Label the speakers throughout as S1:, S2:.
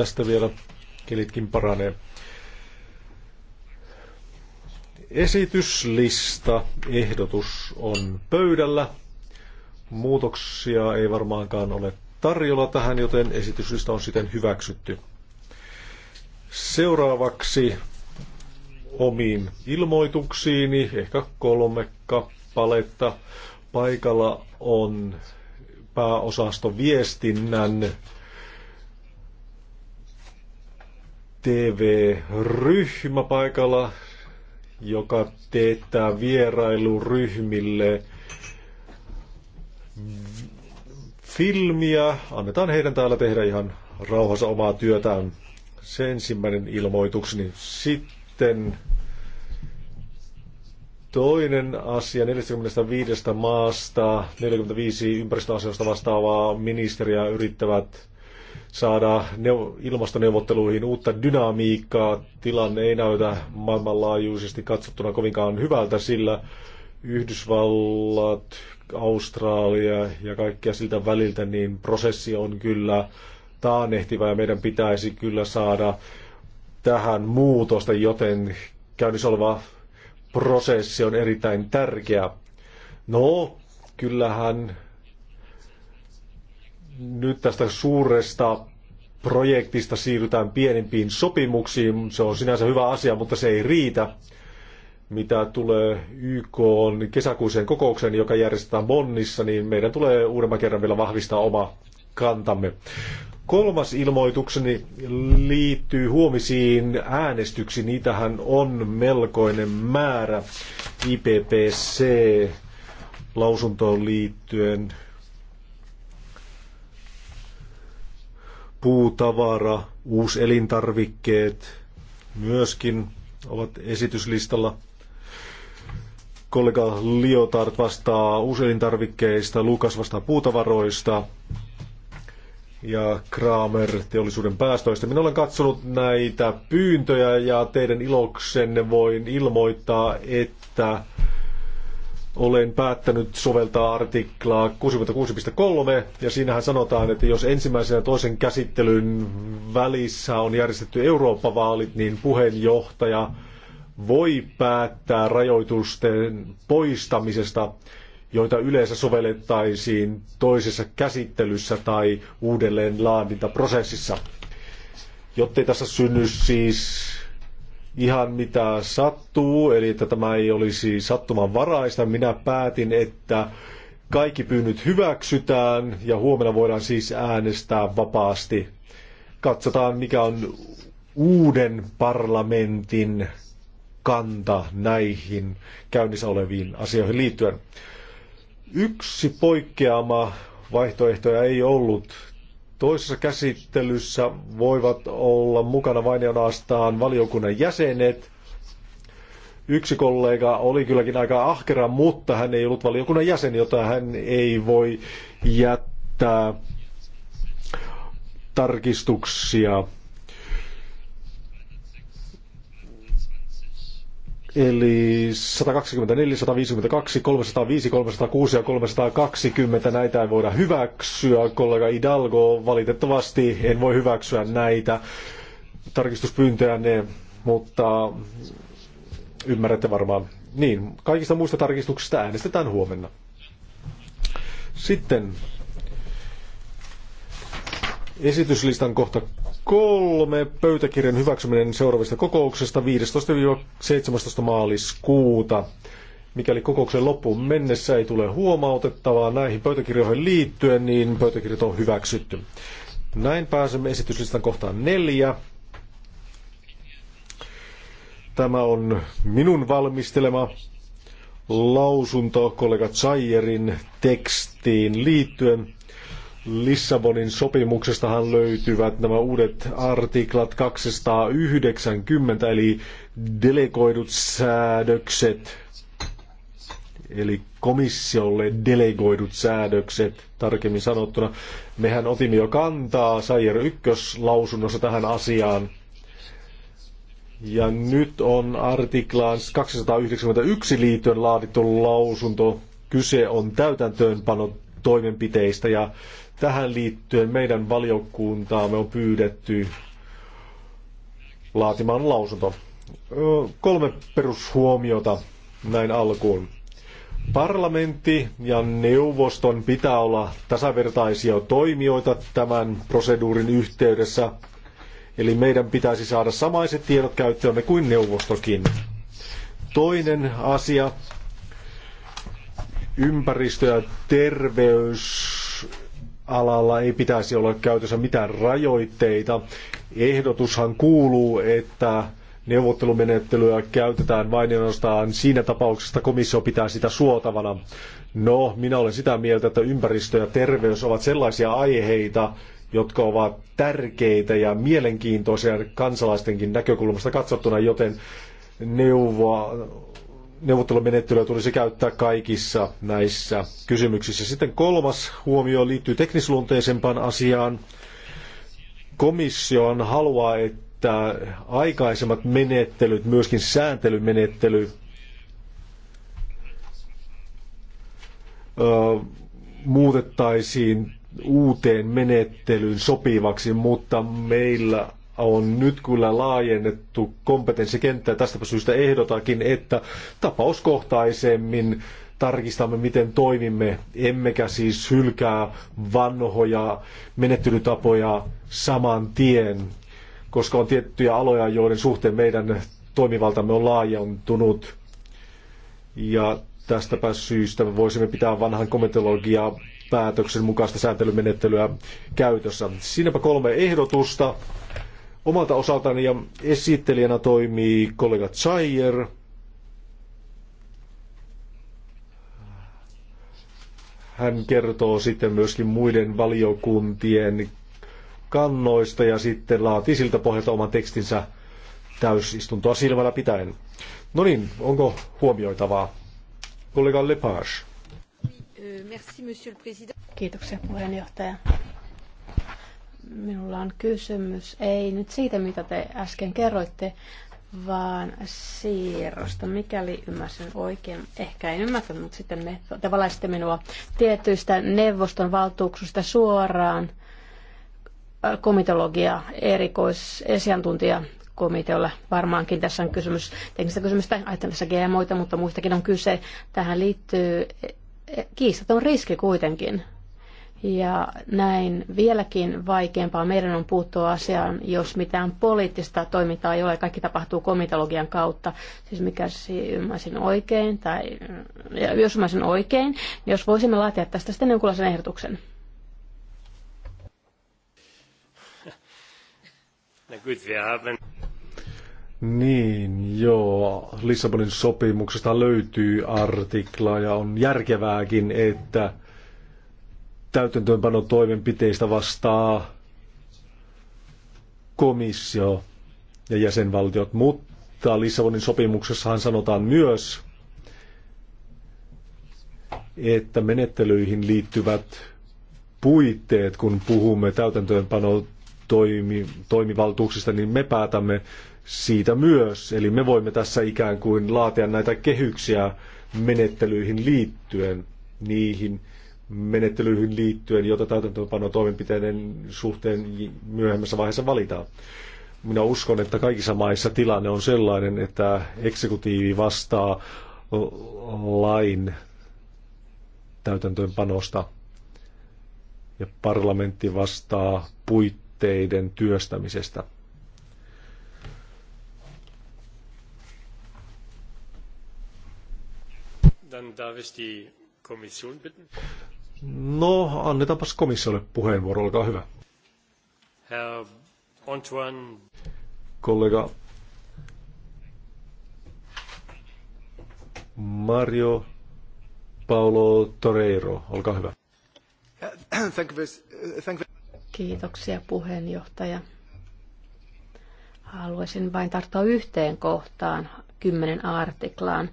S1: tästä vielä kelitkin paranee. Esityslista, ehdotus on pöydällä. Muutoksia ei varmaankaan ole tarjolla tähän, joten esityslista on siten hyväksytty. Seuraavaksi omiin ilmoituksiini, ehkä kolme kappaletta. Paikalla on pääosasto viestinnän TV-ryhmä paikalla, joka teettää vierailuryhmille filmiä. Annetaan heidän täällä tehdä ihan rauhassa omaa työtään. Se ensimmäinen ilmoitukseni. Sitten toinen asia 45 maasta, 45 ympäristöasioista vastaavaa ministeriä yrittävät saada ilmastoneuvotteluihin uutta dynamiikkaa. Tilanne ei näytä maailmanlaajuisesti katsottuna kovinkaan hyvältä, sillä Yhdysvallat, Australia ja kaikkia siltä väliltä, niin prosessi on kyllä taanehtiva ja meidän pitäisi kyllä saada tähän muutosta, joten käynnissä oleva prosessi on erittäin tärkeä. No, kyllähän nyt tästä suuresta projektista siirrytään pienempiin sopimuksiin. Se on sinänsä hyvä asia, mutta se ei riitä. Mitä tulee YK on kesäkuiseen kokoukseen, joka järjestetään Bonnissa, niin meidän tulee uudemman kerran vielä vahvistaa oma kantamme. Kolmas ilmoitukseni liittyy huomisiin äänestyksiin. Niitähän on melkoinen määrä IPPC lausuntoon liittyen puutavara, uuselintarvikkeet myöskin ovat esityslistalla. Kollega Liotard vastaa uuselintarvikkeista, Lukas vastaa puutavaroista ja Kramer teollisuuden päästöistä. Minä olen katsonut näitä pyyntöjä ja teidän iloksenne voin ilmoittaa, että olen päättänyt soveltaa artiklaa 66.3 ja siinähän sanotaan, että jos ensimmäisen ja toisen käsittelyn välissä on järjestetty Eurooppa-vaalit, niin puheenjohtaja voi päättää rajoitusten poistamisesta, joita yleensä sovellettaisiin toisessa käsittelyssä tai uudelleen laadintaprosessissa. Jottei tässä synny siis ihan mitä sattuu, eli että tämä ei olisi sattumanvaraista. Minä päätin, että kaikki pyynnöt hyväksytään ja huomenna voidaan siis äänestää vapaasti. Katsotaan, mikä on uuden parlamentin kanta näihin käynnissä oleviin asioihin liittyen. Yksi poikkeama vaihtoehtoja ei ollut Toisessa käsittelyssä voivat olla mukana vain ja valiokunnan jäsenet. Yksi kollega oli kylläkin aika ahkera, mutta hän ei ollut valiokunnan jäsen, jota hän ei voi jättää tarkistuksia Eli 124, 152, 305, 306 ja 320, näitä ei voida hyväksyä. Kollega Hidalgo, valitettavasti en voi hyväksyä näitä tarkistuspyyntöjä, ne, mutta ymmärrätte varmaan. Niin, kaikista muista tarkistuksista äänestetään huomenna. Sitten Esityslistan kohta kolme, pöytäkirjan hyväksyminen seuraavista kokouksesta 15-17 maaliskuuta. Mikäli kokouksen loppuun mennessä ei tule huomautettavaa näihin pöytäkirjoihin liittyen, niin pöytäkirjat on hyväksytty. Näin pääsemme esityslistan kohtaan neljä. Tämä on minun valmistelema lausunto kollega Zayerin tekstiin liittyen. Lissabonin sopimuksestahan löytyvät nämä uudet artiklat 290, eli delegoidut säädökset, eli komissiolle delegoidut säädökset, tarkemmin sanottuna. Mehän otimme jo kantaa Sajer 1 lausunnossa tähän asiaan. Ja nyt on artiklaan 291 liittyen laadittu lausunto. Kyse on täytäntöönpano toimenpiteistä ja Tähän liittyen meidän valiokuntaamme on pyydetty laatimaan lausunto. Kolme perushuomiota näin alkuun. Parlamentti ja neuvoston pitää olla tasavertaisia toimijoita tämän proseduurin yhteydessä, eli meidän pitäisi saada samaiset tiedot käyttöömme kuin neuvostokin. Toinen asia, ympäristö- ja terveys alalla ei pitäisi olla käytössä mitään rajoitteita. Ehdotushan kuuluu, että neuvottelumenettelyä käytetään vain ainoastaan siinä tapauksessa, että komissio pitää sitä suotavana. No, minä olen sitä mieltä, että ympäristö ja terveys ovat sellaisia aiheita, jotka ovat tärkeitä ja mielenkiintoisia kansalaistenkin näkökulmasta katsottuna, joten neuvoa neuvottelumenettelyä tulisi käyttää kaikissa näissä kysymyksissä. Sitten kolmas huomio liittyy teknisluonteisempaan asiaan. Komissiohan haluaa, että aikaisemmat menettelyt, myöskin sääntelymenettely, muutettaisiin uuteen menettelyyn sopivaksi, mutta meillä on nyt kyllä laajennettu kompetenssikenttä. Tästäpä syystä ehdotakin, että tapauskohtaisemmin tarkistamme, miten toimimme, emmekä siis hylkää vanhoja menettelytapoja saman tien, koska on tiettyjä aloja, joiden suhteen meidän toimivaltamme on laajentunut. Ja tästäpä syystä me voisimme pitää vanhan komitologia päätöksen mukaista sääntelymenettelyä käytössä. Siinäpä kolme ehdotusta. Omalta osaltani ja esittelijänä toimii kollega Zayer. Hän kertoo sitten myöskin muiden valiokuntien kannoista ja sitten laatii siltä pohjalta oman tekstinsä täysistuntoa silmällä pitäen. No niin, onko huomioitavaa? Kollega Lepage.
S2: Kiitoksia puheenjohtaja. Minulla on kysymys, ei nyt siitä, mitä te äsken kerroitte, vaan siirrosta, mikäli ymmärsin oikein. Ehkä en ymmärtänyt, mutta sitten me, te valaisitte minua tietyistä neuvoston valtuuksista suoraan komitologia erikoisesiantuntija komiteolle. Varmaankin tässä on kysymys teknistä kysymystä, ajattelen tässä GMOita, mutta muistakin on kyse. Tähän liittyy e, e, kiistaton riski kuitenkin ja näin vieläkin vaikeampaa meidän on puuttua asiaan, jos mitään poliittista toimintaa ei ole. Kaikki tapahtuu komitologian kautta. Siis mikä ymmärsin oikein, tai ja jos ymmärsin oikein, niin jos voisimme laatia tästä sitten jonkunlaisen ehdotuksen. No
S1: niin, joo. Lissabonin sopimuksesta löytyy artikla ja on järkevääkin, että täytäntöönpanon toimenpiteistä vastaa komissio ja jäsenvaltiot, mutta Lissabonin sopimuksessahan sanotaan myös, että menettelyihin liittyvät puitteet, kun puhumme täytäntöönpano toimi, toimivaltuuksista, niin me päätämme siitä myös. Eli me voimme tässä ikään kuin laatia näitä kehyksiä menettelyihin liittyen niihin menettelyihin liittyen, jota täytäntöönpano toimenpiteiden suhteen myöhemmässä vaiheessa valitaan. Minä uskon, että kaikissa maissa tilanne on sellainen, että eksekutiivi vastaa lain täytäntöönpanosta ja parlamentti vastaa puitteiden työstämisestä. Dann darf ich die Kommission bitten. No, annetaanpas komissiolle puheenvuoro, olkaa hyvä. Herr
S3: Antoine.
S1: Kollega Mario Paulo Toreiro, olkaa hyvä.
S2: Kiitoksia puheenjohtaja. Haluaisin vain tarttua yhteen kohtaan, kymmenen artiklaan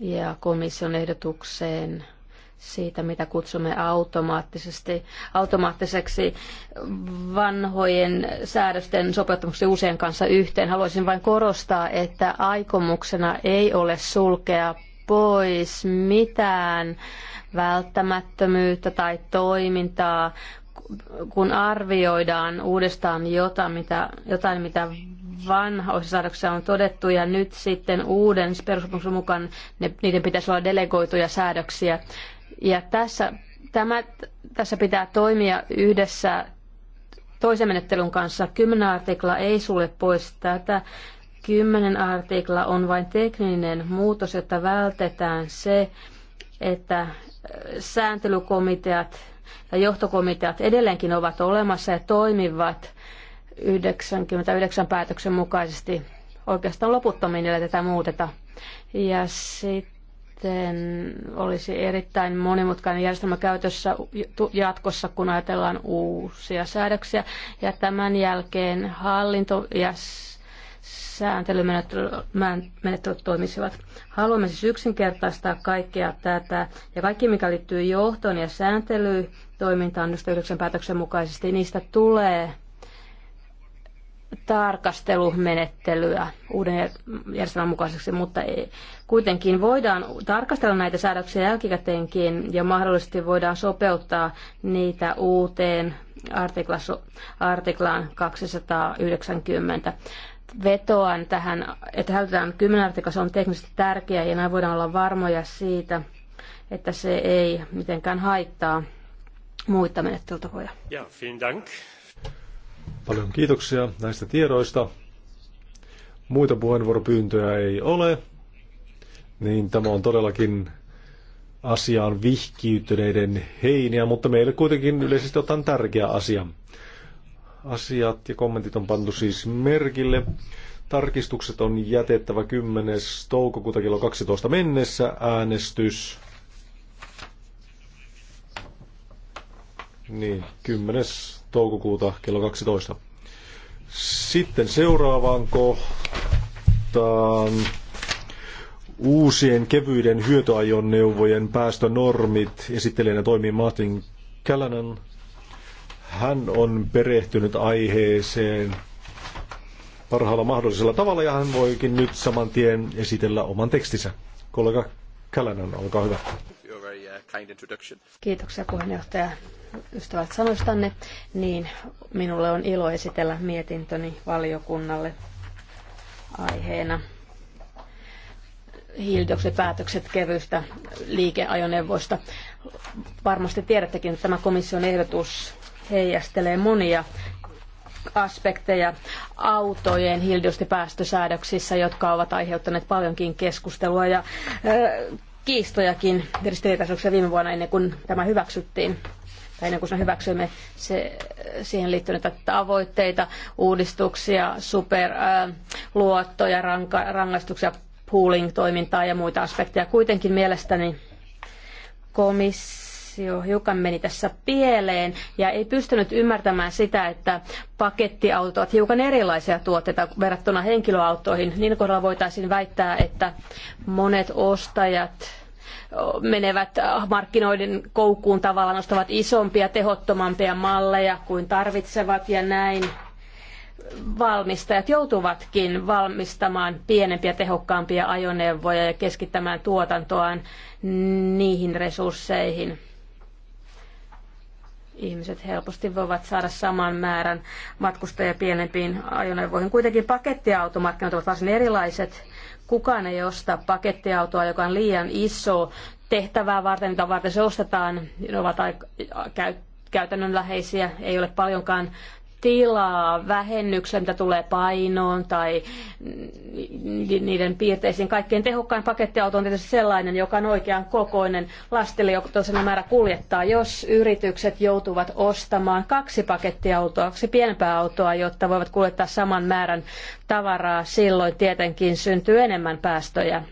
S2: ja komission ehdotukseen siitä, mitä kutsumme automaattisesti, automaattiseksi vanhojen säädösten sopeuttamiseksi usein kanssa yhteen. Haluaisin vain korostaa, että aikomuksena ei ole sulkea pois mitään välttämättömyyttä tai toimintaa, kun arvioidaan uudestaan jotain, mitä, jotain, mitä vanhoissa säädöksissä on todettu, ja nyt sitten uuden perusopimuksen mukaan ne, niiden pitäisi olla delegoituja säädöksiä. Ja tässä, tämä, tässä pitää toimia yhdessä toisen menettelyn kanssa. Kymmenen artikla ei sulle pois tätä. Kymmenen artikla on vain tekninen muutos, jotta vältetään se, että äh, sääntelykomiteat ja johtokomiteat edelleenkin ovat olemassa ja toimivat 99 päätöksen mukaisesti. Oikeastaan loputtomiin, tätä muuteta. Ja sitten joten olisi erittäin monimutkainen järjestelmä käytössä jatkossa, kun ajatellaan uusia säädöksiä. Ja tämän jälkeen hallinto ja sääntelymenettelyt toimisivat. Haluamme siis yksinkertaistaa kaikkea tätä ja kaikki, mikä liittyy johtoon ja sääntelyyn, toimintaan 9 päätöksen mukaisesti, niistä tulee tarkastelumenettelyä uuden järjestelmän mukaiseksi, mutta e, kuitenkin voidaan tarkastella näitä säädöksiä jälkikäteenkin ja mahdollisesti voidaan sopeuttaa niitä uuteen artiklaan 290. Vetoan tähän, että hälytetään 10 artikla, se on teknisesti tärkeä ja näin voidaan olla varmoja siitä, että se ei mitenkään haittaa muita menettelytapoja.
S1: Ja, vielen dank. Paljon kiitoksia näistä tiedoista. Muita puheenvuoropyyntöjä ei ole, niin tämä on todellakin asiaan vihkiytyneiden heiniä, mutta meille kuitenkin yleisesti otan tärkeä asia. Asiat ja kommentit on pantu siis merkille. Tarkistukset on jätettävä 10. toukokuuta kello 12 mennessä. Äänestys. Niin, 10 toukokuuta kello 12. Sitten seuraavaan kohtaan uusien kevyiden hyötyajoneuvojen päästönormit. Esittelijänä toimii Martin Kälänen. Hän on perehtynyt aiheeseen parhaalla mahdollisella tavalla ja hän voikin nyt saman tien esitellä oman tekstinsä. Kollega Kälänen, olkaa hyvä. Uh,
S2: Kiitoksia puheenjohtaja ystävät sanoistanne, niin minulle on ilo esitellä mietintöni valiokunnalle aiheena hiilidioksidipäätökset kevyistä liikeajoneuvoista. Varmasti tiedättekin, että tämä komission ehdotus heijastelee monia aspekteja autojen hiilidioksidipäästösäädöksissä, jotka ovat aiheuttaneet paljonkin keskustelua ja kiistojakin ristiriitaisuuksia viime vuonna ennen kuin tämä hyväksyttiin tai ennen kuin se hyväksymme se, siihen liittyneitä tavoitteita, uudistuksia, superluottoja, ranka, rangaistuksia, pooling-toimintaa ja muita aspekteja. Kuitenkin mielestäni komissio hiukan meni tässä pieleen ja ei pystynyt ymmärtämään sitä, että pakettiautot ovat hiukan erilaisia tuotteita verrattuna henkilöautoihin. Niin kohdalla voitaisiin väittää, että monet ostajat menevät markkinoiden koukkuun tavallaan, nostavat isompia, tehottomampia malleja kuin tarvitsevat ja näin valmistajat joutuvatkin valmistamaan pienempiä, tehokkaampia ajoneuvoja ja keskittämään tuotantoaan niihin resursseihin. Ihmiset helposti voivat saada saman määrän matkustajia pienempiin ajoneuvoihin. Kuitenkin pakettiautomarkkinat ovat varsin erilaiset Kukaan ei osta pakettiautoa, joka on liian iso tehtävää varten, mitä varten se ostetaan. Ne ovat aika, käyttäjä käytännönläheisiä, ei ole paljonkaan tilaa vähennyksellä mitä tulee painoon tai niiden piirteisiin. Kaikkein tehokkain pakettiauto on tietysti sellainen, joka on oikean kokoinen lastille, joka tosiaan määrä kuljettaa. Jos yritykset joutuvat ostamaan kaksi pakettiautoa, kaksi pienempää autoa, jotta voivat kuljettaa saman määrän tavaraa, silloin tietenkin syntyy enemmän päästöjä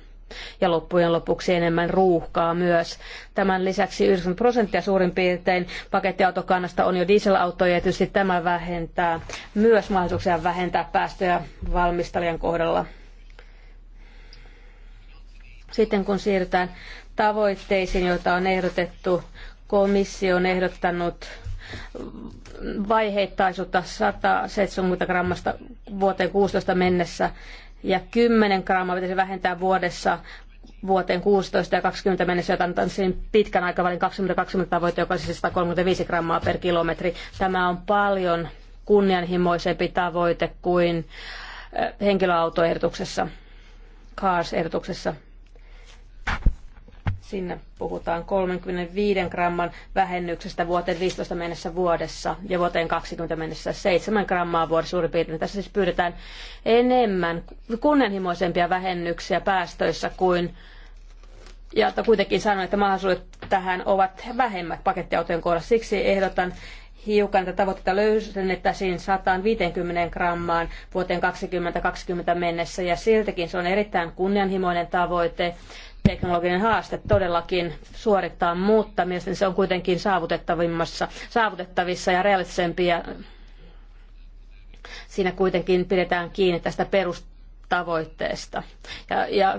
S2: ja loppujen lopuksi enemmän ruuhkaa myös. Tämän lisäksi 90 prosenttia suurin piirtein pakettiautokannasta on jo dieselautoja ja tietysti tämä vähentää myös mahdollisuuksia vähentää päästöjä valmistajan kohdalla. Sitten kun siirrytään tavoitteisiin, joita on ehdotettu, komissio on ehdottanut vaiheittaisuutta 170 grammasta vuoteen 16 mennessä ja 10 grammaa pitäisi vähentää vuodessa vuoteen 16 ja 20 mennessä, jota on siinä pitkän aikavälin 2020 tavoite, joka on siis 135 grammaa per kilometri. Tämä on paljon kunnianhimoisempi tavoite kuin eh, henkilöautoehdotuksessa, cars-ehdotuksessa. Sinne puhutaan 35 gramman vähennyksestä vuoteen 15 mennessä vuodessa ja vuoteen 20 mennessä 7 grammaa vuodessa suurin piirtein. Tässä siis pyydetään enemmän kunnianhimoisempia vähennyksiä päästöissä kuin ja että kuitenkin sanoin, että mahdollisuudet tähän ovat vähemmät pakettiautojen kohdalla. Siksi ehdotan hiukan tätä tavoitetta löysennettäisiin 150 grammaan vuoteen 2020 mennessä ja siltikin se on erittäin kunnianhimoinen tavoite teknologinen haaste todellakin suorittaa, mutta mielestäni se on kuitenkin saavutettavimmassa, saavutettavissa ja realistisempi ja siinä kuitenkin pidetään kiinni tästä perustavoitteesta. Ja, ja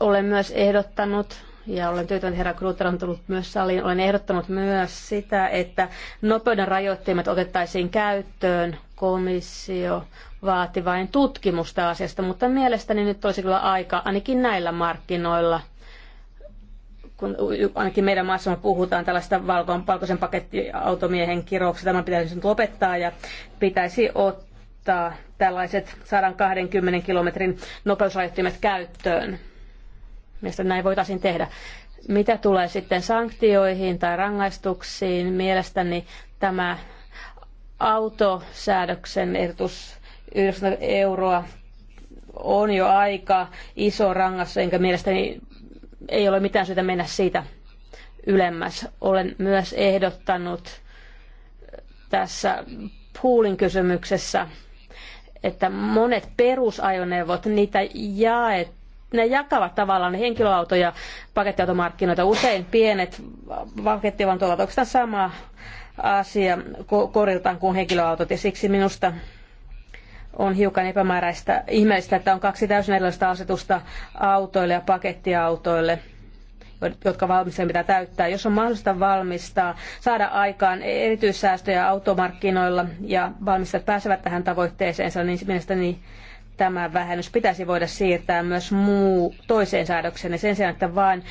S2: olen myös ehdottanut ja olen työtön herra Kruuter on tullut myös saliin. Olen ehdottanut myös sitä, että nopeuden rajoittimet otettaisiin käyttöön. Komissio vaati vain tutkimusta asiasta, mutta mielestäni nyt olisi kyllä aika ainakin näillä markkinoilla kun ainakin meidän maassamme puhutaan tällaista valkoisen, valkoisen pakettiautomiehen kirouksesta, tämä pitäisi nyt lopettaa ja pitäisi ottaa tällaiset 120 kilometrin nopeusrajoittimet käyttöön. Mielestäni näin voitaisiin tehdä. Mitä tulee sitten sanktioihin tai rangaistuksiin, mielestäni tämä autosäädöksen ehdotus 90 euroa on jo aika iso rangaistus, enkä mielestäni ei ole mitään syytä mennä siitä ylemmäs. Olen myös ehdottanut tässä puulin kysymyksessä, että monet perusajoneuvot, niitä jaetaan ne jakavat tavallaan henkilöautoja pakettiautomarkkinoita. Usein pienet pakettiautot ovat oikeastaan sama asia koriltaan kuin henkilöautot ja siksi minusta on hiukan epämääräistä ihmeellistä, että on kaksi täysin erilaista asetusta autoille ja pakettiautoille jotka valmistajan pitää täyttää. Jos on mahdollista valmistaa, saada aikaan erityissäästöjä automarkkinoilla ja valmistajat pääsevät tähän tavoitteeseensa, niin mielestäni tämä vähennys pitäisi voida siirtää myös muu toiseen säädökseen. Ja sen sijaan, että vain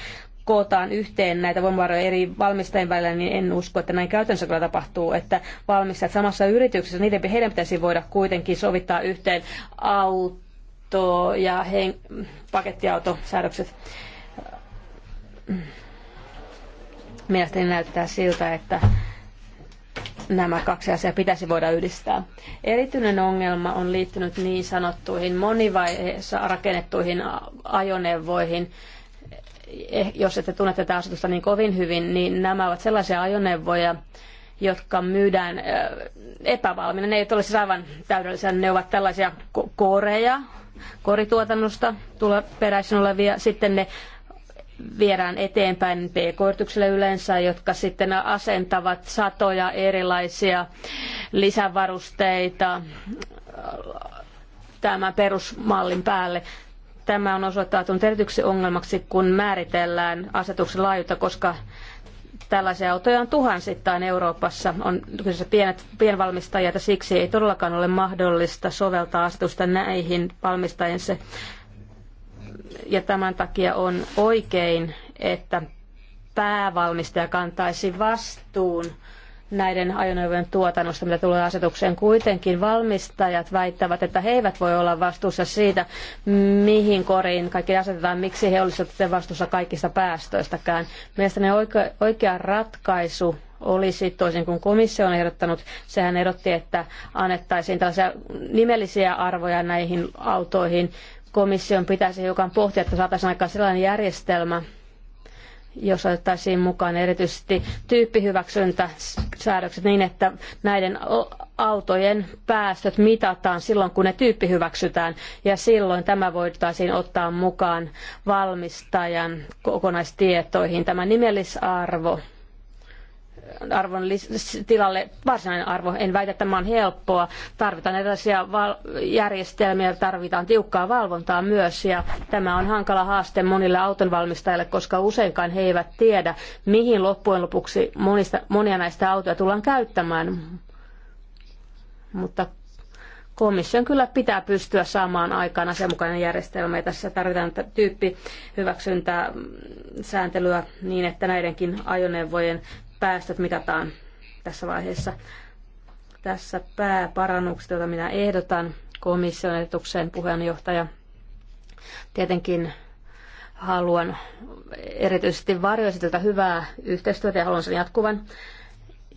S2: kootaan yhteen näitä voimavaroja eri valmistajien välillä, niin en usko, että näin käytännössä kyllä tapahtuu, että valmistajat samassa yrityksessä, niiden, heidän pitäisi voida kuitenkin sovittaa yhteen auto ja hen, pakettiautosäädökset. Mielestäni näyttää siltä, että nämä kaksi asiaa pitäisi voida yhdistää. Erityinen ongelma on liittynyt niin sanottuihin monivaiheessa rakennettuihin ajoneuvoihin. Eh, jos ette tunne tätä asetusta niin kovin hyvin, niin nämä ovat sellaisia ajoneuvoja, jotka myydään eh, epävalmiina. Ne eivät ole siis aivan täydellisiä, ne ovat tällaisia koreja, korituotannosta tulee peräisin olevia. Sitten ne viedään eteenpäin pk-yrityksille yleensä, jotka sitten asentavat satoja erilaisia lisävarusteita tämän perusmallin päälle. Tämä on osoittautunut erityisesti ongelmaksi, kun määritellään asetuksen laajuutta, koska tällaisia autoja on tuhansittain Euroopassa. On kyseessä pienet, pienvalmistajia, ja siksi ei todellakaan ole mahdollista soveltaa asetusta näihin valmistajien se ja tämän takia on oikein, että päävalmistaja kantaisi vastuun näiden ajoneuvojen tuotannosta, mitä tulee asetukseen. Kuitenkin valmistajat väittävät, että he eivät voi olla vastuussa siitä, mihin koriin kaikki asetetaan, miksi he olisivat sitten vastuussa kaikista päästöistäkään. Mielestäni oikea ratkaisu olisi toisin kuin komissio on ehdottanut. Sehän ehdotti, että annettaisiin tällaisia nimellisiä arvoja näihin autoihin, komission pitäisi hiukan pohtia, että saataisiin aikaan sellainen järjestelmä, jos otettaisiin mukaan erityisesti tyyppihyväksyntäsäädökset niin, että näiden autojen päästöt mitataan silloin, kun ne tyyppihyväksytään, ja silloin tämä voitaisiin ottaa mukaan valmistajan kokonaistietoihin, tämä nimellisarvo arvon tilalle varsinainen arvo. En väitä, että tämä on helppoa. Tarvitaan erilaisia järjestelmiä, tarvitaan tiukkaa valvontaa myös ja tämä on hankala haaste monille autonvalmistajille, koska useinkaan he eivät tiedä, mihin loppujen lopuksi monista, monia näistä autoja tullaan käyttämään. Mutta komission kyllä pitää pystyä saamaan aikaan asianmukainen järjestelmä ja tässä tarvitaan tyyppi hyväksyntää mm, sääntelyä niin, että näidenkin ajoneuvojen päästöt mitataan tässä vaiheessa. Tässä pääparannukset, joita minä ehdotan komission etukseen puheenjohtaja. Tietenkin haluan erityisesti varjoesityltä hyvää yhteistyötä ja haluan sen jatkuvan.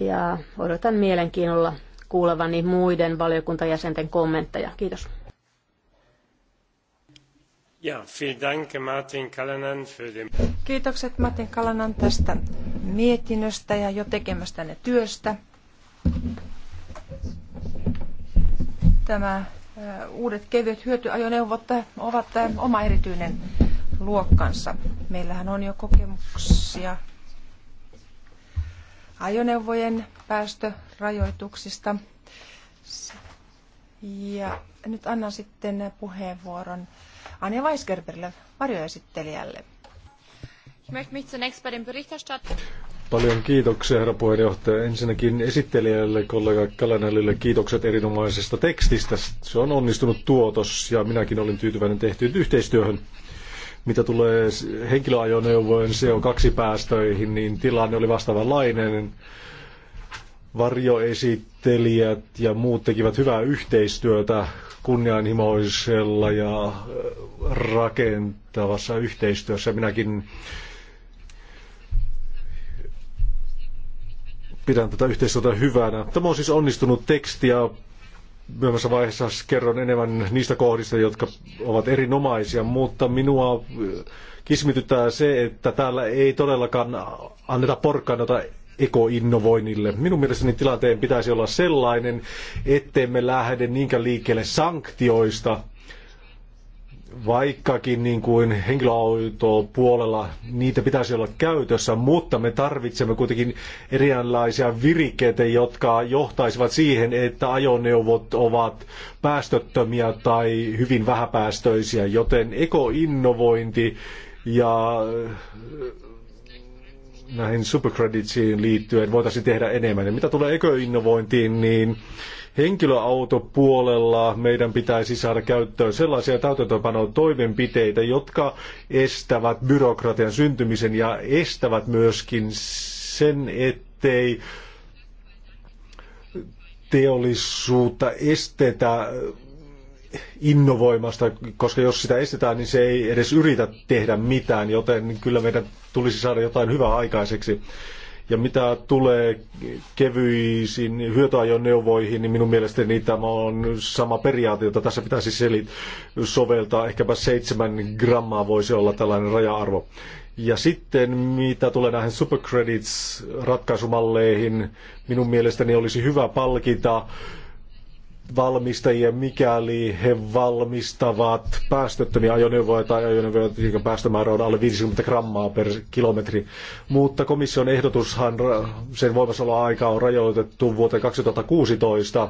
S2: Ja odotan mielenkiinnolla kuulevani muiden valiokuntajäsenten kommentteja. Kiitos.
S1: Ja, vielen Dank Martin Kalanen für den...
S3: Kiitokset Martin Kalanan tästä mietinnöstä ja jo tekemästänne työstä. Tämä uudet kevyet hyötyajoneuvot ovat oma erityinen luokkansa. Meillähän on jo kokemuksia ajoneuvojen päästörajoituksista. Ja nyt annan sitten puheenvuoron Anja Weisgerberille, varjoesittelijälle.
S1: Paljon kiitoksia, herra puheenjohtaja. Ensinnäkin esittelijälle, kollega Kalanalille kiitokset erinomaisesta tekstistä. Se on onnistunut tuotos ja minäkin olin tyytyväinen tehtyyn yhteistyöhön. Mitä tulee henkilöajoneuvojen CO2-päästöihin, niin tilanne oli vastaavanlainen. Varjoesittelijät ja muut tekivät hyvää yhteistyötä kunnianhimoisella ja rakentavassa yhteistyössä. Minäkin pidän tätä yhteistyötä hyvänä. Tämä on siis onnistunut teksti ja myöhemmässä vaiheessa kerron enemmän niistä kohdista, jotka ovat erinomaisia, mutta minua äh, kismityttää se, että täällä ei todellakaan anneta porkkanota ekoinnovoinnille. Minun mielestäni tilanteen pitäisi olla sellainen, ettei me lähde niinkään liikkeelle sanktioista, vaikkakin niin kuin henkilöautopuolella niitä pitäisi olla käytössä, mutta me tarvitsemme kuitenkin erilaisia virikkeitä, jotka johtaisivat siihen, että ajoneuvot ovat päästöttömiä tai hyvin vähäpäästöisiä, joten ekoinnovointi ja näihin supercreditsiin liittyen voitaisiin tehdä enemmän. Ja mitä tulee ekoinnovointiin, niin Henkilöautopuolella meidän pitäisi saada käyttöön sellaisia täytäntöönpanon toimenpiteitä, jotka estävät byrokratian syntymisen ja estävät myöskin sen, ettei teollisuutta estetä innovoimasta, koska jos sitä estetään, niin se ei edes yritä tehdä mitään, joten kyllä meidän tulisi saada jotain hyvää aikaiseksi. Ja mitä tulee kevyisiin hyötyajoneuvoihin, niin minun mielestäni tämä on sama periaate, jota tässä pitäisi selit soveltaa. Ehkäpä 7 grammaa voisi olla tällainen raja-arvo. Ja sitten mitä tulee näihin supercredits ratkaisumalleihin, minun mielestäni olisi hyvä palkita valmistajia, mikäli he valmistavat päästöttömiä ajoneuvoja tai ajoneuvoja, jonka päästömäärä on alle 50 grammaa per kilometri. Mutta komission ehdotushan, sen voimassaoloaika on rajoitettu vuoteen 2016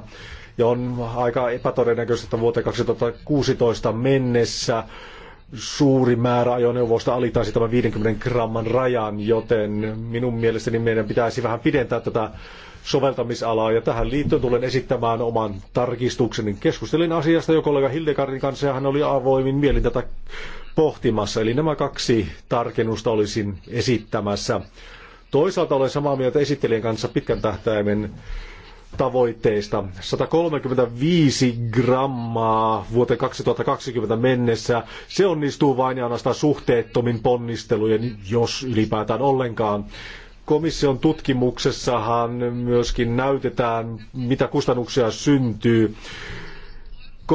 S1: ja on aika epätodennäköistä, että vuoteen 2016 mennessä suuri määrä ajoneuvoista alitaisi tämän 50 gramman rajan, joten minun mielestäni meidän pitäisi vähän pidentää tätä soveltamisalaa ja tähän liittyen tulen esittämään oman tarkistukseni. Keskustelin asiasta jo kollega Hildekarin kanssa ja hän oli avoimin mielin tätä pohtimassa. Eli nämä kaksi tarkennusta olisin esittämässä. Toisaalta olen samaa mieltä esittelijän kanssa pitkän tähtäimen tavoitteista. 135 grammaa vuoteen 2020 mennessä. Se onnistuu vain ja ainoastaan suhteettomin ponnistelujen, jos ylipäätään ollenkaan. Komission tutkimuksessahan myöskin näytetään, mitä kustannuksia syntyy. 3900-5000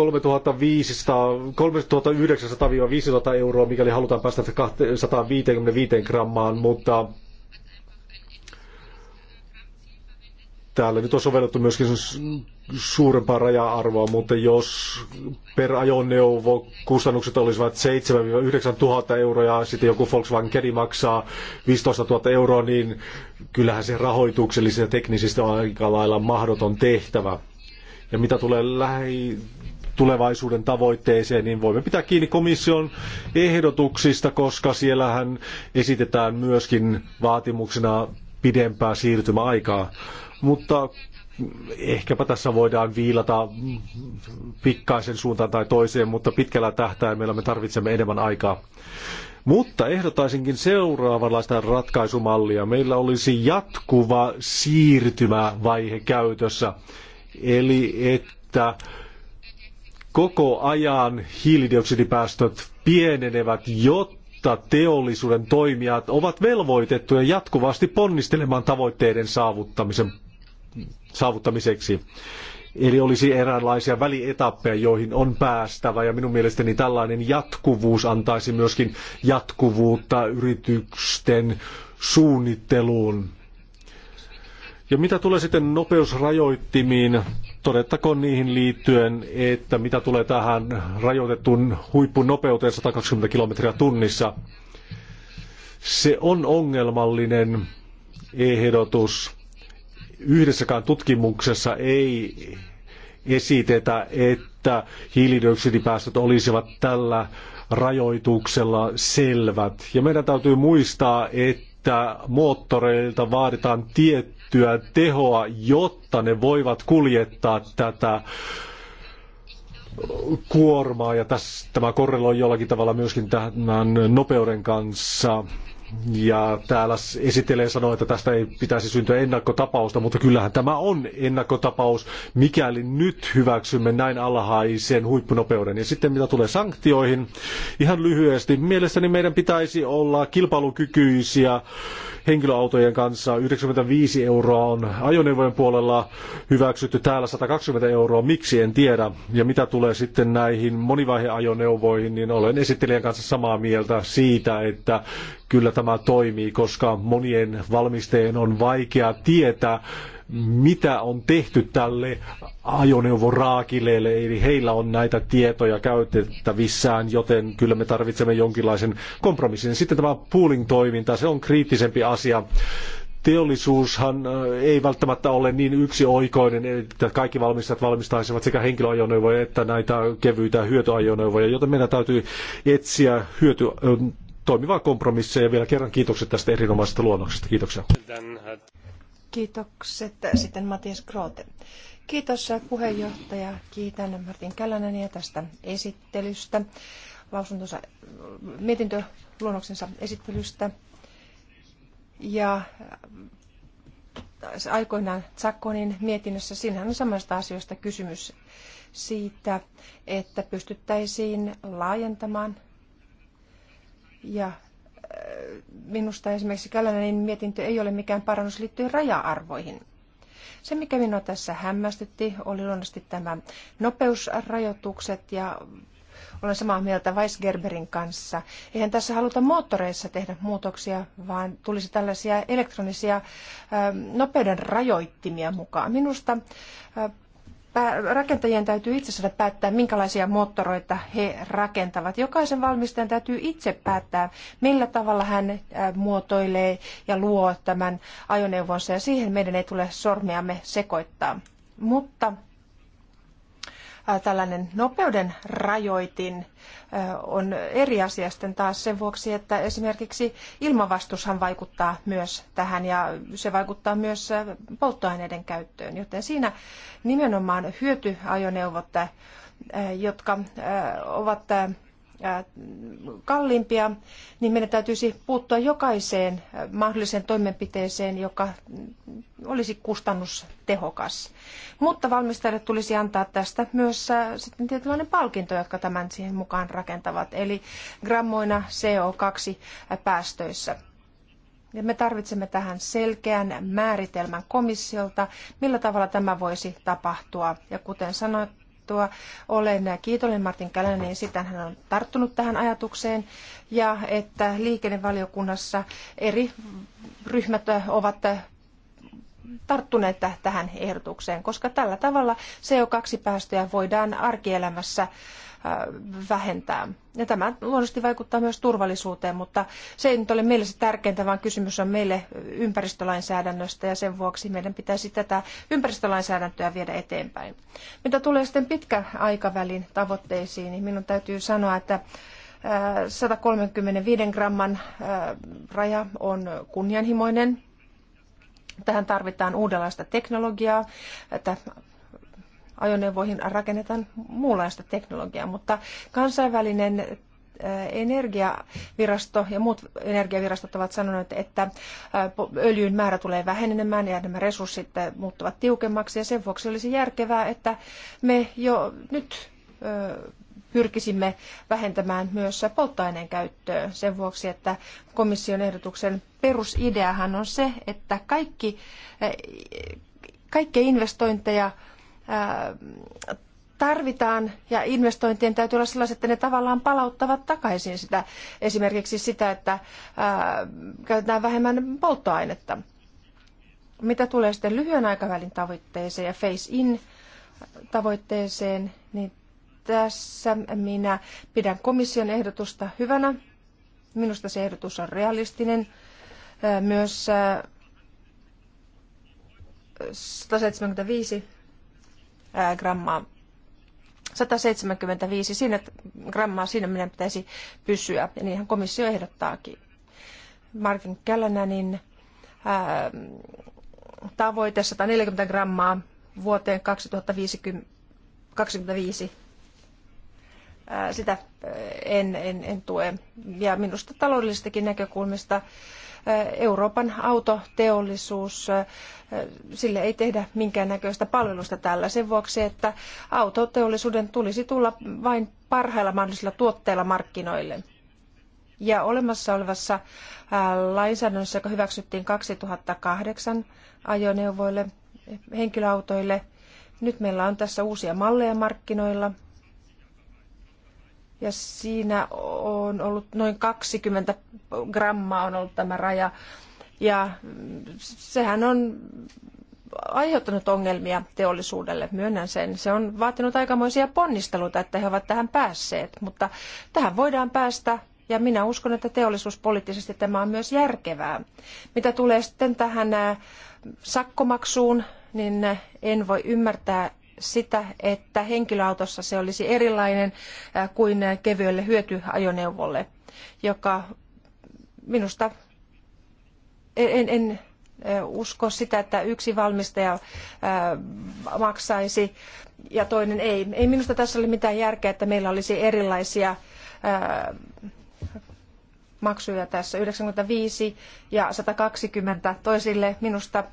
S1: euroa, mikäli halutaan päästä 255 grammaan, mutta Täällä nyt on sovellettu myöskin suurempaa raja-arvoa, mutta jos per ajoneuvo kustannukset olisivat 7-9 000 euroa ja sitten joku Volkswagen Caddy maksaa 15 000 euroa, niin kyllähän se rahoituksellisesti ja teknisistä on aika lailla mahdoton tehtävä. Ja mitä tulee lähi tulevaisuuden tavoitteeseen, niin voimme pitää kiinni komission ehdotuksista, koska siellähän esitetään myöskin vaatimuksena pidempää siirtymäaikaa. Mutta ehkäpä tässä voidaan viilata pikkaisen suuntaan tai toiseen, mutta pitkällä tähtäimellä me tarvitsemme enemmän aikaa. Mutta ehdotaisinkin seuraavanlaista ratkaisumallia. Meillä olisi jatkuva siirtymävaihe käytössä. Eli että koko ajan hiilidioksidipäästöt pienenevät, jotta teollisuuden toimijat ovat velvoitettuja jatkuvasti ponnistelemaan tavoitteiden saavuttamisen saavuttamiseksi. Eli olisi eräänlaisia välietappeja, joihin on päästävä ja minun mielestäni tällainen jatkuvuus antaisi myöskin jatkuvuutta yritysten suunnitteluun. Ja mitä tulee sitten nopeusrajoittimiin, todettakoon niihin liittyen, että mitä tulee tähän rajoitettuun huippunopeuteen 120 kilometriä tunnissa, se on ongelmallinen ehdotus yhdessäkään tutkimuksessa ei esitetä, että hiilidioksidipäästöt olisivat tällä rajoituksella selvät. Ja meidän täytyy muistaa, että moottoreilta vaaditaan tiettyä tehoa, jotta ne voivat kuljettaa tätä kuormaa, ja tässä, tämä korreloi jollakin tavalla myöskin tämän nopeuden kanssa. Ja täällä esittelee sanoi, että tästä ei pitäisi syntyä ennakkotapausta, mutta kyllähän tämä on ennakkotapaus, mikäli nyt hyväksymme näin alhaisen huippunopeuden. Ja sitten mitä tulee sanktioihin, ihan lyhyesti, mielestäni meidän pitäisi olla kilpailukykyisiä henkilöautojen kanssa. 95 euroa on ajoneuvojen puolella hyväksytty, täällä 120 euroa. Miksi en tiedä. Ja mitä tulee sitten näihin monivaiheajoneuvoihin, niin olen esittelijän kanssa samaa mieltä siitä, että kyllä tämä toimii, koska monien valmistajien on vaikea tietää, mitä on tehty tälle ajoneuvoraakileelle, eli heillä on näitä tietoja käytettävissään, joten kyllä me tarvitsemme jonkinlaisen kompromissin. Sitten tämä pooling-toiminta, se on kriittisempi asia teollisuushan ei välttämättä ole niin yksioikoinen, että kaikki valmistajat valmistaisivat sekä henkilöajoneuvoja että näitä kevyitä hyötyajoneuvoja, joten meidän täytyy etsiä hyöty toimivaa kompromisseja. Ja vielä kerran kiitokset tästä erinomaisesta luonnoksesta. Kiitoksia.
S3: Kiitokset. Sitten Matias Grote. Kiitos puheenjohtaja. Kiitän Martin Kälänäniä tästä esittelystä, lausuntonsa, mietintöluonnoksensa esittelystä. Ja aikoinaan Zakonin mietinnössä, siinähän on samasta asioista kysymys siitä, että pystyttäisiin laajentamaan ja minusta esimerkiksi Kälänenin mietintö ei ole mikään parannus liittyen raja-arvoihin. Se, mikä minua tässä hämmästytti, oli luonnollisesti tämä nopeusrajoitukset ja olen samaa mieltä Weisgerberin kanssa. Eihän tässä haluta moottoreissa tehdä muutoksia, vaan tulisi tällaisia elektronisia nopeuden rajoittimia mukaan. Minusta rakentajien täytyy itse saada päättää, minkälaisia moottoroita he rakentavat. Jokaisen valmistajan täytyy itse päättää, millä tavalla hän äh, muotoilee ja luo tämän ajoneuvonsa, ja siihen meidän ei tule sormiamme sekoittaa. Mutta tällainen nopeuden rajoitin on eri asia sitten taas sen vuoksi, että esimerkiksi ilmavastushan vaikuttaa myös tähän ja se vaikuttaa myös polttoaineiden käyttöön. Joten siinä nimenomaan hyötyajoneuvot, jotka ovat kalliimpia, niin meidän täytyisi puuttua jokaiseen mahdolliseen toimenpiteeseen, joka olisi kustannustehokas. Mutta valmistajille tulisi antaa tästä myös sitten tietynlainen palkinto, jotka tämän siihen mukaan rakentavat, eli grammoina CO2-päästöissä. Ja me tarvitsemme tähän selkeän määritelmän komissiolta, millä tavalla tämä voisi tapahtua. Ja kuten sanoin, mainittua. Olen kiitollinen Martin Kälänen niin sitä, hän on tarttunut tähän ajatukseen ja että liikennevaliokunnassa eri ryhmät ovat tarttuneet tähän ehdotukseen, koska tällä tavalla CO2-päästöjä voidaan arkielämässä vähentää. Ja tämä luonnollisesti vaikuttaa myös turvallisuuteen, mutta se ei nyt ole meille se tärkeintä, vaan kysymys on meille ympäristölainsäädännöstä ja sen vuoksi meidän pitäisi tätä ympäristölainsäädäntöä viedä eteenpäin. Mitä tulee sitten pitkän aikavälin tavoitteisiin, niin minun täytyy sanoa, että 135 gramman raja on kunnianhimoinen. Tähän tarvitaan uudenlaista teknologiaa, että ajoneuvoihin rakennetaan muunlaista teknologiaa, mutta kansainvälinen äh, energiavirasto ja muut energiavirastot ovat sanoneet, että äh, öljyn määrä tulee vähenemään ja nämä resurssit äh, muuttuvat tiukemmaksi ja sen vuoksi olisi järkevää, että me jo nyt pyrkisimme vähentämään myös polttoaineen käyttöä sen vuoksi, että komission ehdotuksen perusideahan on se, että kaikki, kaikkia investointeja tarvitaan ja investointien täytyy olla sellaiset, että ne tavallaan palauttavat takaisin sitä, esimerkiksi sitä, että ää, käytetään vähemmän polttoainetta. Mitä tulee sitten lyhyen aikavälin tavoitteeseen ja face-in tavoitteeseen, niin tässä minä pidän komission ehdotusta hyvänä. Minusta se ehdotus on realistinen. Myös 175 grammaa. 175 siinä, grammaa siinä meidän pitäisi pysyä, ja niinhän komissio ehdottaakin. Martin Källänänin tavoite 140 grammaa vuoteen 2050, 2025 sitä en, en, en tue. Ja minusta taloudellistakin näkökulmista Euroopan autoteollisuus, sille ei tehdä minkäännäköistä palvelusta tällä sen vuoksi, että autoteollisuuden tulisi tulla vain parhailla mahdollisilla tuotteilla markkinoille. Ja olemassa olevassa lainsäädännössä, joka hyväksyttiin 2008 ajoneuvoille, henkilöautoille, nyt meillä on tässä uusia malleja markkinoilla, ja siinä on ollut noin 20 grammaa on ollut tämä raja. Ja sehän on aiheuttanut ongelmia teollisuudelle, myönnän sen. Se on vaatinut aikamoisia ponnisteluita, että he ovat tähän päässeet, mutta tähän voidaan päästä ja minä uskon, että teollisuuspoliittisesti tämä on myös järkevää. Mitä tulee sitten tähän äh, sakkomaksuun, niin äh, en voi ymmärtää, sitä, että henkilöautossa se olisi erilainen äh, kuin kevyelle hyötyajoneuvolle, joka minusta en, en äh, usko sitä, että yksi valmistaja äh, maksaisi ja toinen ei. Ei minusta tässä ole mitään järkeä, että meillä olisi erilaisia maksuja tässä 95 ja 120 toisille. Minusta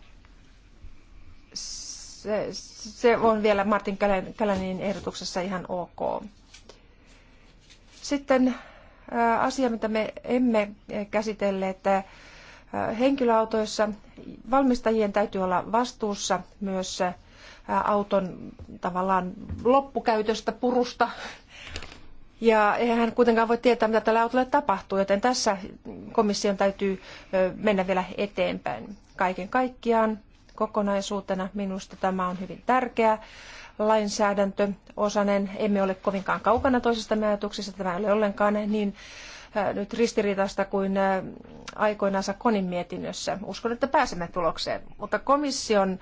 S3: se, se on vielä Martin Kälänin ehdotuksessa ihan ok. Sitten asia, mitä me emme käsitelle, että henkilöautoissa valmistajien täytyy olla vastuussa myös auton tavallaan loppukäytöstä, purusta. Ja eihän hän kuitenkaan voi tietää, mitä tällä autolla tapahtuu, joten tässä komission täytyy mennä vielä eteenpäin. Kaiken kaikkiaan kokonaisuutena. Minusta tämä on hyvin tärkeä lainsäädäntö osanen. Emme ole kovinkaan kaukana toisista ajatuksista. Tämä ei ole ollenkaan niin äh, nyt ristiriitaista kuin äh, aikoinaan Konin mietinnössä. Uskon, että pääsemme tulokseen. Mutta komission äh,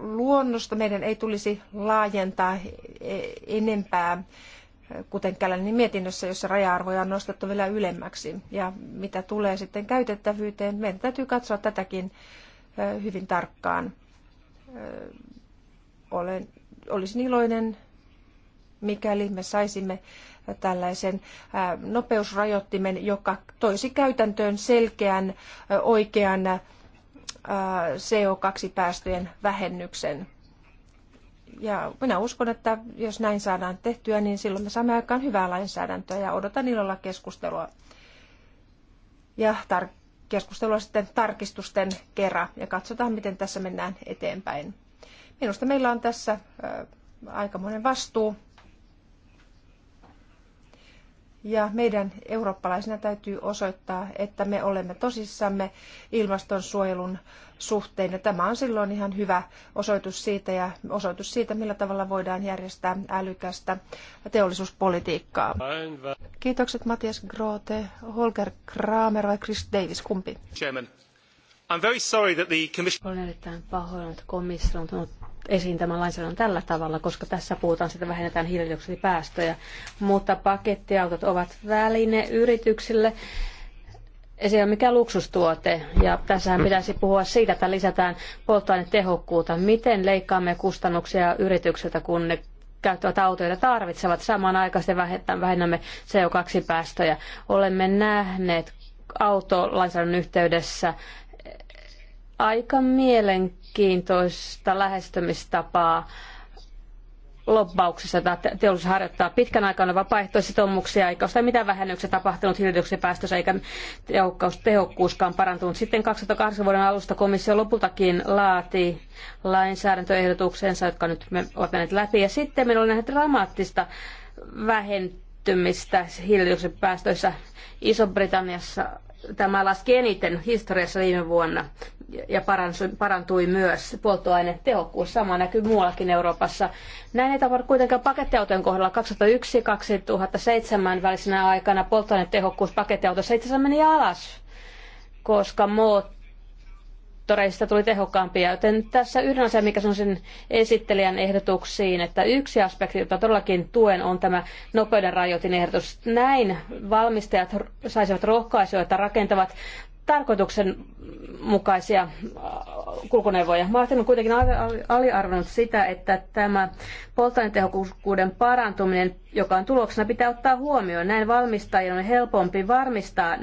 S3: luonnosta meidän ei tulisi laajentaa e-, enempää kuten Kälänin mietinnössä, jossa raja-arvoja on nostettu vielä ylemmäksi. Ja mitä tulee sitten käytettävyyteen, meidän täytyy katsoa tätäkin hyvin tarkkaan. Olen, olisin iloinen, mikäli me saisimme tällaisen nopeusrajoittimen, joka toisi käytäntöön selkeän oikean CO2-päästöjen vähennyksen. Ja minä uskon, että jos näin saadaan tehtyä, niin silloin me saamme aikaan hyvää lainsäädäntöä ja odotan ilolla keskustelua ja tar- keskustelua sitten tarkistusten kerran ja katsotaan, miten tässä mennään eteenpäin. Minusta meillä on tässä aikamoinen vastuu ja meidän eurooppalaisina täytyy osoittaa, että me olemme tosissamme ilmastonsuojelun suhteen. Ja tämä on silloin ihan hyvä osoitus siitä ja osoitus siitä, millä tavalla voidaan järjestää älykästä teollisuuspolitiikkaa. Kiitokset Matias Grote,
S2: Holger Kramer vai Chris Davis, kumpi?
S1: Chairman. I'm very sorry that the commission...
S2: Olen erittäin pahoillani, että komissio on tullut esiin tämän lainsäädännön tällä tavalla, koska tässä puhutaan siitä, että vähennetään hiilidioksidipäästöjä. Mutta pakettiautot ovat väline yrityksille. Se ei ole mikään luksustuote, ja tässähän pitäisi puhua siitä, että lisätään polttoainetehokkuutta. Miten leikkaamme kustannuksia yrityksiltä, kun ne käyttävät autoja tarvitsevat. samaan Samanaikaisesti vähennämme CO2-päästöjä. Olemme nähneet autolainsäädännön yhteydessä aika mielen mielenkiintoista lähestymistapaa lobbauksessa, jota teollisuus harjoittaa pitkän aikana vapaaehtoissitoumuksia, eikä ole mitään vähennyksiä tapahtunut hiilidioksidipäästössä, eikä tehokkuuskaan parantunut. Sitten 2008 vuoden alusta komissio lopultakin laati lainsäädäntöehdotuksensa, jotka nyt me ovat menneet läpi, ja sitten meillä oli nähdä dramaattista vähentymistä hiilidioksidipäästöissä Iso-Britanniassa. Tämä laski eniten historiassa viime vuonna ja parantui, myös myös polttoainetehokkuus. Sama näkyy muuallakin Euroopassa. Näin ei tapahdu kuitenkaan pakettiautojen kohdalla. 2001-2007 välisenä aikana polttoainetehokkuus pakettiautossa itse asiassa meni alas, koska moottoreista tuli tehokkaampia. Joten tässä yhden asian, mikä on sen esittelijän ehdotuksiin, että yksi aspekti, jota todellakin tuen, on tämä nopeuden rajoitin ehdotus. Näin valmistajat saisivat rohkaisua, että rakentavat tarkoituksenmukaisia äh, kulkuneuvoja. Mä on kuitenkin aliarvonnut sitä, että tämä polttoainetehokkuuden parantuminen, joka on tuloksena, pitää ottaa huomioon. Näin valmistajien on helpompi varmistaa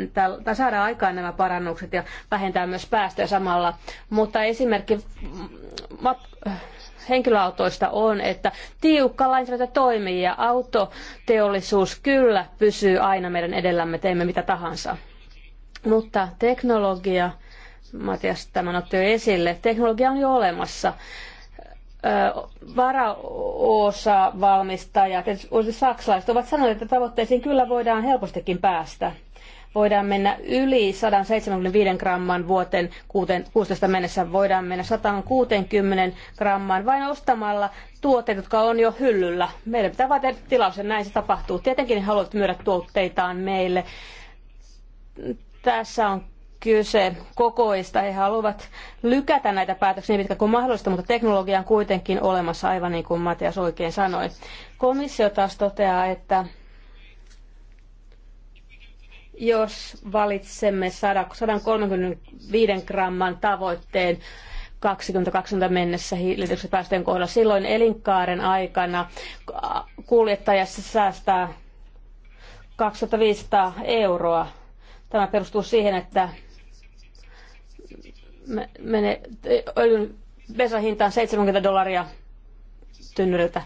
S2: tai saada aikaan nämä parannukset ja vähentää myös päästöjä samalla. Mutta esimerkki henkilöautoista on, että tiukka lainsäädäntö toimii ja autoteollisuus kyllä pysyy aina meidän edellämme, teemme mitä tahansa. Mutta teknologia, Matias tämän otti jo esille, teknologia on jo olemassa varaosa valmistajat, saksalaiset, ovat sanoneet, että tavoitteisiin kyllä voidaan helpostikin päästä. Voidaan mennä yli 175 gramman vuoteen 16 mennessä, voidaan mennä 160 grammaan vain ostamalla tuotteet, jotka on jo hyllyllä. Meidän pitää vain tehdä tilaus ja näin se tapahtuu. Tietenkin he haluavat myydä tuotteitaan meille tässä on kyse kokoista. He haluavat lykätä näitä päätöksiä niin pitkään kuin mahdollista, mutta teknologia on kuitenkin olemassa, aivan niin kuin Matias oikein sanoi. Komissio taas toteaa, että jos valitsemme 135 gramman tavoitteen 2020 mennessä hiilityksen päästöjen kohdalla, silloin elinkaaren aikana kuljettajassa säästää 2500 euroa Tämä perustuu siihen, että menee öljyn bensahinta on 70 dollaria tynnyriltä.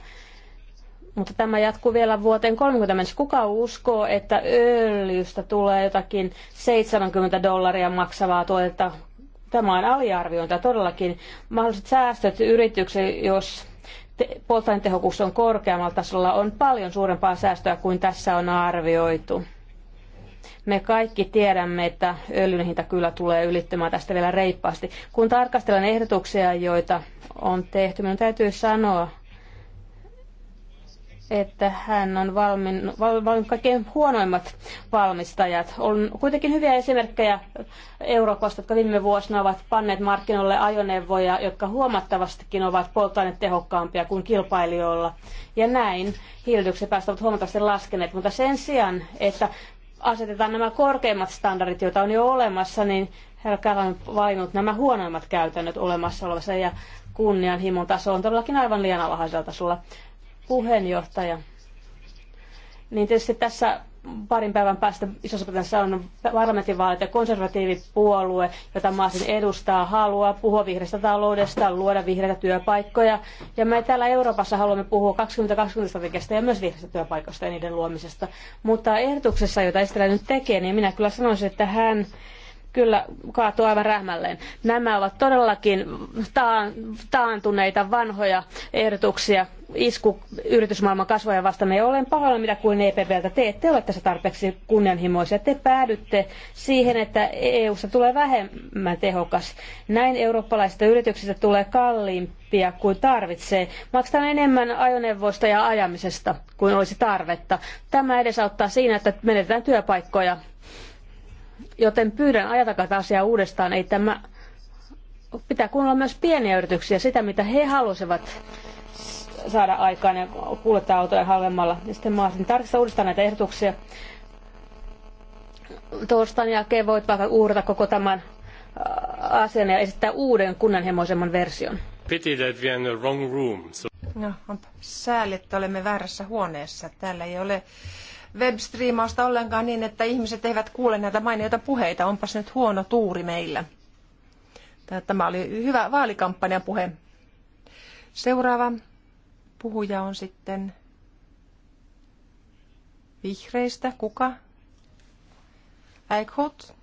S2: Mutta tämä jatkuu vielä vuoteen 30 mennessä. Kuka uskoo, että öljystä tulee jotakin 70 dollaria maksavaa tuotetta? Tämä on aliarviointia todellakin. Mahdolliset säästöt yrityksen, jos te- on korkeammalla tasolla, on paljon suurempaa säästöä kuin tässä on arvioitu. Me kaikki tiedämme, että öljyn hinta kyllä tulee ylittämään tästä vielä reippaasti. Kun tarkastellaan ehdotuksia, joita on tehty, minun täytyy sanoa, että hän on valmin, val, valmin kaikkein huonoimmat valmistajat. On kuitenkin hyviä esimerkkejä Euroopasta, jotka viime vuosina ovat panneet markkinoille ajoneuvoja, jotka huomattavastikin ovat polttoainetehokkaampia kuin kilpailijoilla. Ja näin hiilidioksidipäästöt ovat huomattavasti laskeneet, mutta sen sijaan, että asetetaan nämä korkeimmat standardit, joita on jo olemassa, niin herra on valinnut nämä huonoimmat käytännöt olemassa olevassa ja kunnianhimon taso on todellakin aivan liian alhaisella tasolla. Puheenjohtaja. Niin tietysti tässä parin päivän päästä isossa britanniassa on parlamenttivaalit ja konservatiivipuolue, jota Maasin edustaa, haluaa puhua vihreästä taloudesta, luoda vihreitä työpaikkoja. Ja me täällä Euroopassa haluamme puhua 2020-strategiasta ja myös vihreistä työpaikoista ja niiden luomisesta. Mutta ehdotuksessa, jota Estrella nyt tekee, niin minä kyllä sanoisin, että hän kyllä kaatuu aivan rähmälleen. Nämä ovat todellakin taantuneita vanhoja ehdotuksia isku yritysmaailman kasvoja vastaan. Ja olen pahoilla mitä kuin EPVltä. Te ette ole tässä tarpeeksi kunnianhimoisia. Te päädytte siihen, että EU:ssa tulee vähemmän tehokas. Näin eurooppalaisista yrityksistä tulee kalliimpia kuin tarvitsee. Maksetaan enemmän ajoneuvoista ja ajamisesta kuin olisi tarvetta. Tämä edesauttaa siinä, että menetetään työpaikkoja Joten pyydän, ajatakaa tätä asiaa uudestaan. Ei tämä, pitää kuunnella myös pieniä yrityksiä, sitä mitä he halusivat saada aikaan ja kuljettaa autoja halvemmalla. Ja sitten mä olisin tarkistaa uudestaan näitä ehdotuksia. Torstain jälkeen voit vaikka uurata koko tämän asian ja esittää uuden kunnianhimoisemman version.
S1: Pity that we are in the wrong room. So...
S2: No, on sääli, että olemme
S3: väärässä huoneessa. Täällä ei ole webstriimausta ollenkaan niin, että ihmiset eivät kuule näitä mainioita puheita. Onpas nyt huono tuuri meillä. Tämä oli hyvä vaalikampanjan puhe. Seuraava puhuja on sitten vihreistä. Kuka? Eichholt.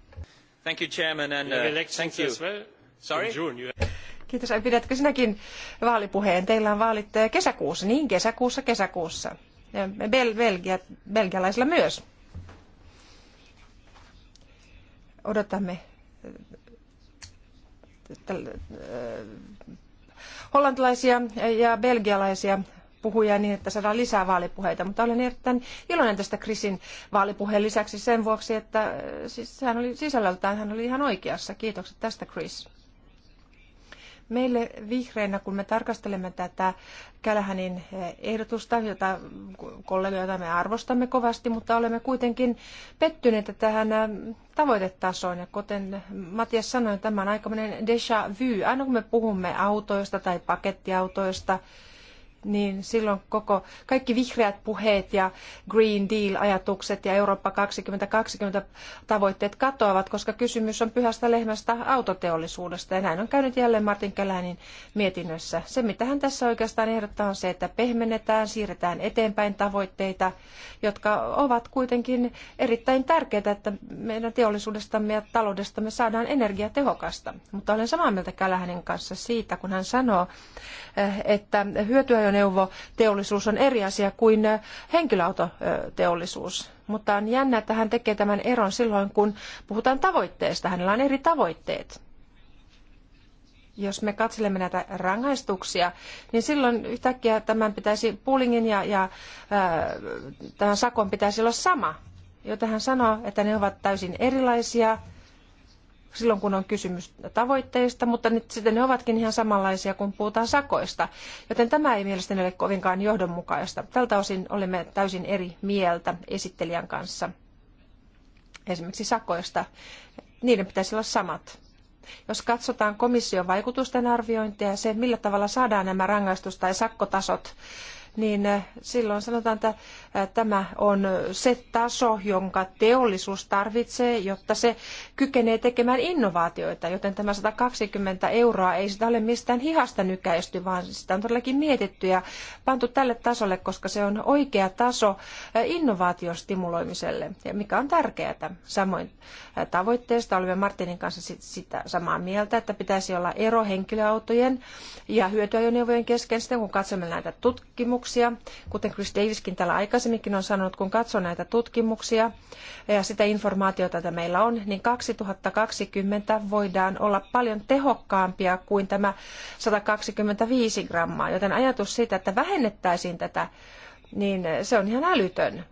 S1: Thank you, Chairman, and uh, thank you. Sorry?
S3: Kiitos. Pidätkö sinäkin vaalipuheen? Teillä on vaalit eh, kesäkuussa. Niin, kesäkuussa, kesäkuussa. Bel- Belgia, belgialaisilla myös. Odotamme äh, hollantilaisia ja belgialaisia puhujia niin, että saadaan lisää vaalipuheita, mutta olen erittäin iloinen tästä Krisin vaalipuheen lisäksi sen vuoksi, että äh, siis hän oli sisällöltään hän oli ihan oikeassa. Kiitokset tästä, Chris. Meille vihreinä, kun me tarkastelemme tätä Kälähänin eh, ehdotusta, jota jota me arvostamme kovasti, mutta olemme kuitenkin pettyneitä tähän eh, tavoitetasoon. Ja kuten Matias sanoi, tämä on aikamoinen déjà vu. Aina kun me puhumme autoista tai pakettiautoista, niin silloin koko, kaikki vihreät puheet ja Green Deal-ajatukset ja Eurooppa 2020 tavoitteet katoavat, koska kysymys on pyhästä lehmästä autoteollisuudesta. Ja näin on käynyt jälleen Martin Kälänin mietinnössä. Se, mitä hän tässä oikeastaan ehdottaa, on se, että pehmennetään, siirretään eteenpäin tavoitteita, jotka ovat kuitenkin erittäin tärkeitä, että meidän teollisuudestamme ja taloudestamme saadaan energiatehokasta. Mutta olen samaa mieltä Kälähänen kanssa siitä, kun hän sanoo, että hyötyajoneuvo teollisuus on eri asia kuin henkilöautoteollisuus. Mutta on jännä, että hän tekee tämän eron silloin, kun puhutaan tavoitteesta. Hänellä on eri tavoitteet jos me katselemme näitä rangaistuksia, niin silloin yhtäkkiä tämän pitäisi, pullingin ja, ja ää, tämän sakon pitäisi olla sama. Joten hän sanoo, että ne ovat täysin erilaisia silloin, kun on kysymys tavoitteista, mutta nyt sitten ne ovatkin ihan samanlaisia, kun puhutaan sakoista. Joten tämä ei mielestäni ole kovinkaan johdonmukaista. Tältä osin olemme täysin eri mieltä esittelijän kanssa. Esimerkiksi sakoista. Niiden pitäisi olla samat. Jos katsotaan komission vaikutusten arviointia ja se, millä tavalla saadaan nämä rangaistus- tai sakkotasot niin äh, silloin sanotaan, että äh, tämä on se taso, jonka teollisuus tarvitsee, jotta se kykenee tekemään innovaatioita, joten tämä 120 euroa ei sitä ole mistään hihasta nykäisty, vaan sitä on todellakin mietitty ja pantu tälle tasolle, koska se on oikea taso äh, innovaatiostimuloimiselle, mikä on tärkeää. Samoin tavoitteesta olemme Martinin kanssa sitä samaa mieltä, että pitäisi olla ero henkilöautojen ja hyötyajoneuvojen kesken sitten, kun katsomme näitä tutkimuksia, tutkimuksia. Kuten Chris Daviskin täällä aikaisemminkin on sanonut, kun katsoo näitä tutkimuksia ja sitä informaatiota, jota meillä on, niin 2020 voidaan olla paljon tehokkaampia kuin tämä 125 grammaa. Joten ajatus siitä, että vähennettäisiin tätä, niin se on ihan älytön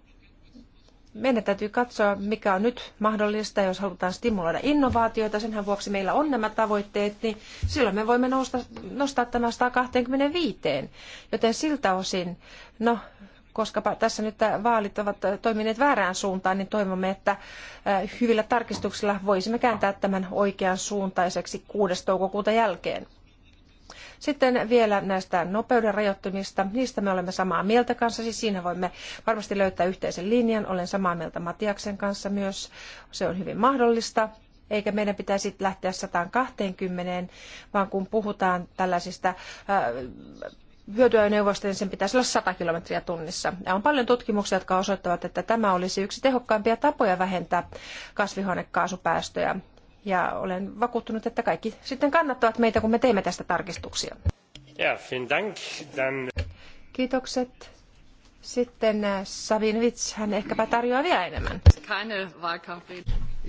S3: meidän täytyy katsoa, mikä on nyt mahdollista, jos halutaan stimuloida innovaatioita. Senhän vuoksi meillä on nämä tavoitteet, niin silloin me voimme nousta, nostaa tämä 125. Joten siltä osin, no koska tässä nyt vaalit ovat toimineet väärään suuntaan, niin toivomme, että hyvillä tarkistuksilla voisimme kääntää tämän oikean suuntaiseksi 6. toukokuuta jälkeen. Sitten vielä näistä nopeuden rajoittumista. Niistä me olemme samaa mieltä kanssa, siis siinä voimme varmasti löytää yhteisen linjan. Olen samaa mieltä Matiaksen kanssa myös. Se on hyvin mahdollista eikä meidän pitäisi lähteä 120, vaan kun puhutaan tällaisista äh, hyötyajoneuvoista, niin sen pitäisi olla 100 kilometriä tunnissa. Ja on paljon tutkimuksia, jotka osoittavat, että tämä olisi yksi tehokkaimpia tapoja vähentää kasvihuonekaasupäästöjä. Ja olen vakuuttunut, että kaikki sitten kannattavat meitä, kun me teemme tästä tarkistuksia.
S2: Ja, dank. Dann...
S3: Kiitokset. Sitten äh, Savin hän ehkäpä tarjoaa vielä enemmän.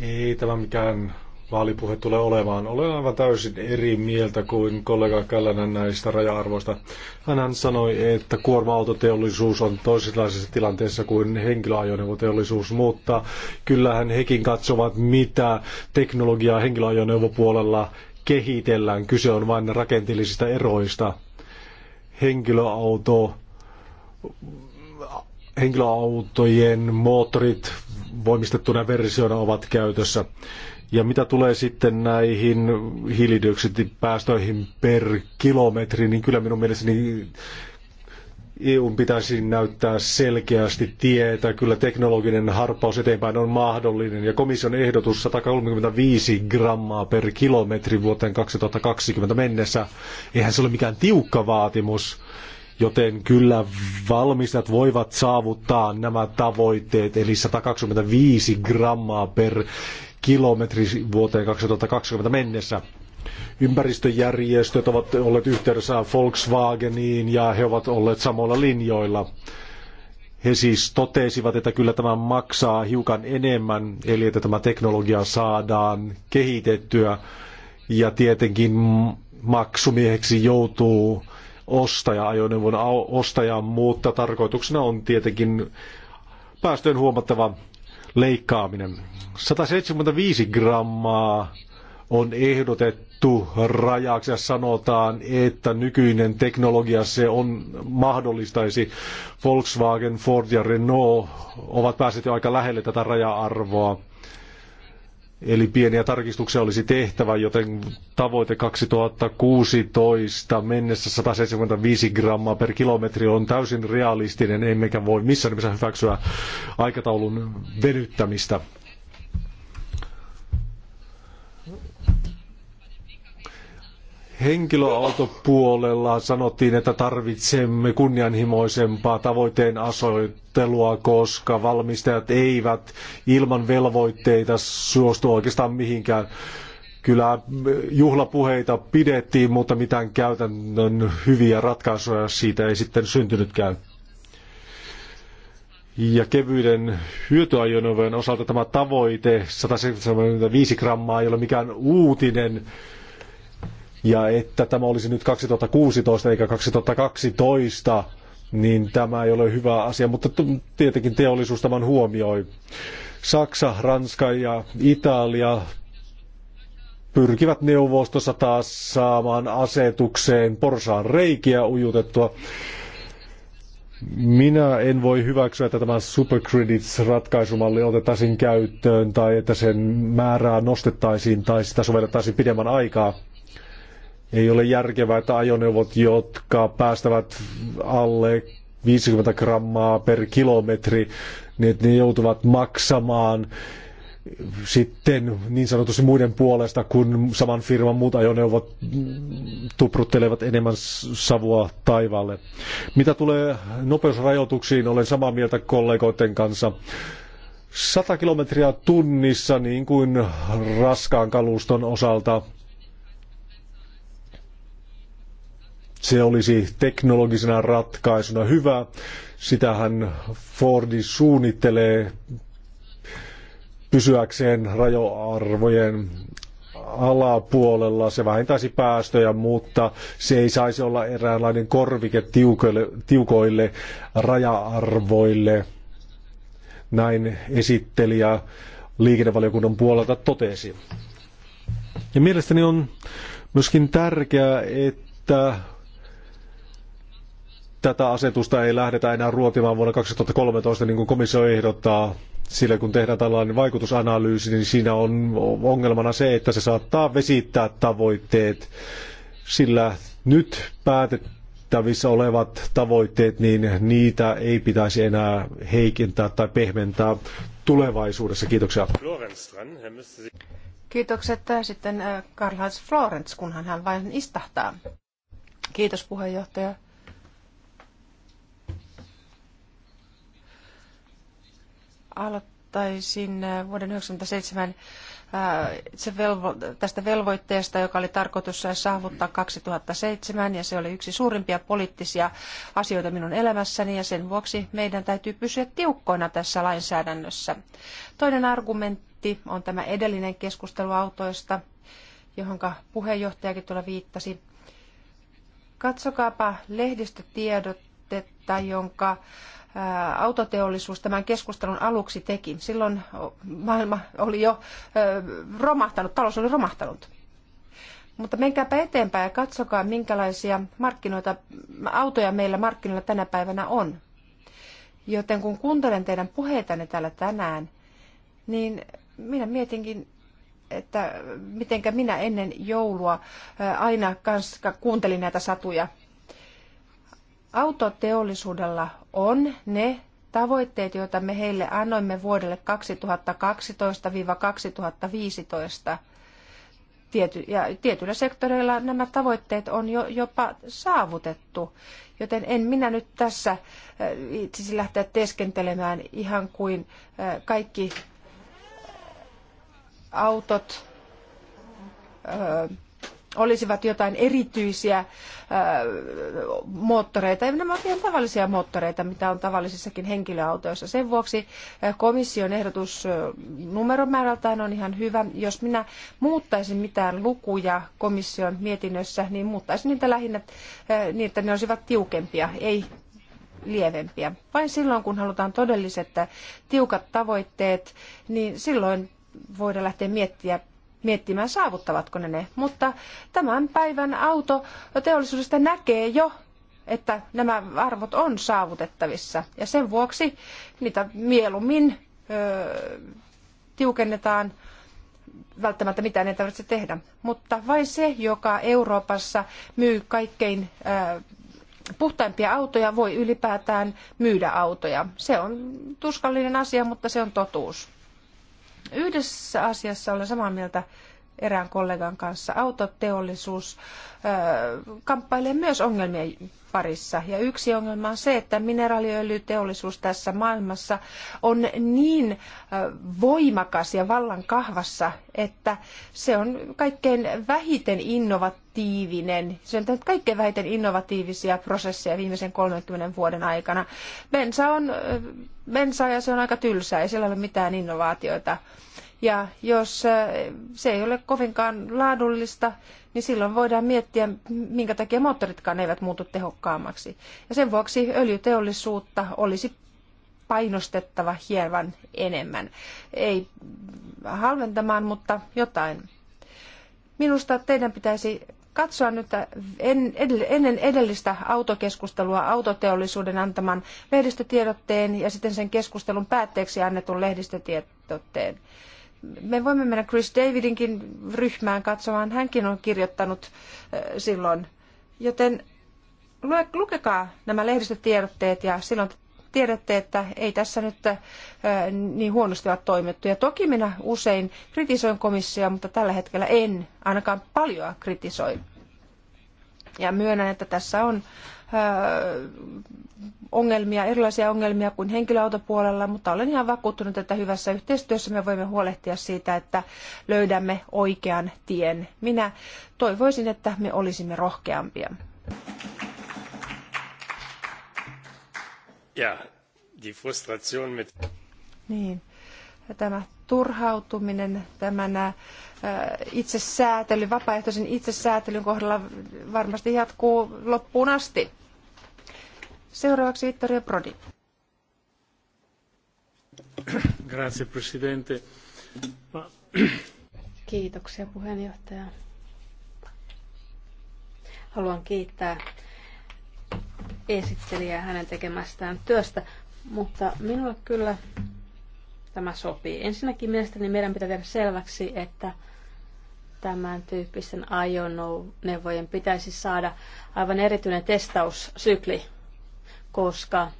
S1: Ei tämä mikään vaalipuhe tulee olemaan. Olen aivan täysin eri mieltä kuin kollega Källänen näistä raja-arvoista. Hän sanoi, että kuorma-autoteollisuus on toisenlaisessa tilanteessa kuin henkilöajoneuvoteollisuus, mutta kyllähän hekin katsovat, mitä teknologiaa henkilöajoneuvopuolella kehitellään. Kyse on vain rakenteellisista eroista. Henkilöauto henkilöautojen moottorit voimistettuna versioina ovat käytössä. Ja mitä tulee sitten näihin hiilidioksidipäästöihin per kilometri, niin kyllä minun mielestäni EUn pitäisi näyttää selkeästi tietä. Kyllä teknologinen harppaus eteenpäin on mahdollinen ja komission ehdotus 135 grammaa per kilometri vuoteen 2020 mennessä. Eihän se ole mikään tiukka vaatimus, joten kyllä valmistajat voivat saavuttaa nämä tavoitteet, eli 125 grammaa per kilometri vuoteen 2020 mennessä. Ympäristöjärjestöt ovat olleet yhteydessä Volkswageniin ja he ovat olleet samoilla linjoilla. He siis totesivat, että kyllä tämä maksaa hiukan enemmän, eli että tämä teknologia saadaan kehitettyä ja tietenkin maksumieheksi joutuu ostaja, ajoneuvon ostaja, mutta tarkoituksena on tietenkin päästöjen huomattava leikkaaminen. 175 grammaa on ehdotettu rajaksi ja sanotaan, että nykyinen teknologia se on mahdollistaisi. Volkswagen, Ford ja Renault ovat päässeet jo aika lähelle tätä raja-arvoa. Eli pieniä tarkistuksia olisi tehtävä, joten tavoite 2016 mennessä 175 grammaa per kilometri on täysin realistinen, emmekä voi missään nimessä hyväksyä aikataulun venyttämistä. henkilöautopuolella sanottiin, että tarvitsemme kunnianhimoisempaa tavoitteen asoittelua, koska valmistajat eivät ilman velvoitteita suostu oikeastaan mihinkään. Kyllä juhlapuheita pidettiin, mutta mitään käytännön hyviä ratkaisuja siitä ei sitten syntynytkään. Ja kevyiden hyötyajoneuvojen osalta tämä tavoite 175 grammaa ei ole mikään uutinen ja että tämä olisi nyt 2016 eikä 2012, niin tämä ei ole hyvä asia, mutta tietenkin teollisuus tämän huomioi. Saksa, Ranska ja Italia pyrkivät neuvostossa taas saamaan asetukseen porsaan reikiä ujutettua. Minä en voi hyväksyä, että tämä supercredits-ratkaisumalli otettaisiin käyttöön tai että sen määrää nostettaisiin tai sitä sovellettaisiin pidemmän aikaa. Ei ole järkevää, että ajoneuvot, jotka päästävät alle 50 grammaa per kilometri, niin että ne joutuvat maksamaan sitten niin sanotusti muiden puolesta, kun saman firman muut ajoneuvot tupruttelevat enemmän savua taivaalle. Mitä tulee nopeusrajoituksiin, olen samaa mieltä kollegoiden kanssa. 100 kilometriä tunnissa, niin kuin raskaan kaluston osalta, Se olisi teknologisena ratkaisuna hyvä. Sitähän Fordi suunnittelee pysyäkseen rajoarvojen alapuolella, se vähentäisi päästöjä, mutta se ei saisi olla eräänlainen korvike tiukoille, tiukoille raja-arvoille. Näin esittelijä liikennevaliokunnan puolelta totesi. Ja mielestäni on myöskin tärkeää, että tätä asetusta ei lähdetä enää ruotimaan vuonna 2013, niin kuin komissio ehdottaa, sillä kun tehdään tällainen vaikutusanalyysi, niin siinä on ongelmana se, että se saattaa vesittää tavoitteet, sillä nyt päätettävissä olevat tavoitteet, niin niitä ei pitäisi enää heikentää tai pehmentää tulevaisuudessa. Kiitoksia.
S3: Kiitokset äh, sitten äh, Karl-Heinz Florence, kunhan hän vain istahtaa. Kiitos puheenjohtaja. Aloittaisin äh, vuoden 1997 äh, itse velvo, tästä velvoitteesta, joka oli tarkoitus äh, saavuttaa 2007, ja se oli yksi suurimpia poliittisia asioita minun elämässäni, ja sen vuoksi meidän täytyy pysyä tiukkoina tässä lainsäädännössä. Toinen argumentti on tämä edellinen keskustelu autoista, johon puheenjohtajakin tuolla viittasi. Katsokaapa lehdistötiedotetta, jonka autoteollisuus tämän keskustelun aluksi teki. Silloin maailma oli jo romahtanut, talous oli romahtanut. Mutta menkääpä eteenpäin ja katsokaa, minkälaisia markkinoita, autoja meillä markkinoilla tänä päivänä on. Joten kun kuuntelen teidän puheitanne täällä tänään, niin minä mietinkin, että mitenkä minä ennen joulua aina kanssa kuuntelin näitä satuja autoteollisuudella on ne tavoitteet, joita me heille annoimme vuodelle 2012-2015. Tiety, ja tietyillä sektoreilla nämä tavoitteet on jo, jopa saavutettu, joten en minä nyt tässä äh, itsesi lähteä teeskentelemään ihan kuin äh, kaikki äh, autot olisivat jotain erityisiä äh, moottoreita. Ja nämä ovat ihan tavallisia moottoreita, mitä on tavallisissakin henkilöautoissa. Sen vuoksi äh, komission ehdotus äh, numeromäärältään on ihan hyvä. Jos minä muuttaisin mitään lukuja komission mietinnössä, niin muuttaisin niitä lähinnä niin, että ne olisivat tiukempia, ei lievempiä. Vain silloin, kun halutaan todelliset tiukat tavoitteet, niin silloin voidaan lähteä miettimään miettimään, saavuttavatko ne ne. Mutta tämän päivän autoteollisuudesta näkee jo, että nämä arvot on saavutettavissa. Ja sen vuoksi niitä mieluummin ö, tiukennetaan. Välttämättä mitään ei tarvitse tehdä. Mutta vain se, joka Euroopassa myy kaikkein ö, puhtaimpia autoja, voi ylipäätään myydä autoja. Se on tuskallinen asia, mutta se on totuus. Yhdessä asiassa olen samaa mieltä erään kollegan kanssa. Autoteollisuus kamppailee myös ongelmien parissa. Ja yksi ongelma on se, että mineraaliöljyteollisuus tässä maailmassa on niin voimakas ja vallan kahvassa, että se on kaikkein vähiten innovatiivinen. Se on tehnyt kaikkein vähiten innovatiivisia prosesseja viimeisen 30 vuoden aikana. Bensa on bensa ja se on aika tylsää, ei siellä ole mitään innovaatioita. Ja jos äh, se ei ole kovinkaan laadullista, niin silloin voidaan miettiä, minkä takia moottoritkaan eivät muutu tehokkaammaksi. Ja sen vuoksi öljyteollisuutta olisi painostettava hieman enemmän. Ei halventamaan, mutta jotain. Minusta teidän pitäisi katsoa nyt äh, ennen edellistä autokeskustelua autoteollisuuden antaman lehdistötiedotteen ja sitten sen keskustelun päätteeksi annetun lehdistötiedotteen me voimme mennä Chris Davidinkin ryhmään katsomaan, hänkin on kirjoittanut silloin. Joten lukekaa nämä lehdistötiedotteet ja silloin tiedätte, että ei tässä nyt niin huonosti ole toimittu. Ja toki minä usein kritisoin komissia, mutta tällä hetkellä en ainakaan paljoa kritisoi. Ja myönnän, että tässä on ongelmia, erilaisia ongelmia kuin henkilöautopuolella, mutta olen ihan vakuuttunut, että hyvässä yhteistyössä me voimme huolehtia siitä, että löydämme oikean tien. Minä toivoisin, että me olisimme rohkeampia.
S2: Ja, die Frustration mit...
S3: Niin, tämä turhautuminen tämän äh, itsesäätely, vapaaehtoisen itsesäätelyn kohdalla varmasti jatkuu loppuun asti. Seuraavaksi Vittorio Prodi.
S1: Grazie, Presidente.
S2: Kiitoksia puheenjohtaja. Haluan kiittää esittelijää hänen tekemästään työstä, mutta minulla kyllä tämä sopii. Ensinnäkin mielestäni meidän pitää tehdä selväksi, että tämän tyyppisten ajoneuvojen pitäisi saada aivan erityinen testaussykli, koska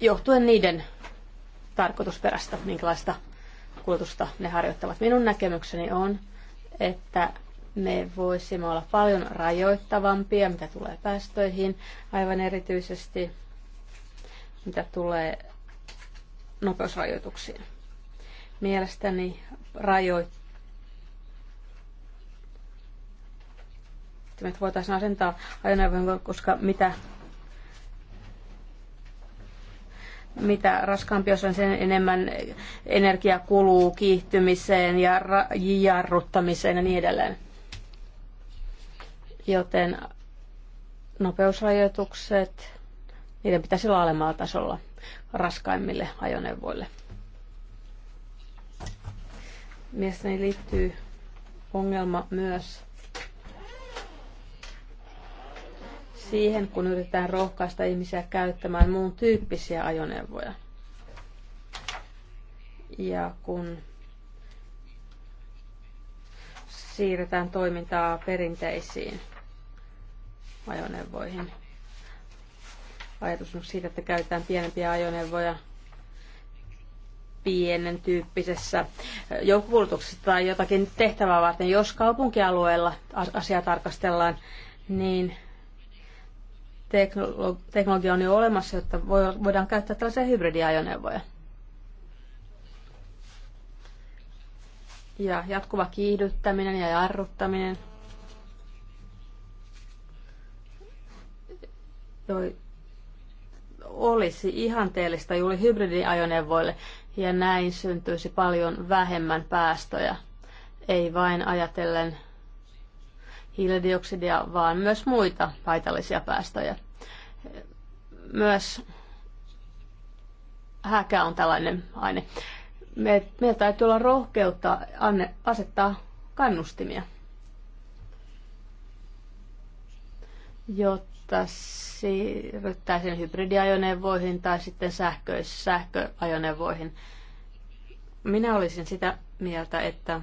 S2: johtuen niiden tarkoitusperästä, minkälaista kulutusta ne harjoittavat. Minun näkemykseni on, että me voisimme olla paljon rajoittavampia, mitä tulee päästöihin, aivan erityisesti mitä tulee nopeusrajoituksiin. Mielestäni rajoit, että voitaisiin asentaa ajoneuvoon, koska mitä, mitä raskaampi osa, sen enemmän energia kuluu kiihtymiseen ja jarruttamiseen ja niin edelleen. Joten nopeusrajoitukset, niiden pitäisi olla alemmalla tasolla raskaimmille ajoneuvoille. Mielestäni liittyy ongelma myös siihen, kun yritetään rohkaista ihmisiä käyttämään muun tyyppisiä ajoneuvoja. Ja kun siirretään toimintaa perinteisiin ajoneuvoihin. Ajatus on siitä, että käytetään pienempiä ajoneuvoja pienen tyyppisessä joukkokulutuksessa tai jotakin tehtävää varten. Jos kaupunkialueella asiaa tarkastellaan, niin teknologia on jo olemassa, että voidaan käyttää tällaisia hybridiajoneuvoja. Ja jatkuva kiihdyttäminen ja jarruttaminen olisi ihanteellista juuri hybridiajoneuvoille ja näin syntyisi paljon vähemmän päästöjä, ei vain ajatellen hiilidioksidia, vaan myös muita haitallisia päästöjä. Myös häkä on tällainen aine. Me, meillä täytyy olla rohkeutta anne, asettaa kannustimia, jotta siirryttäisiin hybridiajoneuvoihin tai sitten sähkö, sähköajoneuvoihin. Minä olisin sitä mieltä, että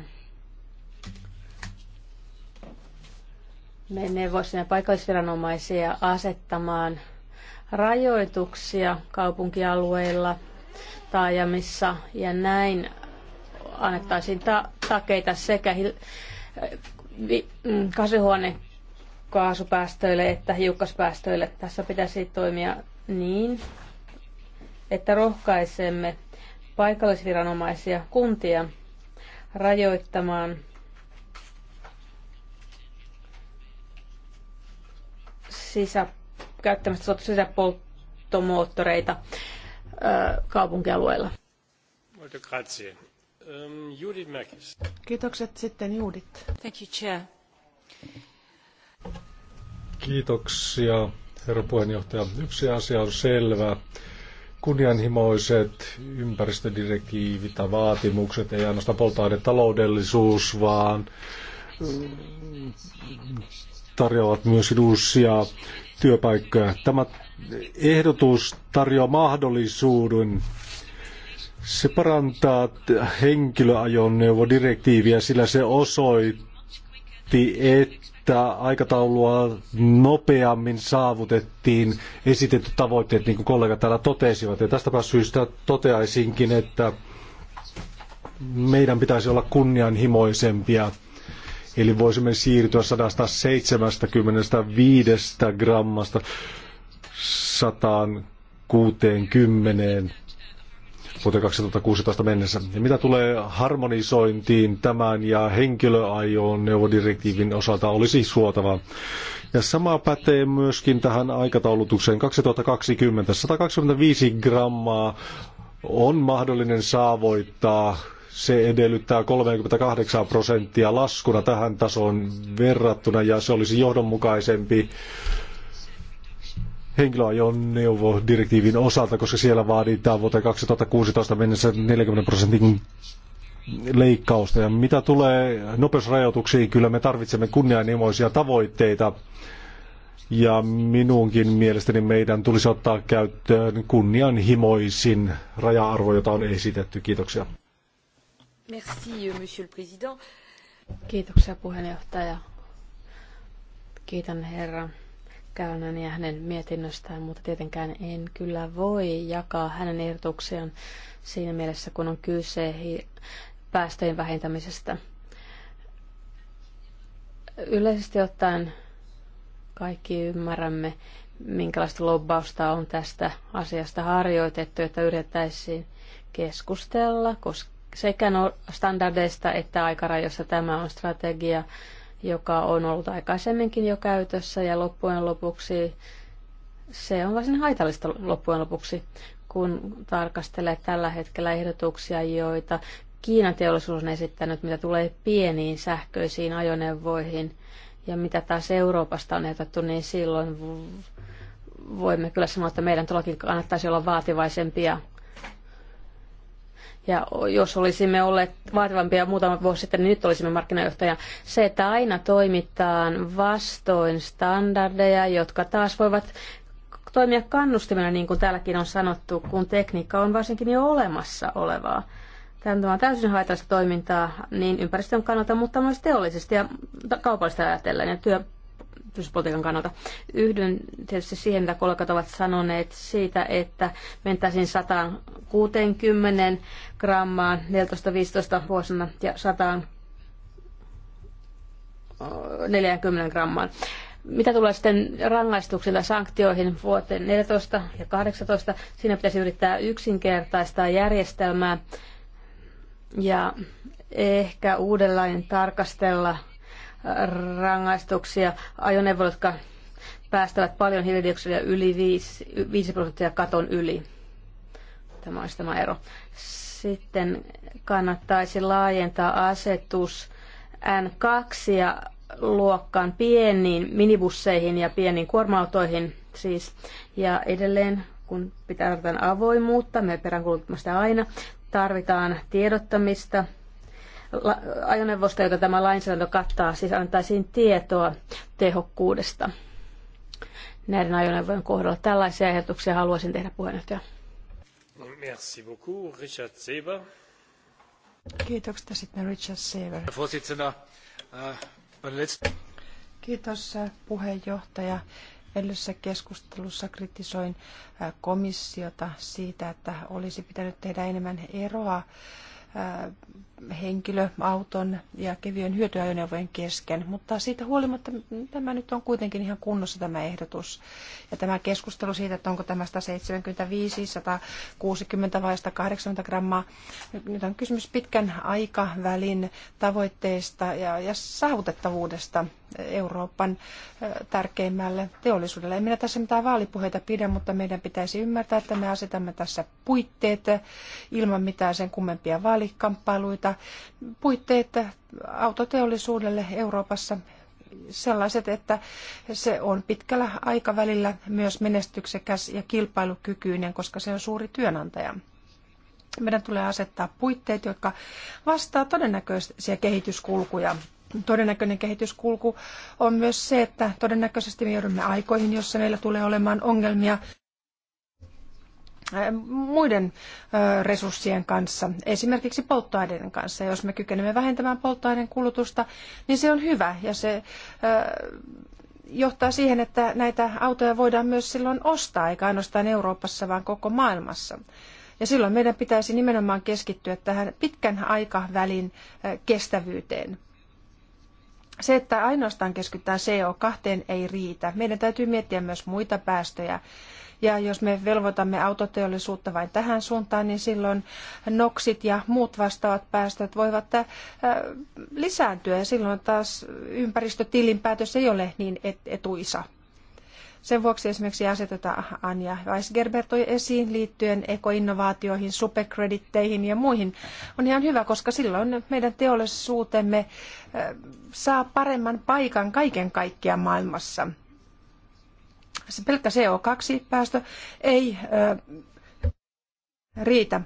S2: me voisi paikallisviranomaisia asettamaan rajoituksia kaupunkialueilla, taajamissa ja näin annettaisiin ta- takeita sekä hil- vi- mm, kasvihuone kaasupäästöille että hiukkaspäästöille. Tässä pitäisi toimia niin, että rohkaisemme paikallisviranomaisia kuntia rajoittamaan sisä, käyttämästä sisäpolttomoottoreita kaupunkialueilla.
S1: Ähm,
S2: Kiitokset sitten Judith. Thank you, Chair.
S1: Kiitoksia, herra puheenjohtaja. Yksi asia on selvä. Kunnianhimoiset ympäristödirektiivit ja vaatimukset, ei ainoastaan taloudellisuus vaan mm, tarjoavat myös uusia työpaikkoja. Tämä ehdotus tarjoaa mahdollisuuden se parantaa henkilöajoneuvodirektiiviä, sillä se osoitti, että että aikataulua nopeammin saavutettiin esitetty tavoitteet, niin kuin kollegat täällä totesivat. Ja tästäpä syystä toteaisinkin, että meidän pitäisi olla kunnianhimoisempia. Eli voisimme siirtyä 175 grammasta 160 vuoteen 2016 mennessä. Ja mitä tulee harmonisointiin tämän ja henkilöajoon neuvodirektiivin osalta olisi suotava. Ja sama pätee myöskin tähän aikataulutukseen 2020. 125 grammaa on mahdollinen saavoittaa se edellyttää 38 prosenttia laskuna tähän tasoon verrattuna ja se olisi johdonmukaisempi henkilöajoneuvodirektiivin osalta, koska siellä vaaditaan vuoteen 2016 mennessä 40 prosentin leikkausta. Ja mitä tulee nopeusrajoituksiin, kyllä me tarvitsemme kunnianhimoisia tavoitteita. Ja minunkin mielestäni meidän tulisi ottaa käyttöön kunnianhimoisin raja-arvo, jota on esitetty. Kiitoksia.
S2: Merci, monsieur le président. Kiitoksia puheenjohtaja. Kiitän herra Käynän ja hänen mietinnöstään, mutta tietenkään en kyllä voi jakaa hänen ehdotuksiaan siinä mielessä, kun on kyse päästöjen vähentämisestä. Yleisesti ottaen kaikki ymmärrämme, minkälaista lobbausta on tästä asiasta harjoitettu, että yritettäisiin keskustella koska sekä no- standardeista että aikarajoista tämä on strategia, joka on ollut aikaisemminkin jo käytössä ja loppujen lopuksi se on varsin haitallista loppujen lopuksi, kun tarkastelee tällä hetkellä ehdotuksia, joita Kiinan teollisuus on esittänyt, mitä tulee pieniin sähköisiin ajoneuvoihin ja mitä taas Euroopasta on ehdotettu, niin silloin voimme kyllä sanoa, että meidän todellakin kannattaisi olla vaativaisempia ja jos olisimme olleet vaativampia muutama vuosi sitten, niin nyt olisimme markkinajohtaja. Se, että aina toimitaan vastoin standardeja, jotka taas voivat toimia kannustimena, niin kuin täälläkin on sanottu, kun tekniikka on varsinkin jo olemassa olevaa. Tämä on täysin haitallista toimintaa niin ympäristön kannalta, mutta myös teollisesti ja kaupallisesti ajatellen ja työ, työllisyyspolitiikan kannalta. Yhdyn tietysti siihen, mitä kollegat ovat sanoneet siitä, että mentäisiin 160 grammaan 14-15 vuosina ja 140 grammaan. Mitä tulee sitten rangaistuksilla sanktioihin vuoteen 14 ja 18, siinä pitäisi yrittää yksinkertaistaa järjestelmää ja ehkä uudelleen tarkastella – rangaistuksia ajoneuvoille, jotka päästävät paljon hiilidioksidia yli 5, 5 prosenttia katon yli. Tämä olisi tämä ero. Sitten kannattaisi laajentaa asetus N2 ja luokkaan pieniin minibusseihin ja pieniin kuorma-autoihin siis. Ja edelleen, kun pitää tarvitaan avoimuutta, me peräänkuulutamme sitä aina, tarvitaan tiedottamista ajoneuvosta, jota tämä lainsäädäntö kattaa, siis antaisiin tietoa tehokkuudesta näiden ajoneuvojen kohdalla. Tällaisia ehdotuksia haluaisin tehdä puheenjohtaja.
S1: Merci beaucoup. Richard Seba.
S3: Kiitoksia sitten Richard Seber. Äh, Kiitos äh, puheenjohtaja. Edellisessä keskustelussa kritisoin äh, komissiota siitä, että olisi pitänyt tehdä enemmän eroa henkilöauton ja kevyen hyötyajoneuvojen kesken, mutta siitä huolimatta tämä nyt on kuitenkin ihan kunnossa tämä ehdotus. Ja tämä keskustelu siitä, että onko tämä 175, 160 vai 180 grammaa, nyt on kysymys pitkän aikavälin tavoitteista ja, ja saavutettavuudesta Euroopan tärkeimmälle teollisuudelle. En minä tässä mitään vaalipuheita pidä, mutta meidän pitäisi ymmärtää, että me asetamme tässä puitteet ilman mitään sen kummempia vaalikamppailuita puitteet autoteollisuudelle Euroopassa sellaiset, että se on pitkällä aikavälillä myös menestyksekäs ja kilpailukykyinen, koska se on suuri työnantaja. Meidän tulee asettaa puitteet, jotka vastaa todennäköisiä kehityskulkuja. Todennäköinen kehityskulku on myös se, että todennäköisesti me joudumme aikoihin, jossa meillä tulee olemaan ongelmia muiden resurssien kanssa, esimerkiksi polttoaineiden kanssa. Jos me kykenemme vähentämään polttoaineen kulutusta, niin se on hyvä ja se johtaa siihen, että näitä autoja voidaan myös silloin ostaa, eikä ainoastaan Euroopassa, vaan koko maailmassa. Ja silloin meidän pitäisi nimenomaan keskittyä tähän pitkän aikavälin kestävyyteen. Se, että ainoastaan keskitytään CO2 ei riitä. Meidän täytyy miettiä myös muita päästöjä ja jos me velvoitamme autoteollisuutta vain tähän suuntaan, niin silloin noksit ja muut vastaavat päästöt voivat äh, lisääntyä ja silloin taas ympäristötilinpäätös ei ole niin etuisa. Sen vuoksi esimerkiksi asetetaan Anja Weisgerber toi esiin liittyen ekoinnovaatioihin, superkreditteihin ja muihin on ihan hyvä, koska silloin meidän teollisuutemme äh, saa paremman paikan kaiken kaikkiaan maailmassa. Se pelkkä CO2-päästö ei riitä.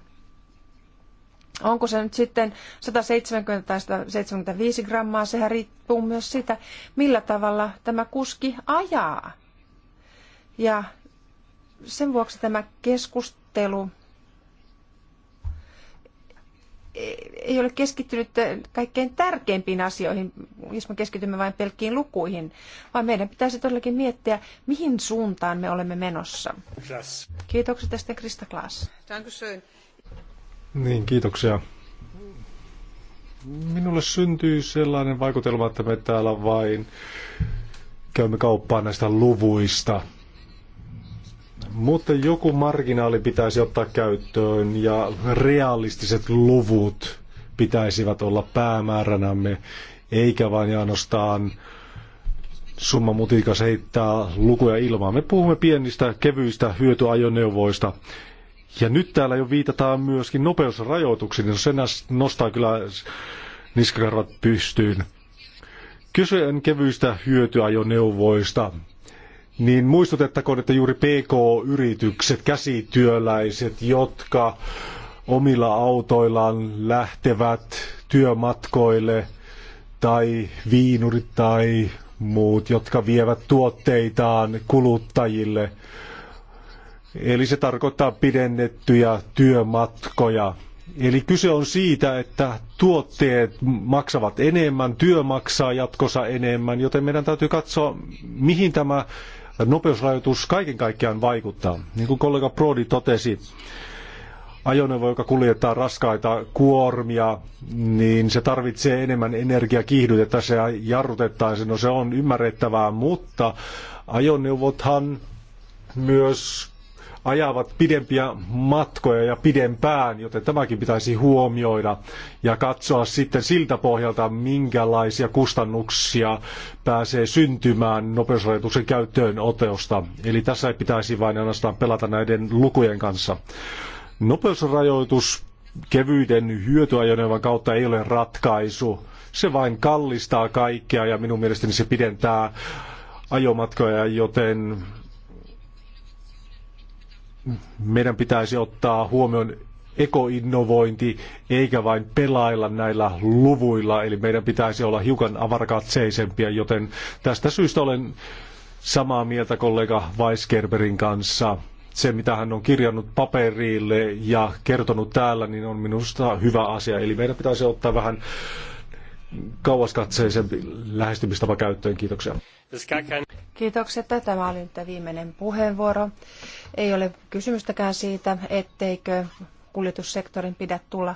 S3: Onko se nyt sitten 170 tai 175 grammaa, sehän riippuu myös sitä, millä tavalla tämä kuski ajaa. Ja sen vuoksi tämä keskustelu ei ole keskittynyt kaikkein tärkeimpiin asioihin, jos me keskitymme vain pelkkiin lukuihin, vaan meidän pitäisi todellakin miettiä, mihin suuntaan me olemme menossa. Klaas. Kiitokset tästä Krista Klaas.
S1: Niin, kiitoksia. Minulle syntyy sellainen vaikutelma, että me täällä vain käymme kauppaa näistä luvuista – mutta joku marginaali pitäisi ottaa käyttöön ja realistiset luvut pitäisivät olla päämääränämme, eikä vain ainoastaan summa mutika heittää lukuja ilmaan. Me puhumme pienistä, kevyistä hyötyajoneuvoista. Ja nyt täällä jo viitataan myöskin nopeusrajoituksiin, niin se nostaa kyllä niskakarvat pystyyn. Kysyen kevyistä hyötyajoneuvoista niin muistutettakoon, että juuri PK-yritykset, käsityöläiset, jotka omilla autoillaan lähtevät työmatkoille tai viinurit tai muut, jotka vievät tuotteitaan kuluttajille. Eli se tarkoittaa pidennettyjä työmatkoja. Eli kyse on siitä, että tuotteet maksavat enemmän, työ maksaa jatkossa enemmän, joten meidän täytyy katsoa, mihin tämä nopeusrajoitus kaiken kaikkiaan vaikuttaa. Niin kuin kollega Prodi totesi, ajoneuvo, joka kuljettaa raskaita kuormia, niin se tarvitsee enemmän kiihdytettä se jarrutettaisiin, no se on ymmärrettävää, mutta ajoneuvothan myös ajavat pidempiä matkoja ja pidempään, joten tämäkin pitäisi huomioida ja katsoa sitten siltä pohjalta, minkälaisia kustannuksia pääsee syntymään nopeusrajoituksen käyttöönotosta. oteosta. Eli tässä ei pitäisi vain ainoastaan pelata näiden lukujen kanssa. Nopeusrajoitus kevyiden hyötyajoneuvan kautta ei ole ratkaisu. Se vain kallistaa kaikkea ja minun mielestäni se pidentää ajomatkoja, joten meidän pitäisi ottaa huomioon ekoinnovointi, eikä vain pelailla näillä luvuilla, eli meidän pitäisi olla hiukan avarakatseisempia, joten tästä syystä olen samaa mieltä kollega Weisgerberin kanssa. Se, mitä hän on kirjannut paperille ja kertonut täällä, niin on minusta hyvä asia. Eli meidän pitäisi ottaa vähän kauaskatseisempi lähestymistapa käyttöön. Kiitoksia.
S3: Kiitokset. Tämä oli nyt viimeinen puheenvuoro. Ei ole kysymystäkään siitä, etteikö kuljetussektorin pidä tulla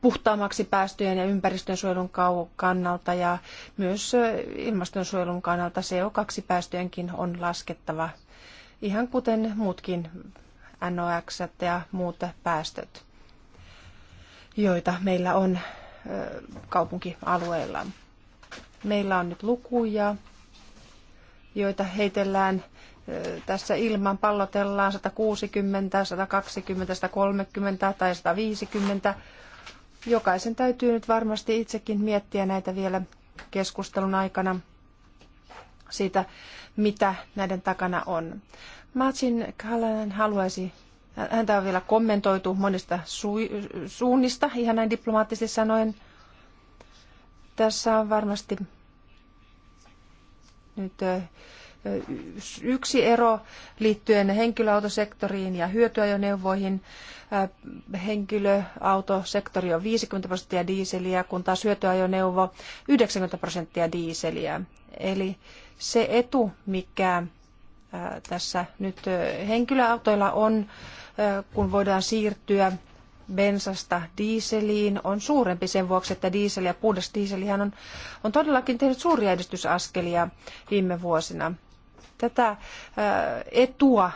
S3: puhtaammaksi päästöjen ja ympäristönsuojelun kannalta ja myös ilmastonsuojelun kannalta CO2-päästöjenkin on laskettava, ihan kuten muutkin NOx ja muut päästöt, joita meillä on Kaupunkialueella Meillä on nyt lukuja, joita heitellään tässä ilman pallotellaan 160, 120, 130 tai 150. Jokaisen täytyy nyt varmasti itsekin miettiä näitä vielä keskustelun aikana siitä, mitä näiden takana on. Martin Kallanen haluaisi häntä on vielä kommentoitu monista suunnista, ihan näin diplomaattisesti sanoen. Tässä on varmasti nyt yksi ero liittyen henkilöautosektoriin ja hyötyajoneuvoihin. Henkilöautosektori on 50 prosenttia diiseliä, kun taas hyötyajoneuvo 90 prosenttia diiseliä. Eli se etu, mikä tässä nyt henkilöautoilla on kun voidaan siirtyä bensasta diiseliin, on suurempi sen vuoksi, että diesel ja puhdas dieselihän on, on todellakin tehnyt suuria edistysaskelia viime vuosina. Tätä etua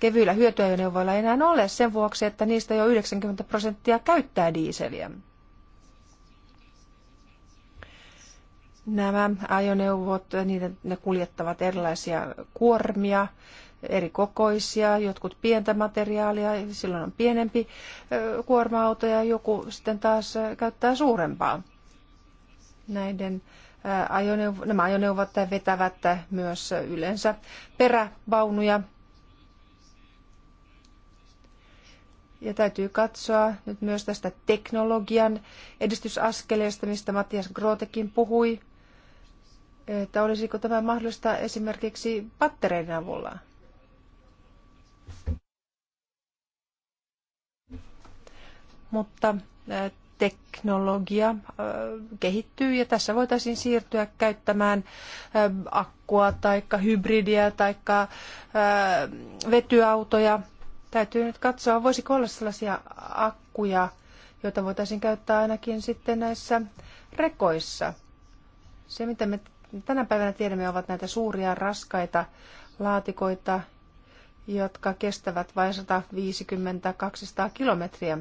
S3: kevyillä hyötyajoneuvoilla ei enää ole sen vuoksi, että niistä jo 90 prosenttia käyttää diiseliä. Nämä ajoneuvot, niiden, ne kuljettavat erilaisia kuormia, eri kokoisia, jotkut pientä materiaalia, silloin on pienempi kuorma-auto ja joku sitten taas käyttää suurempaa. Näiden ajoneuvo, nämä ajoneuvot vetävät myös yleensä perävaunuja. Ja täytyy katsoa nyt myös tästä teknologian edistysaskeleesta, mistä Mattias Grotekin puhui, että olisiko tämä mahdollista esimerkiksi pattereiden avulla. mutta teknologia kehittyy ja tässä voitaisiin siirtyä käyttämään akkua tai hybridiä tai vetyautoja. Täytyy nyt katsoa, voisiko olla sellaisia akkuja, joita voitaisiin käyttää ainakin sitten näissä rekoissa. Se, mitä me tänä päivänä tiedämme, ovat näitä suuria raskaita laatikoita, jotka kestävät vain 150-200 kilometriä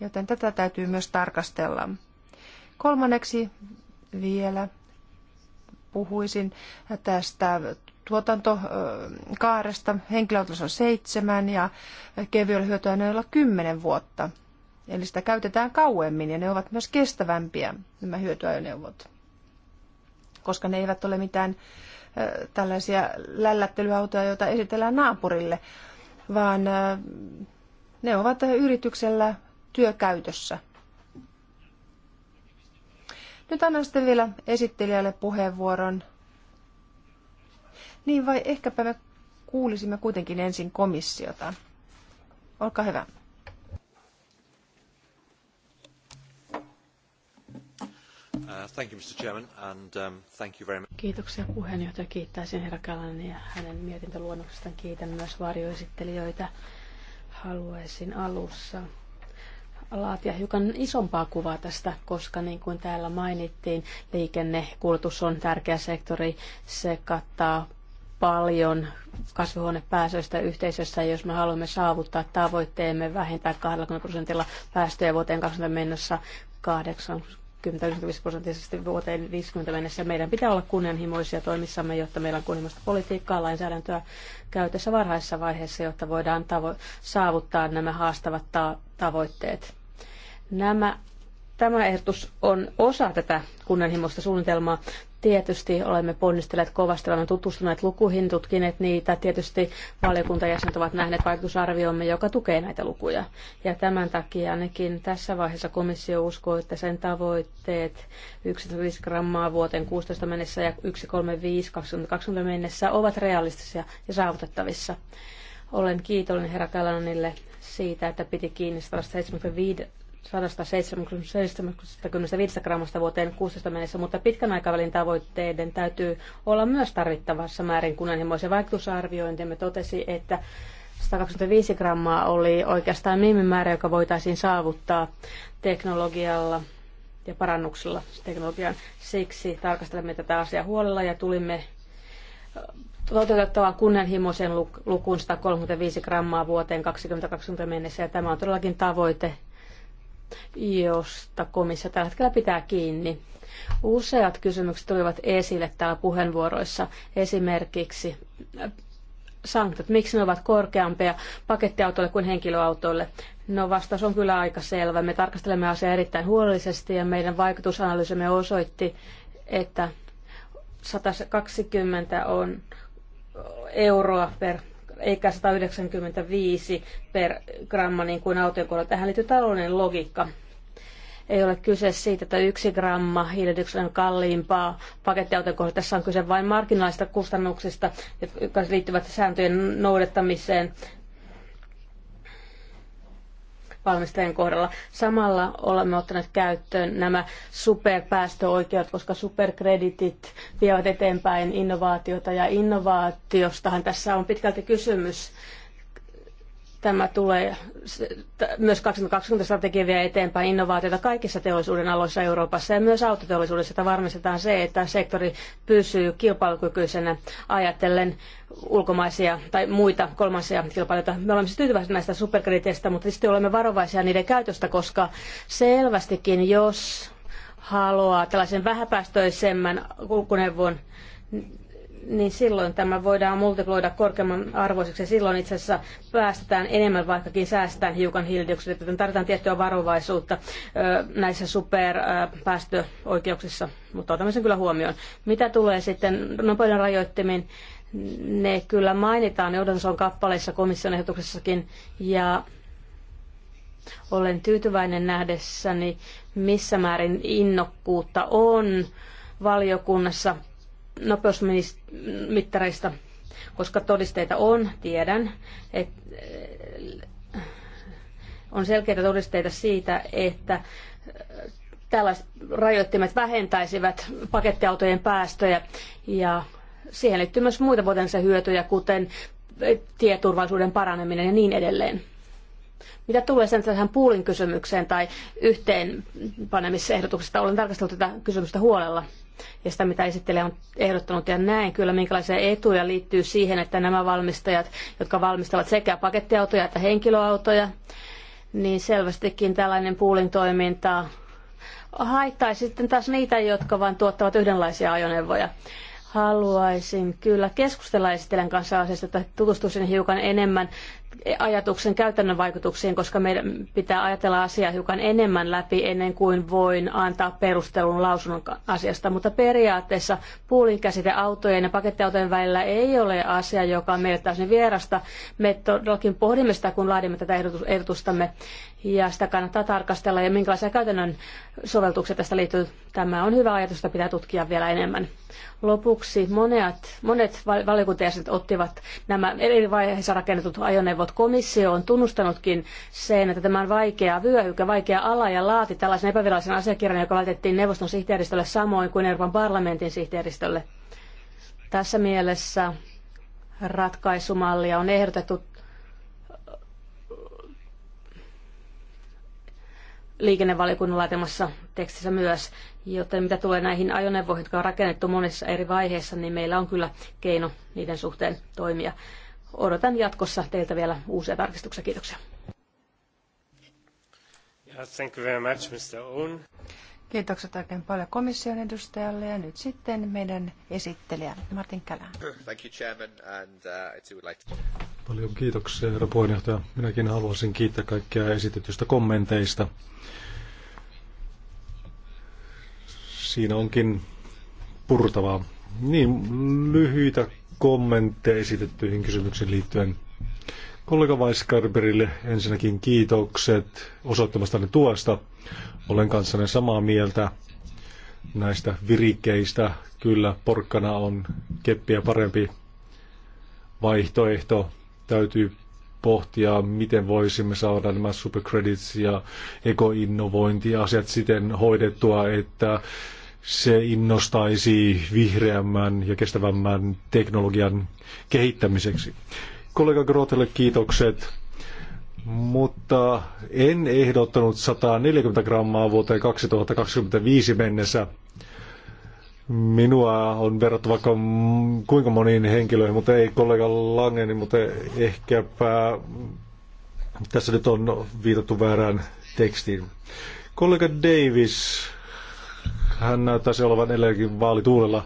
S3: joten tätä täytyy myös tarkastella. Kolmanneksi vielä puhuisin tästä tuotantokaaresta. Henkilöautos on seitsemän ja kevyellä hyötyaineella kymmenen vuotta. Eli sitä käytetään kauemmin ja ne ovat myös kestävämpiä, nämä hyötyajoneuvot, koska ne eivät ole mitään tällaisia lällättelyautoja, joita esitellään naapurille, vaan ne ovat yrityksellä työkäytössä. Nyt annan sitten vielä esittelijälle puheenvuoron. Niin vai ehkäpä me kuulisimme kuitenkin ensin komissiota. Olkaa hyvä.
S1: Kiitoksia puheenjohtaja.
S2: Kiittäisin herra Kalanen ja hänen mietintöluonnoksestaan. Kiitän myös varjoesittelijöitä. Haluaisin alussa laatia hiukan isompaa kuvaa tästä, koska niin kuin täällä mainittiin, liikennekulutus on tärkeä sektori. Se kattaa paljon kasvihuonepäästöistä yhteisössä, jos me haluamme saavuttaa tavoitteemme vähentää 20 prosentilla päästöjä vuoteen 2020 mennessä 80 50-95 prosenttisesti vuoteen 50 mennessä. Meidän pitää olla kunnianhimoisia toimissamme, jotta meillä on kunnianhimoista politiikkaa, lainsäädäntöä käytössä varhaisessa vaiheessa, jotta voidaan tavo- saavuttaa nämä haastavat ta- tavoitteet. Nämä, tämä ehdotus on osa tätä kunnianhimoista suunnitelmaa. Tietysti olemme ponnistelleet kovasti, olemme tutustuneet lukuihin, tutkineet niitä. Tietysti valiokuntajäsenet ovat nähneet vaikutusarviomme, joka tukee näitä lukuja. Ja tämän takia ainakin tässä vaiheessa komissio uskoo, että sen tavoitteet 1,5 grammaa vuoteen 16 mennessä ja 1,35 2020 mennessä ovat realistisia ja saavutettavissa. Olen kiitollinen herra Kalanille siitä, että piti kiinni 175 175 grammasta vuoteen 16 mennessä, mutta pitkän aikavälin tavoitteiden täytyy olla myös tarvittavassa määrin kunnianhimoisen vaikutusarviointimme totesi, että 125 grammaa oli oikeastaan minimimäärä, joka voitaisiin saavuttaa teknologialla ja parannuksilla teknologian. Siksi tarkastelemme tätä asiaa huolella ja tulimme toteutettavaan kunnianhimoisen lukuun 135 grammaa vuoteen 2020 mennessä. Ja tämä on todellakin tavoite, josta komissio tällä hetkellä pitää kiinni. Useat kysymykset tulivat esille täällä puheenvuoroissa, esimerkiksi äh, sanktiot, miksi ne ovat korkeampia pakettiautoille kuin henkilöautoille. No vastaus on kyllä aika selvä. Me tarkastelemme asiaa erittäin huolellisesti ja meidän vaikutusanalyysimme osoitti, että 120 on euroa per eikä 195 per gramma niin kuin autojen kohdalla. Tähän liittyy taloudellinen logiikka. Ei ole kyse siitä, että yksi gramma hiilidioksidia on kalliimpaa pakettiautojen kohdalla. Tässä on kyse vain marginaalista kustannuksista, jotka liittyvät sääntöjen noudattamiseen valmistajien kohdalla. Samalla olemme ottaneet käyttöön nämä superpäästöoikeudet, koska superkreditit vievät eteenpäin innovaatiota ja innovaatiostahan tässä on pitkälti kysymys Tämä tulee myös 2020 strategia vie eteenpäin innovaatioita kaikissa teollisuuden aloissa Euroopassa ja myös autoteollisuudessa, että varmistetaan se, että sektori pysyy kilpailukykyisenä ajatellen ulkomaisia tai muita kolmansia kilpailijoita. Me olemme siis tyytyväisiä näistä superkrediteistä, mutta sitten olemme varovaisia niiden käytöstä, koska selvästikin jos haluaa tällaisen vähäpäästöisemmän kulkuneuvon niin silloin tämä voidaan multiploida korkeamman arvoiseksi ja silloin itse asiassa päästetään enemmän, vaikkakin säästetään hiukan hiilidioksidia. Joten tarvitaan tiettyä varovaisuutta näissä superpäästöoikeuksissa, mutta otamme sen kyllä huomioon. Mitä tulee sitten nopeuden rajoittimiin, ne kyllä mainitaan Eudonson kappaleissa komission ehdotuksessakin ja olen tyytyväinen nähdessäni, missä määrin innokkuutta on valiokunnassa nopeusmittareista, koska todisteita on, tiedän, että eh, on selkeitä todisteita siitä, että eh, tällaiset rajoittimet vähentäisivät pakettiautojen päästöjä ja siihen liittyy myös muita potensia hyötyjä, kuten eh, tieturvallisuuden paraneminen ja niin edelleen. Mitä tulee sen tähän puulin kysymykseen tai yhteenpanemisehdotuksesta, olen tarkastellut tätä kysymystä huolella ja sitä, mitä esittelijä on ehdottanut. Ja näen kyllä, minkälaisia etuja liittyy siihen, että nämä valmistajat, jotka valmistavat sekä pakettiautoja että henkilöautoja, niin selvästikin tällainen pooling toiminta haittaisi sitten taas niitä, jotka vain tuottavat yhdenlaisia ajoneuvoja. Haluaisin kyllä keskustella esittelijän kanssa asiasta, että tutustuisin hiukan enemmän ajatuksen käytännön vaikutuksiin, koska meidän pitää ajatella asiaa hiukan enemmän läpi ennen kuin voin antaa perustelun lausunnon asiasta. Mutta periaatteessa puulin käsite autojen ja pakettiautojen välillä ei ole asia, joka on meille täysin vierasta. Me todellakin pohdimme sitä, kun laadimme tätä ehdotustamme ja sitä kannattaa tarkastella ja minkälaisia käytännön sovellutuksia tästä liittyy. Tämä on hyvä ajatus, että pitää tutkia vielä enemmän. Lopuksi monet, monet valiokuntajäsenet ottivat nämä eri vaiheissa rakennetut ajoneuvot. Komissio on tunnustanutkin sen, että tämä on vaikea vyöhyke, vaikea ala ja laati tällaisen epävirallisen asiakirjan, joka laitettiin neuvoston sihteeristölle samoin kuin Euroopan parlamentin sihteeristölle. Tässä mielessä ratkaisumallia on ehdotettu liikennevaliokunnan laatimassa tekstissä myös. Joten mitä tulee näihin ajoneuvoihin, jotka on rakennettu monissa eri vaiheissa, niin meillä on kyllä keino niiden suhteen toimia. Odotan jatkossa teiltä vielä uusia tarkistuksia. Kiitoksia. Thank you very much, Mr.
S3: Kiitokset oikein paljon komission edustajalle ja nyt sitten meidän esittelijä Martin Kälä.
S1: Thank you, Chairman, and, uh, I Paljon kiitoksia, herra puheenjohtaja. Minäkin haluaisin kiittää kaikkia esitetystä kommenteista. Siinä onkin purtavaa. Niin, lyhyitä kommentteja esitettyihin kysymyksiin liittyen. Kollega Weiskarberille ensinnäkin kiitokset osoittamastanne tuosta. Olen kanssanne samaa mieltä näistä virikkeistä. Kyllä porkkana on keppiä parempi vaihtoehto täytyy pohtia, miten voisimme saada nämä supercredits ja ekoinnovointiasiat siten hoidettua, että se innostaisi vihreämmän ja kestävämmän teknologian kehittämiseksi. Kollega Grotelle kiitokset, mutta en ehdottanut 140 grammaa vuoteen 2025 mennessä. Minua on verrattu vaikka kuinka moniin henkilöihin, mutta ei kollega Langeni, mutta ehkäpä tässä nyt on viitattu väärään tekstiin. Kollega Davis, hän näyttäisi olevan edelleenkin vaalituulella,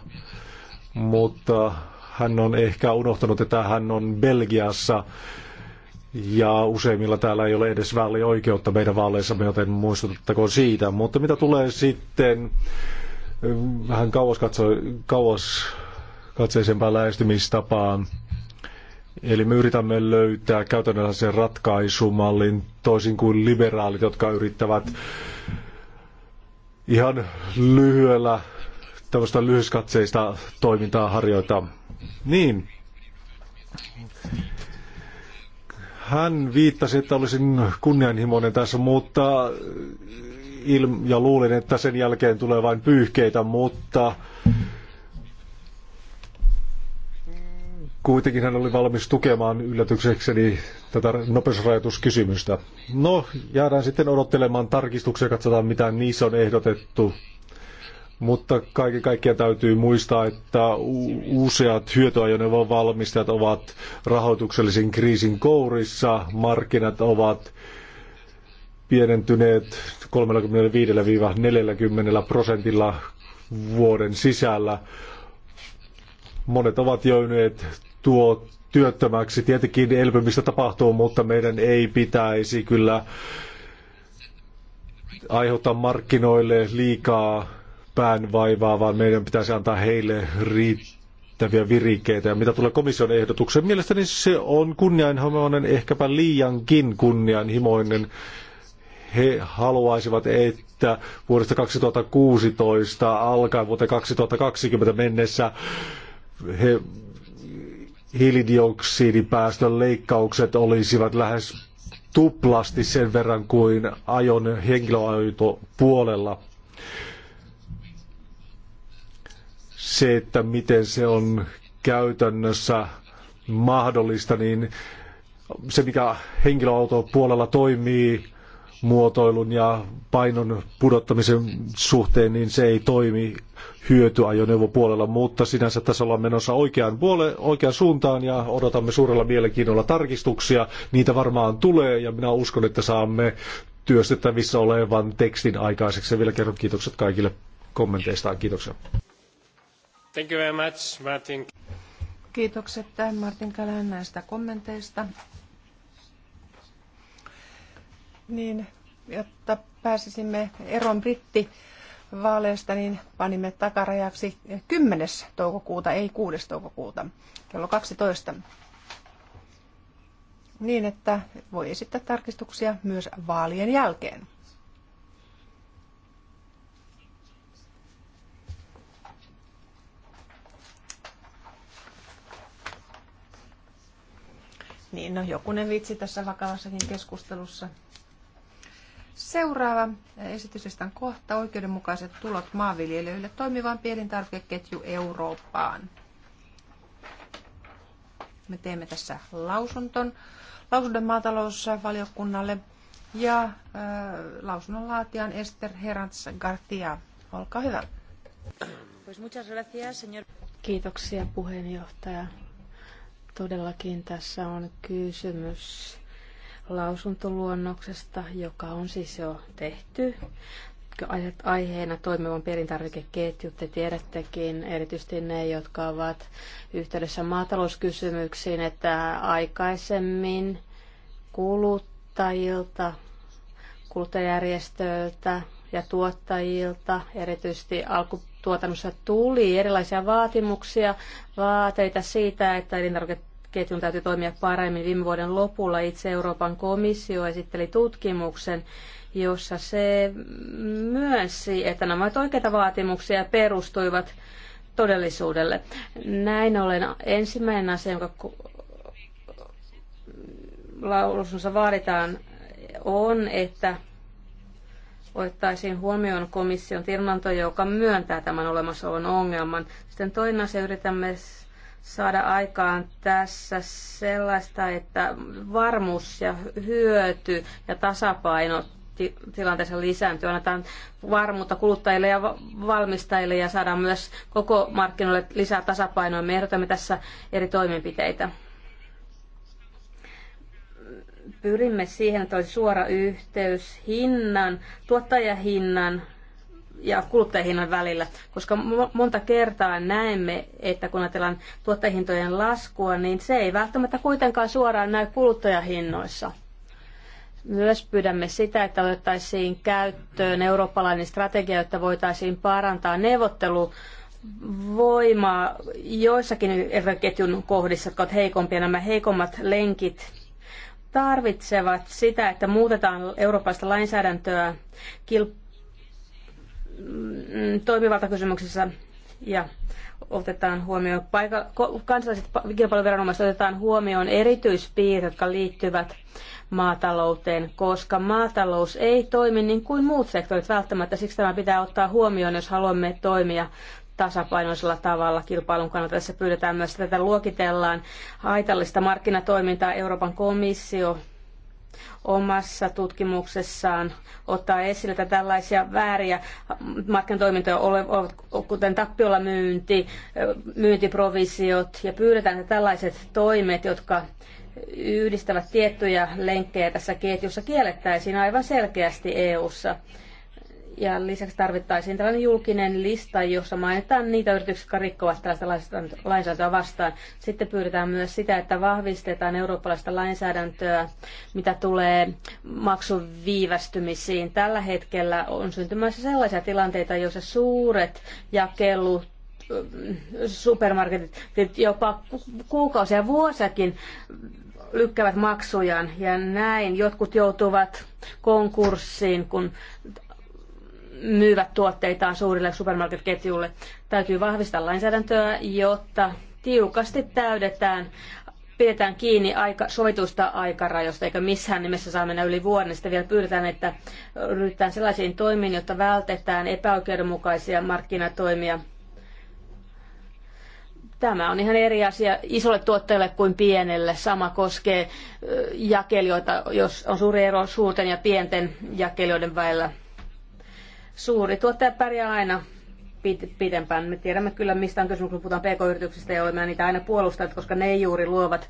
S1: mutta hän on ehkä unohtanut, että hän on Belgiassa ja useimmilla täällä ei ole edes vaalioikeutta meidän vaaleissamme, joten muistutettakoon siitä. Mutta mitä tulee sitten vähän kauas, katso, kauas katseisempaa lähestymistapaa. Eli me yritämme löytää käytännöllisen ratkaisumallin toisin kuin liberaalit, jotka yrittävät ihan lyhyellä tämmöistä lyhyskatseista toimintaa harjoittaa. Niin. Hän viittasi, että olisin kunnianhimoinen tässä, mutta ja luulin, että sen jälkeen tulee vain pyyhkeitä, mutta kuitenkin hän oli valmis tukemaan yllätyksekseni tätä nopeusrajoituskysymystä. No, jäädään sitten odottelemaan tarkistuksia ja katsotaan mitä niissä on ehdotettu. Mutta kaiken kaikkiaan täytyy muistaa, että useat hyötyajoneuvon valmistajat ovat rahoituksellisen kriisin kourissa, markkinat ovat pienentyneet 35-40 prosentilla vuoden sisällä. Monet ovat joutuneet tuo työttömäksi. Tietenkin elpymistä tapahtuu, mutta meidän ei pitäisi kyllä aiheuttaa markkinoille liikaa päänvaivaa, vaan meidän pitäisi antaa heille riittäviä virikkeitä. Ja mitä tulee komission ehdotukseen, mielestäni se on kunnianhimoinen, ehkäpä liiankin kunnianhimoinen he haluaisivat, että vuodesta 2016 alkaen vuoteen 2020 mennessä he hiilidioksidipäästön leikkaukset olisivat lähes tuplasti sen verran kuin ajon henkilöauto puolella. Se, että miten se on käytännössä mahdollista, niin se mikä henkilöauto puolella toimii, muotoilun ja painon pudottamisen suhteen, niin se ei toimi hyötyajoneuvopuolella, mutta sinänsä tässä ollaan menossa oikeaan, puole, oikeaan suuntaan ja odotamme suurella mielenkiinnolla tarkistuksia. Niitä varmaan tulee ja minä uskon, että saamme työstettävissä olevan tekstin aikaiseksi. Ja vielä kerran kiitokset kaikille kommenteistaan. Kiitoksia. Thank you very much, Martin.
S3: Kiitokset Martin Kälhän näistä kommenteista niin jotta pääsisimme eron britti vaaleista, niin panimme takarajaksi 10. toukokuuta, ei 6. toukokuuta, kello 12. Niin, että voi esittää tarkistuksia myös vaalien jälkeen. Niin, no jokunen vitsi tässä vakavassakin keskustelussa. Seuraava on kohta oikeudenmukaiset tulot maanviljelijöille toimivan pienintarvikeketju Eurooppaan. Me teemme tässä lausunton, lausunnon maatalousvaliokunnalle ja äh, lausunnon laatijan Esther Herantz Gartia.
S2: Olkaa hyvä. Kiitoksia puheenjohtaja. Todellakin tässä on kysymys lausuntoluonnoksesta, joka on siis jo tehty. Aiheena toimivan perintarvikeketjut te tiedättekin, erityisesti ne, jotka ovat yhteydessä maatalouskysymyksiin, että aikaisemmin kuluttajilta, kuluttajärjestöiltä ja tuottajilta, erityisesti alkutuotannossa tuli erilaisia vaatimuksia, vaateita siitä, että elintarvike ketjun täytyy toimia paremmin. Viime vuoden lopulla itse Euroopan komissio esitteli tutkimuksen, jossa se myönsi, että nämä ovat oikeita vaatimuksia ja perustuivat todellisuudelle. Näin ollen ensimmäinen asia, jonka lausunnossa vaaditaan, on, että otettaisiin huomioon komission tiedonanto, joka myöntää tämän olemassa olevan ongelman. Sitten toinen asia yritämme saada aikaan tässä sellaista, että varmuus ja hyöty ja tasapaino tilanteessa lisääntyy. Annetaan varmuutta kuluttajille ja valmistajille ja saadaan myös koko markkinoille lisää tasapainoa. Me ehdotamme tässä eri toimenpiteitä. Pyrimme siihen, että olisi suora yhteys hinnan, tuottajahinnan ja kuluttajahinnan välillä, koska monta kertaa näemme, että kun ajatellaan tuottajahintojen laskua, niin se ei välttämättä kuitenkaan suoraan näy kuluttajahinnoissa. Myös pyydämme sitä, että otettaisiin käyttöön eurooppalainen strategia, jotta voitaisiin parantaa neuvottelu voimaa joissakin ketjun kohdissa, jotka ovat heikompia. Nämä heikommat lenkit tarvitsevat sitä, että muutetaan eurooppalaista lainsäädäntöä kilp- Mm, toimivaltakysymyksissä ja otetaan huomioon, paika, kansalliset kilpailuviranomaiset otetaan huomioon erityispiirteet, jotka liittyvät maatalouteen, koska maatalous ei toimi niin kuin muut sektorit välttämättä. Siksi tämä pitää ottaa huomioon, jos haluamme toimia tasapainoisella tavalla kilpailun kannalta. Tässä pyydetään myös, että tätä luokitellaan haitallista markkinatoimintaa. Euroopan komissio omassa tutkimuksessaan ottaa esille, että tällaisia vääriä markkinatoimintoja ovat kuten tappiolla myynti, myyntiprovisiot, ja pyydetään, että tällaiset toimet, jotka yhdistävät tiettyjä lenkkejä tässä ketjussa, kiellettäisiin aivan selkeästi EU-ssa ja lisäksi tarvittaisiin tällainen julkinen lista, jossa mainitaan niitä yrityksiä, jotka rikkovat tällaista lainsäädäntöä vastaan. Sitten pyydetään myös sitä, että vahvistetaan eurooppalaista lainsäädäntöä, mitä tulee maksuviivästymisiin. Tällä hetkellä on syntymässä sellaisia tilanteita, joissa suuret jakelut supermarketit jopa kuukausia vuosakin lykkävät maksujaan ja näin. Jotkut joutuvat konkurssiin, kun myyvät tuotteitaan suurille supermarketketjuille. Täytyy vahvistaa lainsäädäntöä, jotta tiukasti täydetään pidetään kiinni aika, sovituista aikarajoista, eikä missään nimessä saa mennä yli vuoden. Sitten vielä pyydetään, että ryhdytään sellaisiin toimiin, jotta vältetään epäoikeudenmukaisia markkinatoimia. Tämä on ihan eri asia isolle tuotteelle kuin pienelle. Sama koskee jakelijoita, jos on suuri ero suurten ja pienten jakelijoiden välillä suuri tuottaja pärjää aina pidempään. Me tiedämme kyllä, mistä on kysymys, kun puhutaan pk-yrityksistä ja olemme niitä aina puolustaneet, koska ne juuri luovat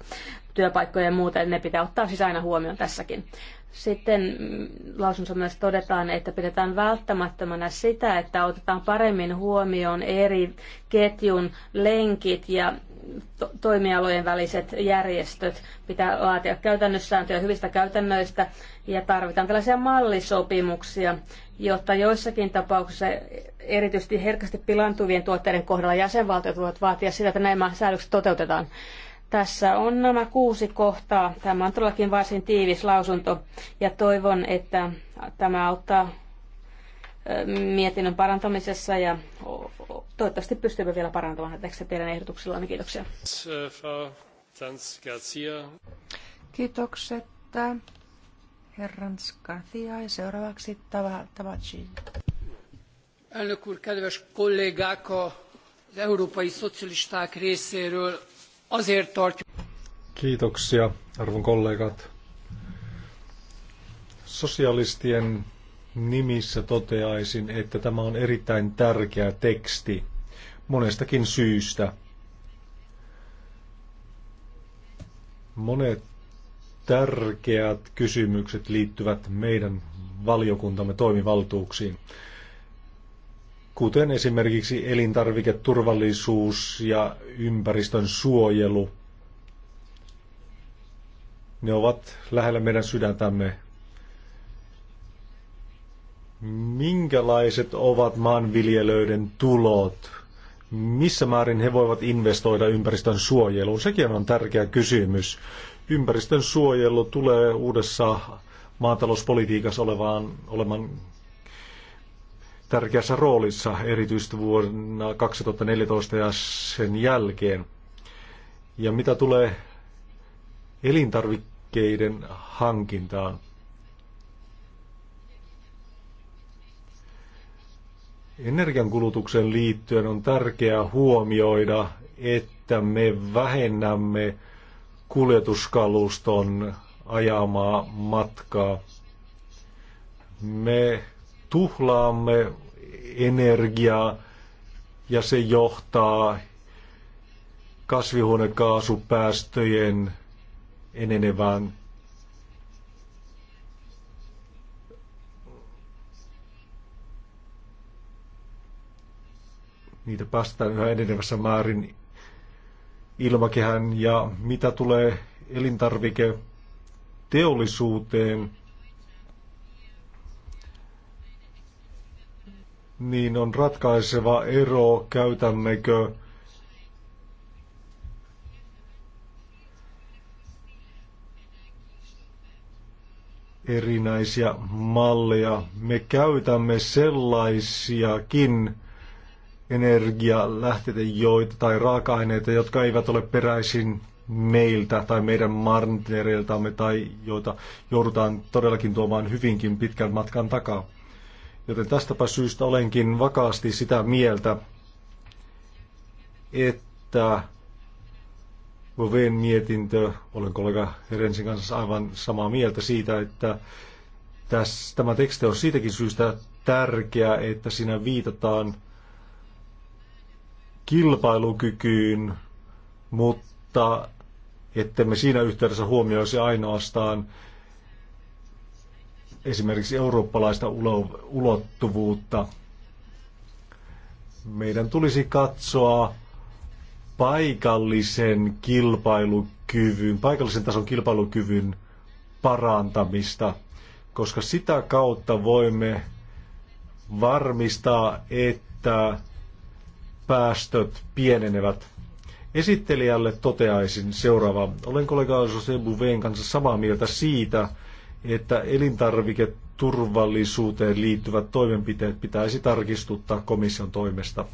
S2: työpaikkoja ja muuten, ne pitää ottaa siis aina huomioon tässäkin. Sitten mm, lausunnossa myös todetaan, että pidetään välttämättömänä sitä, että otetaan paremmin huomioon eri ketjun lenkit ja to- toimialojen väliset järjestöt. Pitää laatia käytännössääntöjä hyvistä käytännöistä ja tarvitaan tällaisia mallisopimuksia, jotta joissakin tapauksissa erityisesti herkästi pilantuvien tuotteiden kohdalla jäsenvaltiot voivat vaatia sitä, että nämä säädökset toteutetaan. Tässä on nämä kuusi kohtaa. Tämä on todellakin varsin tiivis lausunto ja toivon, että tämä auttaa mietinnön parantamisessa ja toivottavasti pystymme vielä parantamaan tätä teidän ehdotuksillanne. Kiitoksia. Kiitokset. Äh,
S3: Herrans Garcia ja seuraavaksi Tavaci.
S2: Elnök úr, kedves kollégák, az európai szocialisták részéről azért tartjuk.
S1: Kiitoksia, arvon kollegat. Sosialistien nimissä toteaisin, että tämä on erittäin tärkeä teksti monestakin syystä. Monet tärkeät kysymykset liittyvät meidän valiokuntamme toimivaltuuksiin, kuten esimerkiksi elintarviketurvallisuus ja ympäristön suojelu. Ne ovat lähellä meidän sydäntämme Minkälaiset ovat maanviljelöiden tulot? Missä määrin he voivat investoida ympäristön suojeluun? Sekin on tärkeä kysymys. Ympäristön suojelu tulee uudessa maatalouspolitiikassa olevaan, olevan tärkeässä roolissa, erityisesti vuonna 2014 ja sen jälkeen. Ja mitä tulee elintarvikkeiden hankintaan, Energiankulutukseen liittyen on tärkeää huomioida, että me vähennämme kuljetuskaluston ajamaa matkaa. Me tuhlaamme energiaa ja se johtaa kasvihuonekaasupäästöjen enenevään Niitä päästään yhä enenevässä määrin ilmakehän ja mitä tulee elintarvike teollisuuteen, niin on ratkaiseva ero, käytämmekö erinäisiä malleja. Me käytämme sellaisiakin energialähteitä joita, tai raaka-aineita, jotka eivät ole peräisin meiltä tai meidän mantereiltamme tai joita joudutaan todellakin tuomaan hyvinkin pitkän matkan takaa. Joten tästäpä syystä olenkin vakaasti sitä mieltä, että Voveen mietintö, olen kollega Herensin kanssa aivan samaa mieltä siitä, että tässä, tämä teksti on siitäkin syystä tärkeä, että siinä viitataan – kilpailukykyyn, mutta me siinä yhteydessä huomioisi ainoastaan esimerkiksi eurooppalaista ulottuvuutta. Meidän tulisi katsoa paikallisen kilpailukyvyn, paikallisen tason kilpailukyvyn parantamista, koska sitä kautta voimme varmistaa, että päästöt pienenevät. Esittelijälle toteaisin seuraava. Olen kollega Jose Buveen kanssa samaa mieltä siitä, että elintarviketurvallisuuteen liittyvät toimenpiteet pitäisi tarkistuttaa komission toimesta.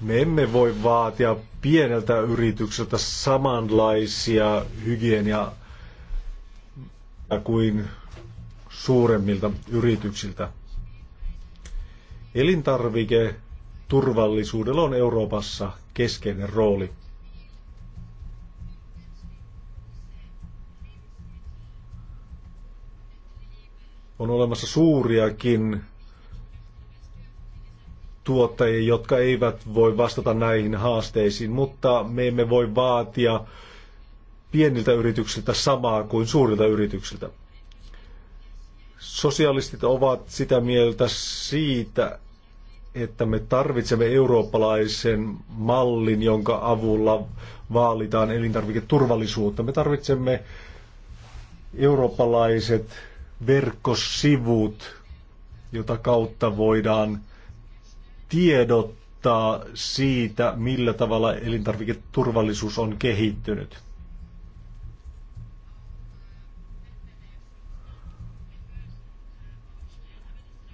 S1: Me emme voi vaatia pieneltä yritykseltä samanlaisia hygienia kuin suuremmilta yrityksiltä. Elintarvike turvallisuudella on Euroopassa keskeinen rooli. On olemassa suuriakin tuottajia, jotka eivät voi vastata näihin haasteisiin, mutta me emme voi vaatia pieniltä yrityksiltä samaa kuin suurilta yrityksiltä. Sosialistit ovat sitä mieltä siitä, että me tarvitsemme eurooppalaisen mallin, jonka avulla vaalitaan elintarviketurvallisuutta. Me tarvitsemme eurooppalaiset verkkosivut, jota kautta voidaan tiedottaa siitä, millä tavalla elintarviketurvallisuus on kehittynyt.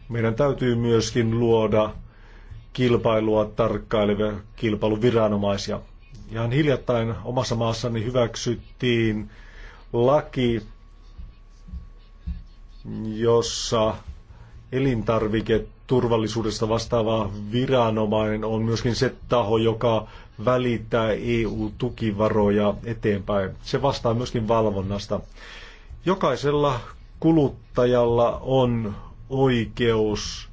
S1: Meidän täytyy myöskin luoda kilpailua tarkkailevia kilpailuviranomaisia. Ihan hiljattain omassa maassani hyväksyttiin laki, jossa elintarviketurvallisuudesta vastaava viranomainen on myöskin se taho, joka välittää EU-tukivaroja eteenpäin. Se vastaa myöskin valvonnasta. Jokaisella kuluttajalla on oikeus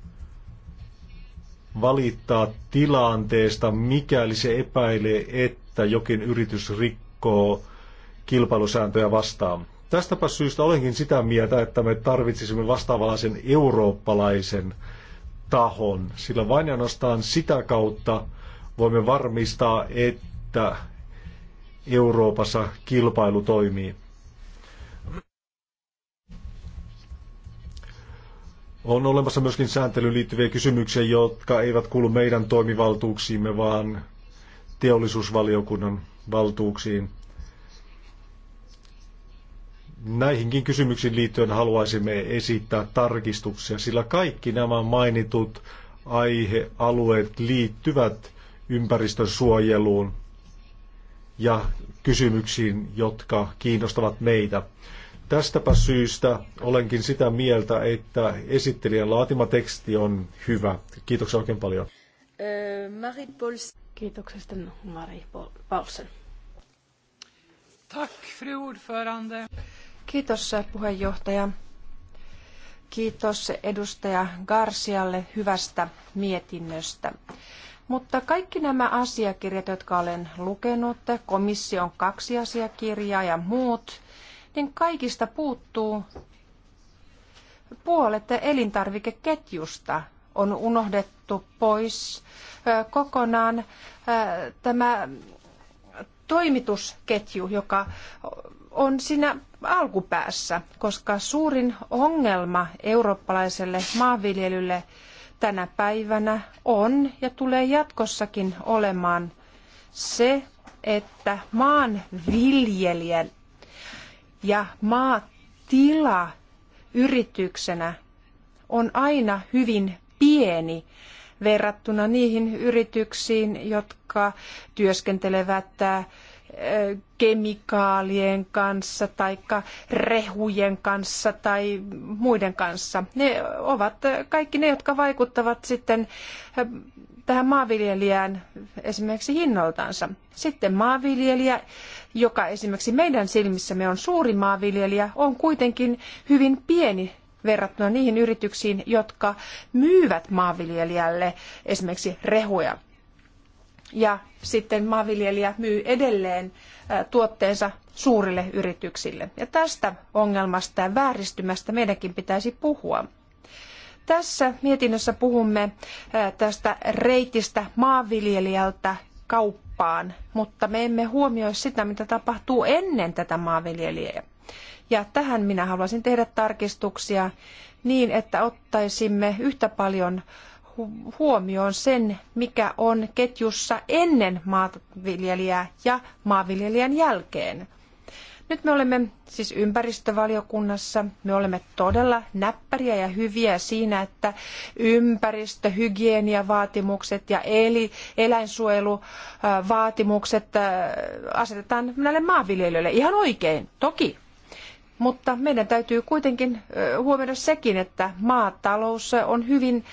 S1: valittaa tilanteesta, mikäli se epäilee, että jokin yritys rikkoo kilpailusääntöjä vastaan. Tästäpä syystä olenkin sitä mieltä, että me tarvitsisimme vastaavanlaisen eurooppalaisen tahon, sillä vain ainoastaan sitä kautta voimme varmistaa, että Euroopassa kilpailu toimii. On olemassa myöskin sääntelyyn liittyviä kysymyksiä, jotka eivät kuulu meidän toimivaltuuksiimme, vaan teollisuusvaliokunnan valtuuksiin. Näihinkin kysymyksiin liittyen haluaisimme esittää tarkistuksia, sillä kaikki nämä mainitut aihealueet liittyvät suojeluun ja kysymyksiin, jotka kiinnostavat meitä. Tästäpä syystä olenkin sitä mieltä, että esittelijän laatima teksti on hyvä. Kiitoksia oikein paljon.
S2: Äh, Marie Mari Kiitoksia Paulsen.
S3: Tack, fru ordförande. Kiitos äh, puheenjohtaja. Kiitos edustaja Garcialle hyvästä mietinnöstä. Mutta kaikki nämä asiakirjat, jotka olen lukenut, komission kaksi asiakirjaa ja muut, niin kaikista puuttuu puolet elintarvikeketjusta on unohdettu pois kokonaan tämä toimitusketju, joka on siinä alkupäässä, koska suurin ongelma eurooppalaiselle maanviljelylle tänä päivänä on ja tulee jatkossakin olemaan se, että maanviljelijän ja maatila yrityksenä on aina hyvin pieni verrattuna niihin yrityksiin, jotka työskentelevät äh, kemikaalien kanssa tai rehujen kanssa tai muiden kanssa. Ne ovat kaikki ne, jotka vaikuttavat sitten äh, tähän maanviljelijään esimerkiksi hinnoiltansa. Sitten maanviljelijä, joka esimerkiksi meidän silmissämme on suuri maanviljelijä, on kuitenkin hyvin pieni verrattuna niihin yrityksiin, jotka myyvät maanviljelijälle esimerkiksi rehuja. Ja sitten maanviljelijä myy edelleen tuotteensa suurille yrityksille. Ja tästä ongelmasta ja vääristymästä meidänkin pitäisi puhua tässä mietinnössä puhumme tästä reitistä maanviljelijältä kauppaan, mutta me emme huomioi sitä, mitä tapahtuu ennen tätä maanviljelijää. Ja tähän minä haluaisin tehdä tarkistuksia niin, että ottaisimme yhtä paljon huomioon sen, mikä on ketjussa ennen maanviljelijää ja maanviljelijän jälkeen. Nyt me olemme siis ympäristövaliokunnassa, me olemme todella näppäriä ja hyviä siinä, että ympäristö, hygieniavaatimukset ja eli, eläinsuojeluvaatimukset äh, äh, asetetaan näille maanviljelijöille ihan oikein, toki. Mutta meidän täytyy kuitenkin huomioida sekin, että maatalous on hyvin,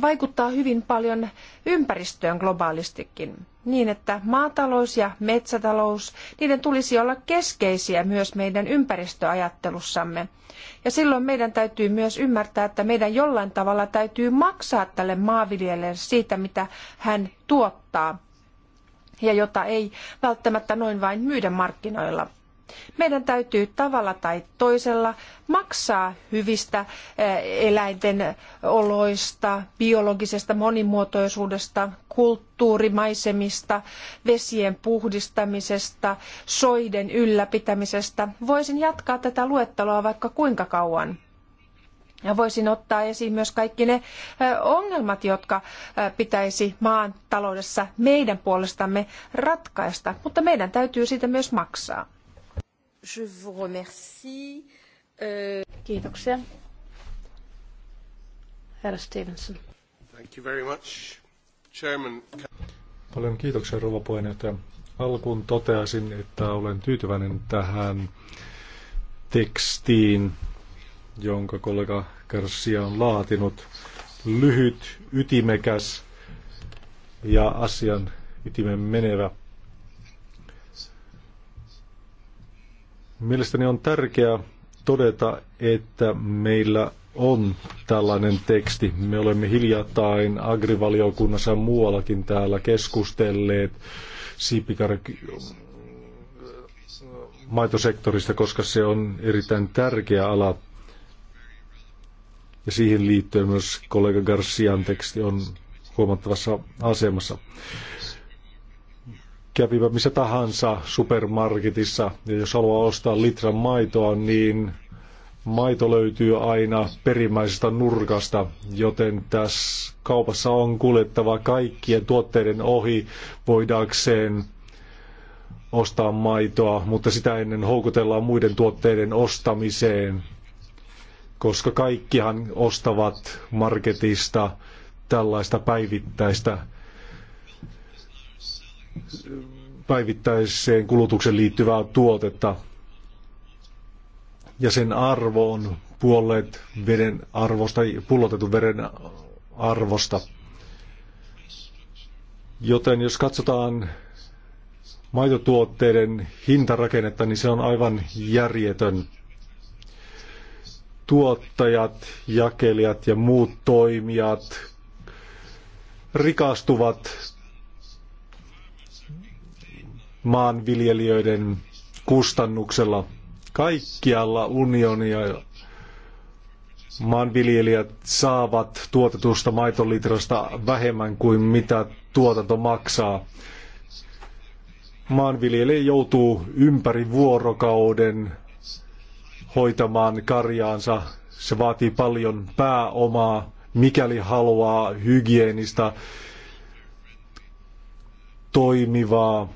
S3: vaikuttaa hyvin paljon ympäristöön globaalistikin. Niin, että maatalous ja metsätalous, niiden tulisi olla keskeisiä myös meidän ympäristöajattelussamme. Ja silloin meidän täytyy myös ymmärtää, että meidän jollain tavalla täytyy maksaa tälle maanviljelijälle siitä, mitä hän tuottaa ja jota ei välttämättä noin vain myydä markkinoilla. Meidän täytyy tavalla tai toisella maksaa hyvistä eh, eläinten oloista, biologisesta monimuotoisuudesta, kulttuurimaisemista, vesien puhdistamisesta, soiden ylläpitämisestä. Voisin jatkaa tätä luetteloa vaikka kuinka kauan. Ja voisin ottaa esiin myös kaikki ne eh, ongelmat, jotka eh, pitäisi maan taloudessa meidän puolestamme ratkaista, mutta meidän täytyy siitä myös maksaa.
S2: Je vous remercie. Euh, kiitoksia. Herra Stevenson. Thank you very much, Chairman.
S1: Paljon kiitoksia, rouva puheenjohtaja. Alkuun toteaisin, että olen tyytyväinen tähän tekstiin, jonka kollega Garcia on laatinut. Lyhyt, ytimekäs ja asian ytimen menevä. Mielestäni on tärkeää todeta, että meillä on tällainen teksti. Me olemme hiljattain agrivaliokunnassa ja muuallakin täällä keskustelleet siipikar maitosektorista, koska se on erittäin tärkeä ala. Ja siihen liittyen myös kollega Garcian teksti on huomattavassa asemassa kävivä missä tahansa supermarketissa, ja jos haluaa ostaa litran maitoa, niin maito löytyy aina perimmäisestä nurkasta, joten tässä kaupassa on kuljettava kaikkien tuotteiden ohi voidakseen ostaa maitoa, mutta sitä ennen houkutellaan muiden tuotteiden ostamiseen, koska kaikkihan ostavat marketista tällaista päivittäistä päivittäiseen kulutukseen liittyvää tuotetta. Ja sen arvo on puolet veden arvosta, pullotetun veden arvosta. Joten jos katsotaan maitotuotteiden hintarakennetta, niin se on aivan järjetön. Tuottajat, jakelijat ja muut toimijat rikastuvat maanviljelijöiden kustannuksella. Kaikkialla unionia maanviljelijät saavat tuotetusta maitolitrasta vähemmän kuin mitä tuotanto maksaa. Maanviljelijä joutuu ympäri vuorokauden hoitamaan karjaansa. Se vaatii paljon pääomaa, mikäli haluaa hygienistä toimivaa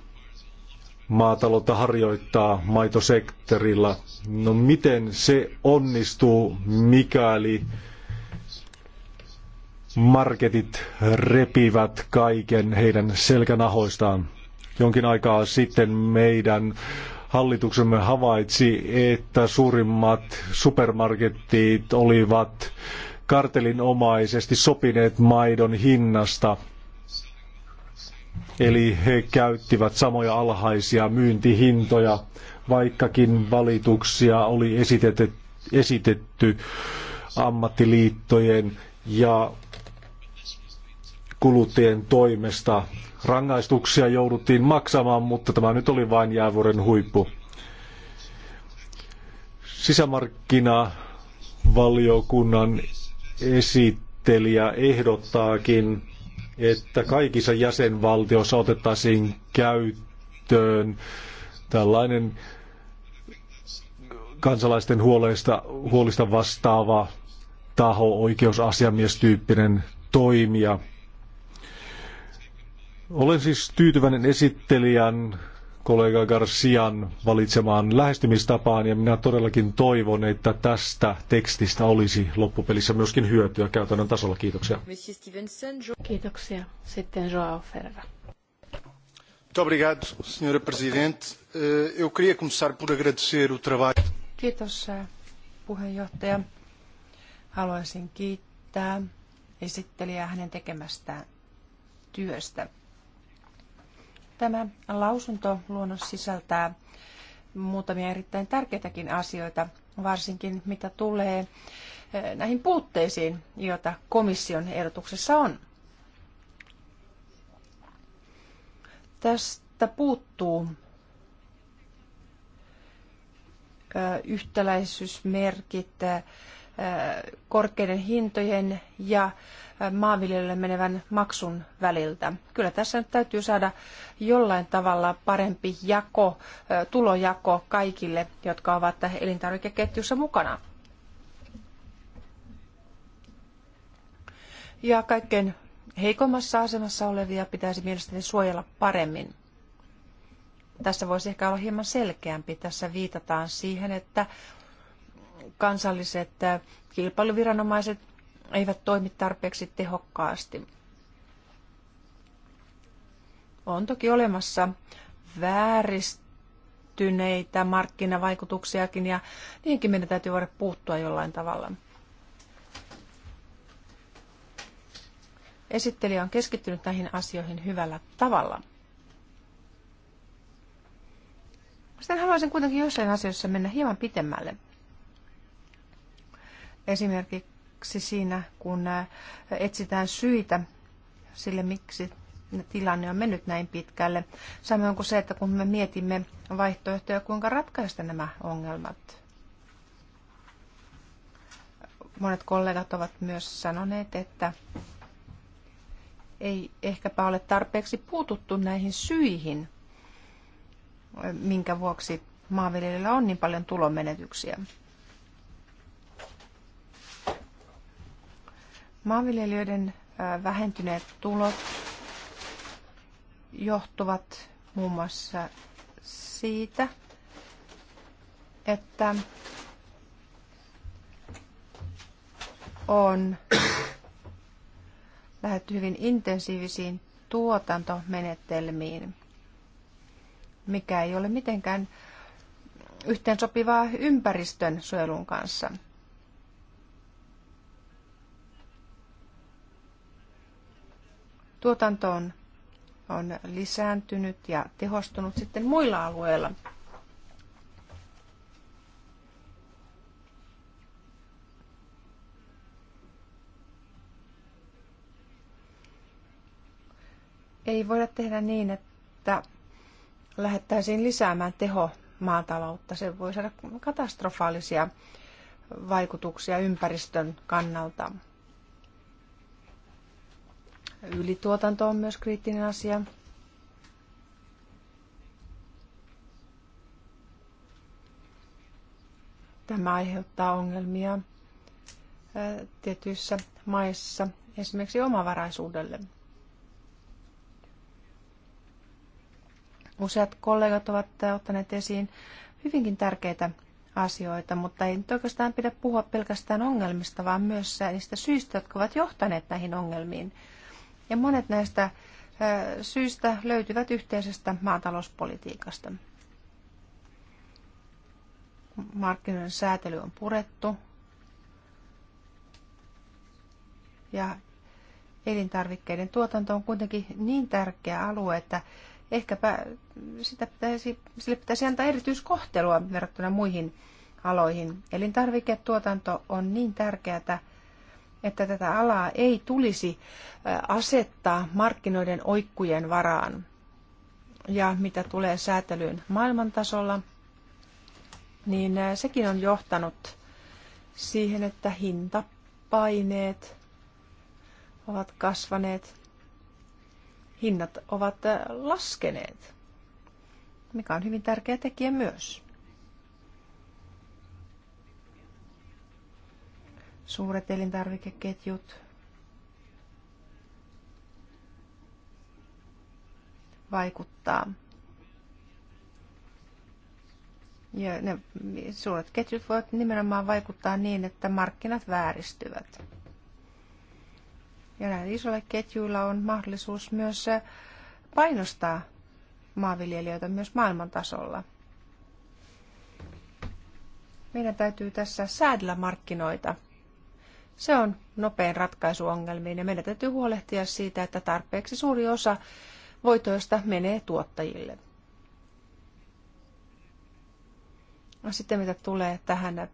S1: maataloutta harjoittaa maitosektorilla. No miten se onnistuu, mikäli marketit repivät kaiken heidän selkänahoistaan? Jonkin aikaa sitten meidän hallituksemme havaitsi, että suurimmat supermarketit olivat kartelinomaisesti sopineet maidon hinnasta – Eli he käyttivät samoja alhaisia myyntihintoja, vaikkakin valituksia oli esitetty, ammattiliittojen ja kuluttajien toimesta. Rangaistuksia jouduttiin maksamaan, mutta tämä nyt oli vain jäävuoren huippu. Sisämarkkinavaliokunnan esittelijä ehdottaakin että kaikissa jäsenvaltioissa otettaisiin käyttöön tällainen kansalaisten huolista, huolista vastaava taho, oikeusasiamiestyyppinen toimija. Olen siis tyytyväinen esittelijän kollega Garcian valitsemaan lähestymistapaan ja minä todellakin toivon, että tästä tekstistä olisi loppupelissä myöskin hyötyä käytännön tasolla. Kiitoksia.
S2: Kiitoksia. Sitten Joao Ferreira.
S1: Obrigado, senhora Presidente. Eh, eu queria começar por agradecer o trabalho.
S3: Kiitos, eh, puheenjohtaja. Haluaisin kiittää esittelijää hänen tekemästä työstä. Tämä lausuntoluonnos sisältää muutamia erittäin tärkeitäkin asioita, varsinkin mitä tulee eh, näihin puutteisiin, joita komission ehdotuksessa on. Tästä puuttuu eh, yhtäläisyysmerkit eh, korkeiden hintojen ja maanviljelijöille menevän maksun väliltä. Kyllä tässä nyt täytyy saada jollain tavalla parempi jako, tulojako kaikille, jotka ovat elintarvikeketjussa mukana. Ja kaikkein heikommassa asemassa olevia pitäisi mielestäni suojella paremmin. Tässä voisi ehkä olla hieman selkeämpi. Tässä viitataan siihen, että kansalliset äh, kilpailuviranomaiset eivät toimi tarpeeksi tehokkaasti. On toki olemassa vääristyneitä markkinavaikutuksiakin ja niinkin meidän täytyy voida puuttua jollain tavalla. Esittelijä on keskittynyt näihin asioihin hyvällä tavalla. Sitten haluaisin kuitenkin jossain asioissa mennä hieman pitemmälle. Esimerkiksi siinä, kun äh, etsitään syitä sille, miksi tilanne on mennyt näin pitkälle. Samoin kuin se, että kun me mietimme vaihtoehtoja, kuinka ratkaista nämä ongelmat. Monet kollegat ovat myös sanoneet, että ei ehkäpä ole tarpeeksi puututtu näihin syihin, minkä vuoksi maanviljelijöillä on niin paljon tulomenetyksiä. Maanviljelijöiden vähentyneet tulot johtuvat muun muassa siitä, että on lähdetty hyvin intensiivisiin tuotantomenetelmiin, mikä ei ole mitenkään yhteensopivaa ympäristön suojelun kanssa – tuotanto on, on lisääntynyt ja tehostunut sitten muilla alueilla. Ei voida tehdä niin, että lähettäisiin lisäämään teho maataloutta. Se voi saada katastrofaalisia vaikutuksia ympäristön kannalta. Ylituotanto on myös kriittinen asia. Tämä aiheuttaa ongelmia tietyissä maissa, esimerkiksi omavaraisuudelle. Useat kollegat ovat ottaneet esiin hyvinkin tärkeitä asioita, mutta ei nyt oikeastaan pidä puhua pelkästään ongelmista, vaan myös niistä syistä, jotka ovat johtaneet näihin ongelmiin – ja monet näistä syistä löytyvät yhteisestä maatalouspolitiikasta. Markkinoiden säätely on purettu ja elintarvikkeiden tuotanto on kuitenkin niin tärkeä alue, että ehkäpä sitä pitäisi, sille pitäisi antaa erityiskohtelua verrattuna muihin aloihin. Elintarviketuotanto on niin tärkeää, että tätä alaa ei tulisi asettaa markkinoiden oikkujen varaan. Ja mitä tulee säätelyyn maailmantasolla, niin sekin on johtanut siihen, että hintapaineet ovat kasvaneet, hinnat ovat laskeneet, mikä on hyvin tärkeä tekijä myös. suuret elintarvikeketjut, vaikuttaa. Ja ne suuret ketjut voivat nimenomaan vaikuttaa niin, että markkinat vääristyvät. Ja näillä isoilla ketjuilla on mahdollisuus myös painostaa maanviljelijöitä myös maailman tasolla. Meidän täytyy tässä säädellä markkinoita se on nopein ratkaisu ongelmiin ja meidän täytyy huolehtia siitä, että tarpeeksi suuri osa voitoista menee tuottajille. No, sitten mitä tulee tähän äh,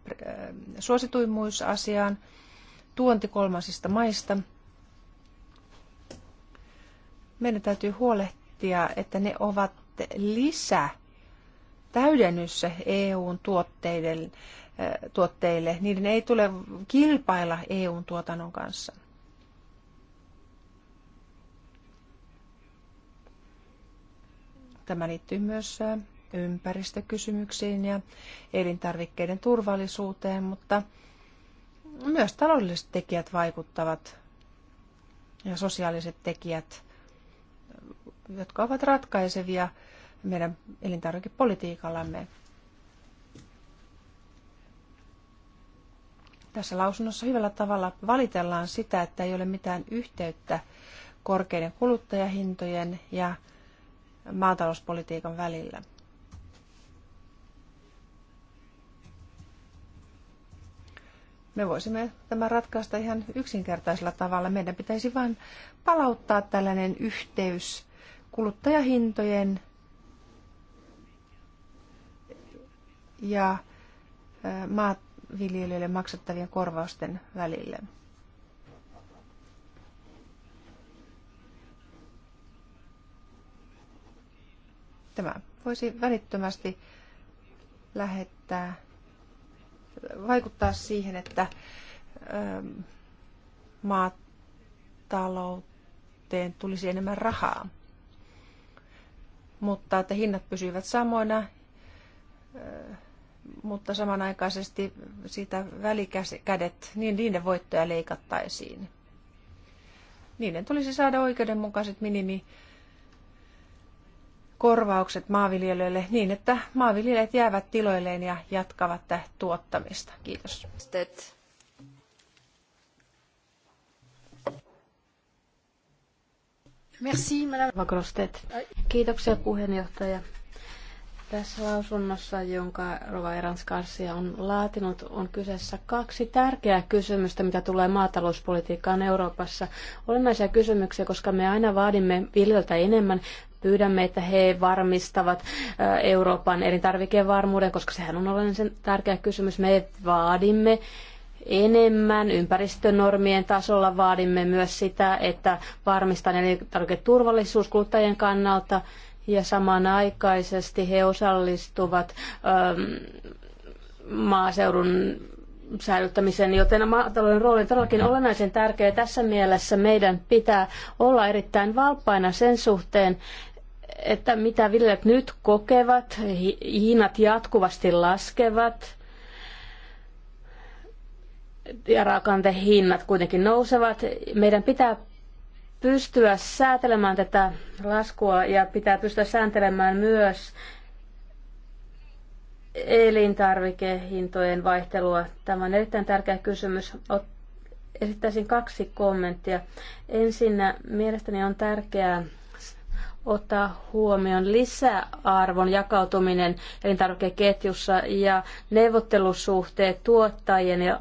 S3: suosituimmuusasiaan, tuonti kolmansista maista. Meidän täytyy huolehtia, että ne ovat lisä täydennys EUn tuotteiden tuotteille. Niiden ei tule kilpailla EUn tuotannon kanssa. Tämä liittyy myös ympäristökysymyksiin ja elintarvikkeiden turvallisuuteen, mutta myös taloudelliset tekijät vaikuttavat ja sosiaaliset tekijät, jotka ovat ratkaisevia meidän elintarvikepolitiikallamme. tässä lausunnossa hyvällä tavalla valitellaan sitä, että ei ole mitään yhteyttä korkeiden kuluttajahintojen ja maatalouspolitiikan välillä. Me voisimme tämän ratkaista ihan yksinkertaisella tavalla. Meidän pitäisi vain palauttaa tällainen yhteys kuluttajahintojen ja maat viljelijöille maksettavien korvausten välille. Tämä voisi välittömästi lähettää, vaikuttaa siihen, että ähm, maatalouteen tulisi enemmän rahaa, mutta että hinnat pysyvät samoina äh, mutta samanaikaisesti siitä välikädet, niin niiden voittoja leikattaisiin. Niiden tulisi saada oikeudenmukaiset minimi korvaukset maanviljelijöille niin, että maanviljelijät jäävät tiloilleen ja jatkavat tuottamista. Kiitos.
S2: Merci, Kiitoksia puheenjohtaja. Tässä lausunnossa, jonka Rova Erans on laatinut, on kyseessä kaksi tärkeää kysymystä, mitä tulee maatalouspolitiikkaan Euroopassa. Olennaisia kysymyksiä, koska me aina vaadimme viljeltä enemmän, pyydämme, että he varmistavat Euroopan elintarvikevarmuuden, koska sehän on olennaisen tärkeä kysymys. Me vaadimme enemmän. Ympäristönormien tasolla vaadimme myös sitä, että varmistan elintarviketurvallisuus kuluttajien kannalta ja samanaikaisesti he osallistuvat ähm, maaseudun säilyttämiseen, joten maatalouden rooli on todellakin olennaisen tärkeä. Tässä mielessä meidän pitää olla erittäin valppaina sen suhteen, että mitä viljelijät nyt kokevat, hinnat jatkuvasti laskevat ja raakante hinnat kuitenkin nousevat. Meidän pitää pystyä säätelemään tätä laskua ja pitää pystyä sääntelemään myös elintarvikehintojen vaihtelua. Tämä on erittäin tärkeä kysymys. Esittäisin kaksi kommenttia. Ensinnä mielestäni on tärkeää ottaa huomioon lisäarvon jakautuminen elintarvikeketjussa ja neuvottelusuhteet tuottajien ja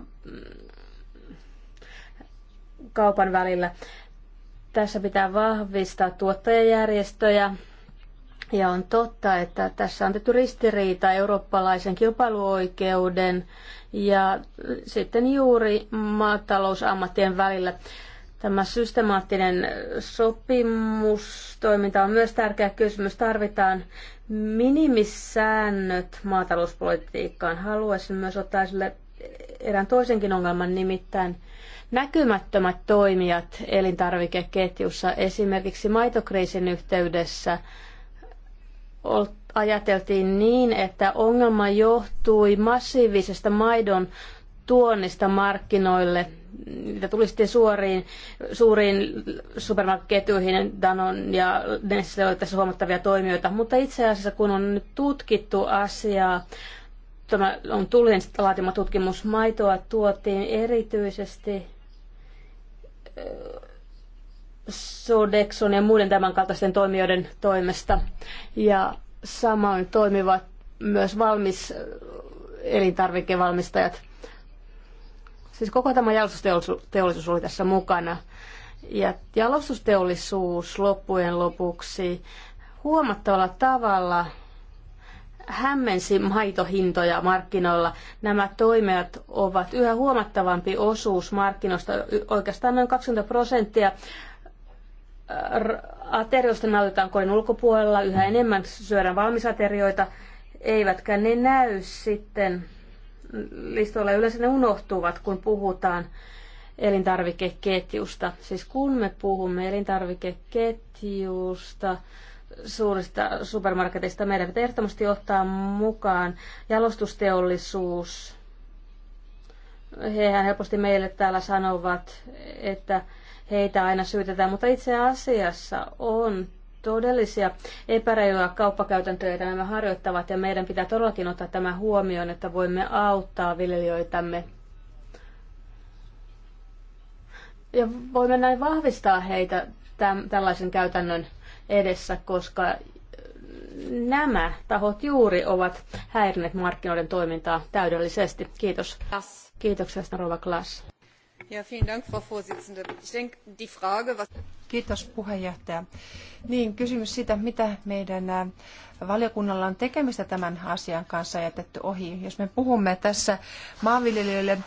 S2: kaupan välillä. Tässä pitää vahvistaa tuottajajärjestöjä. Ja on totta, että tässä on tehty ristiriita eurooppalaisen kilpailuoikeuden ja sitten juuri maatalousammattien välillä. Tämä systemaattinen sopimustoiminta on myös tärkeä kysymys. Tarvitaan minimisäännöt maatalouspolitiikkaan. Haluaisin myös ottaa esille erään toisenkin ongelman, nimittäin näkymättömät toimijat elintarvikeketjussa. Esimerkiksi maitokriisin yhteydessä ajateltiin niin, että ongelma johtui massiivisesta maidon tuonnista markkinoille, mitä tuli sitten suoriin, suuriin supermarketketjuihin, Danon ja Nestle oli tässä huomattavia toimijoita, mutta itse asiassa kun on nyt tutkittu asiaa, tämä on tulleen laatima tutkimus, maitoa tuotiin erityisesti Sodexon ja muiden tämänkaltaisten toimijoiden toimesta. Ja samoin toimivat myös valmis eh, elintarvikevalmistajat. Siis koko tämä jalostusteollisuus oli tässä mukana. Ja jalostusteollisuus loppujen lopuksi huomattavalla tavalla hämmensi maitohintoja markkinoilla. Nämä toimijat ovat yhä huomattavampi osuus markkinoista, oikeastaan noin 20 prosenttia aterioista nautitaan koin ulkopuolella, yhä enemmän syödään valmisaterioita, eivätkä ne näy sitten listoilla. Yleensä ne unohtuvat, kun puhutaan elintarvikeketjusta. Siis kun me puhumme elintarvikeketjusta, suurista supermarketeista. Meidän pitää ehdottomasti ottaa mukaan jalostusteollisuus. Hehän helposti meille täällä sanovat, että heitä aina syytetään, mutta itse asiassa on todellisia epäreiluja kauppakäytäntöjä, joita nämä harjoittavat, ja meidän pitää todellakin ottaa tämä huomioon, että voimme auttaa viljelijöitämme. Ja voimme näin vahvistaa heitä tämän, tällaisen käytännön edessä, koska nämä tahot juuri ovat häirinneet markkinoiden toimintaa täydellisesti. Kiitos. Klass. Kiitoksia, Rova Klaas.
S3: Ja, Dank, Frau Ich die Frage, was...
S2: Kiitos puheenjohtaja. Niin,
S3: kysymys siitä, mitä meidän äh, valiokunnalla on tekemistä tämän asian kanssa jätetty ohi. Jos me puhumme tässä maanviljelijöille äh,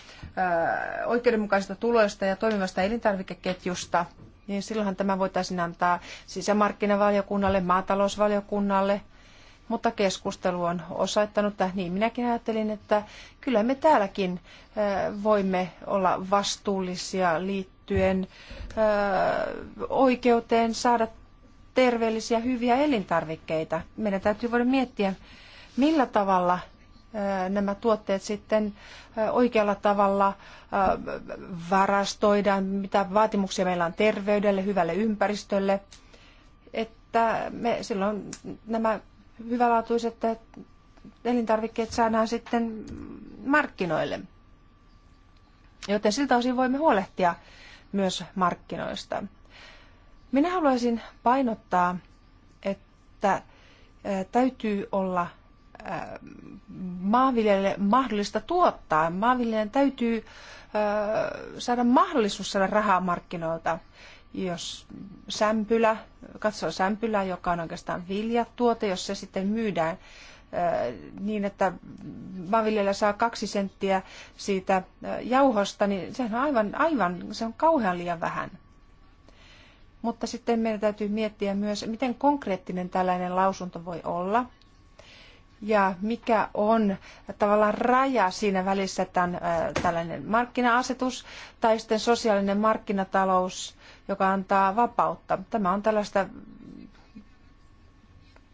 S3: oikeudenmukaisista tuloista ja toimivasta elintarvikeketjusta, niin silloinhan tämä voitaisiin antaa sisämarkkinavaliokunnalle, maatalousvaliokunnalle, mutta keskustelu on osoittanut, että niin minäkin ajattelin, että kyllä me täälläkin voimme olla vastuullisia liittyen oikeuteen saada terveellisiä, hyviä elintarvikkeita. Meidän täytyy voida miettiä, millä tavalla nämä tuotteet sitten oikealla tavalla varastoidaan, mitä vaatimuksia meillä on terveydelle, hyvälle ympäristölle, että me silloin nämä hyvälaatuiset elintarvikkeet saadaan sitten markkinoille. Joten siltä osin voimme huolehtia myös markkinoista. Minä haluaisin painottaa, että täytyy olla Äh, maanviljelijälle mahdollista tuottaa. Maanviljelijän täytyy äh, saada mahdollisuus saada rahaa markkinoilta. Jos sämpylä, katsoo sämpylää, joka on oikeastaan viljatuote, jos se sitten myydään äh, niin, että maanviljelijä saa kaksi senttiä siitä jauhosta, niin sehän on aivan, aivan se on kauhean liian vähän. Mutta sitten meidän täytyy miettiä myös, miten konkreettinen tällainen lausunto voi olla – ja mikä on tavallaan raja siinä välissä tämän, tällainen markkina-asetus tai sitten sosiaalinen markkinatalous, joka antaa vapautta. Tämä on tällaista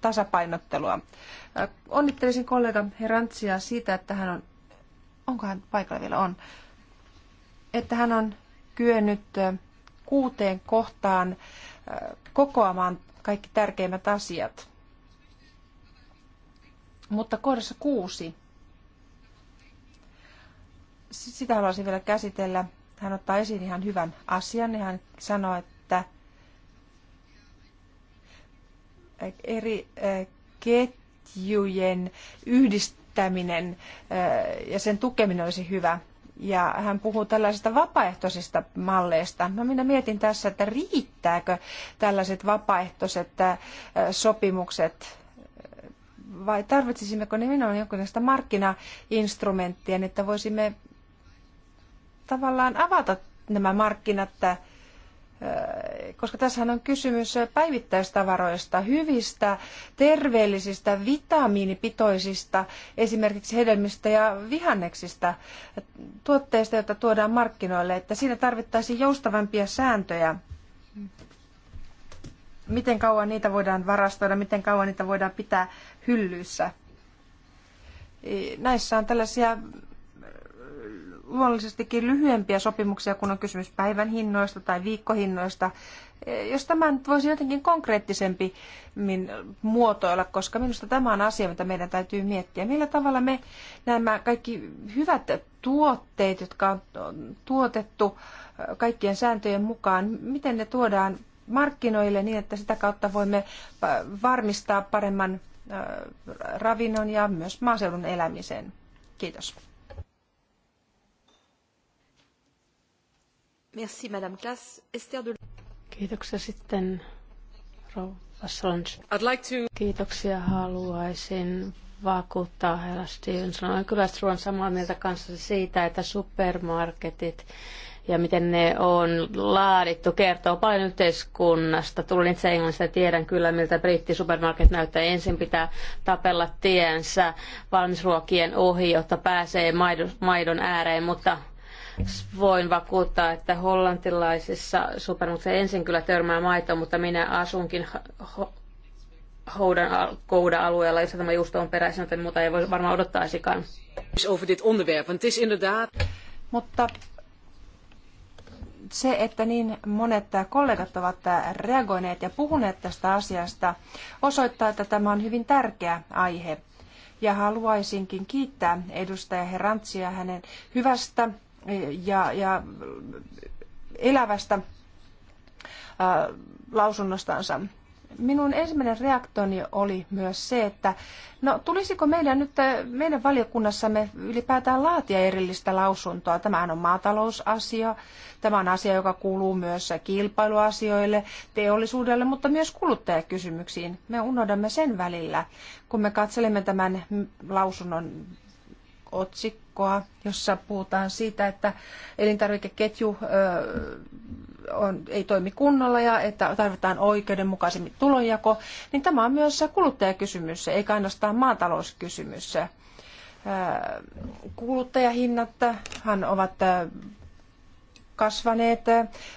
S3: tasapainottelua. Onnittelisin kollega Herantsia siitä, että hän on, onko hän paikalla vielä on, että hän on kyennyt kuuteen kohtaan kokoamaan kaikki tärkeimmät asiat – mutta kohdassa kuusi, sitä haluaisin vielä käsitellä. Hän ottaa esiin ihan hyvän asian hän sanoo, että eri ketjujen yhdistäminen ja sen tukeminen olisi hyvä. Ja hän puhuu tällaisista vapaaehtoisista malleista. No minä mietin tässä, että riittääkö tällaiset vapaaehtoiset sopimukset vai tarvitsisimmeko nimenomaan jonkinlaista markkinainstrumenttia, niin että voisimme tavallaan avata nämä markkinat, äh, koska tässä on kysymys päivittäistavaroista, hyvistä, terveellisistä, vitamiinipitoisista, esimerkiksi hedelmistä ja vihanneksista, tuotteista, joita tuodaan markkinoille, että siinä tarvittaisiin joustavampia sääntöjä miten kauan niitä voidaan varastoida, miten kauan niitä voidaan pitää hyllyissä. E, näissä on tällaisia äh, luonnollisestikin lyhyempiä sopimuksia, kun on kysymys päivän hinnoista tai viikkohinnoista. E, jos tämä nyt voisi jotenkin konkreettisempi muotoilla, koska minusta tämä on asia, mitä meidän täytyy miettiä. Millä tavalla me nämä kaikki hyvät tuotteet, jotka on tuotettu äh, kaikkien sääntöjen mukaan, miten ne tuodaan markkinoille niin, että sitä kautta voimme varmistaa paremman Äh, ravinnon ja myös maaseudun elämiseen.
S2: Kiitos. Merci, Madame Klaas. Esther de... Kiitoksia sitten, rouva I'd like to... Kiitoksia haluaisin vakuuttaa herra Stevenson. Olen kyllä Struan samaa mieltä kanssa siitä, että supermarketit ja miten ne on laadittu, kertoo paljon yhteiskunnasta. Tulin itse Englannista ja tiedän kyllä, miltä brittisupermarket näyttää. Ensin pitää tapella tiensä valmisruokien ohi, jotta pääsee maidon ääreen, mutta voin vakuuttaa, että hollantilaisissa supermarketissa ensin kyllä törmää maitoa, mutta minä asunkin Houdan Kouda-alueella, jossa tämä juusto on peräisin, joten muuta ei voi varmaan odottaisikaan. Over dit onderwerp, is inderdaad... Mutta
S3: se, että niin monet kollegat ovat reagoineet ja puhuneet tästä asiasta, osoittaa, että tämä on hyvin tärkeä aihe. Ja haluaisinkin kiittää edustaja Herantsia hänen hyvästä eh, ja, ja elävästä eh, lausunnostansa minun ensimmäinen reaktoni oli myös se, että no tulisiko meidän nyt äh, meidän valiokunnassamme ylipäätään laatia erillistä lausuntoa. Tämähän on maatalousasia, tämä on asia, joka kuuluu myös kilpailuasioille, teollisuudelle, mutta myös kuluttajakysymyksiin. Me unohdamme sen välillä, kun me katselemme tämän lausunnon otsikkoa, jossa puhutaan siitä, että elintarvikeketju on, ei toimi kunnolla ja että tarvitaan oikeudenmukaisemmin tulonjako, niin tämä on myös kuluttajakysymys, eikä ainoastaan maatalouskysymys. Äh, Kuluttajahinnat ovat äh, kasvaneet,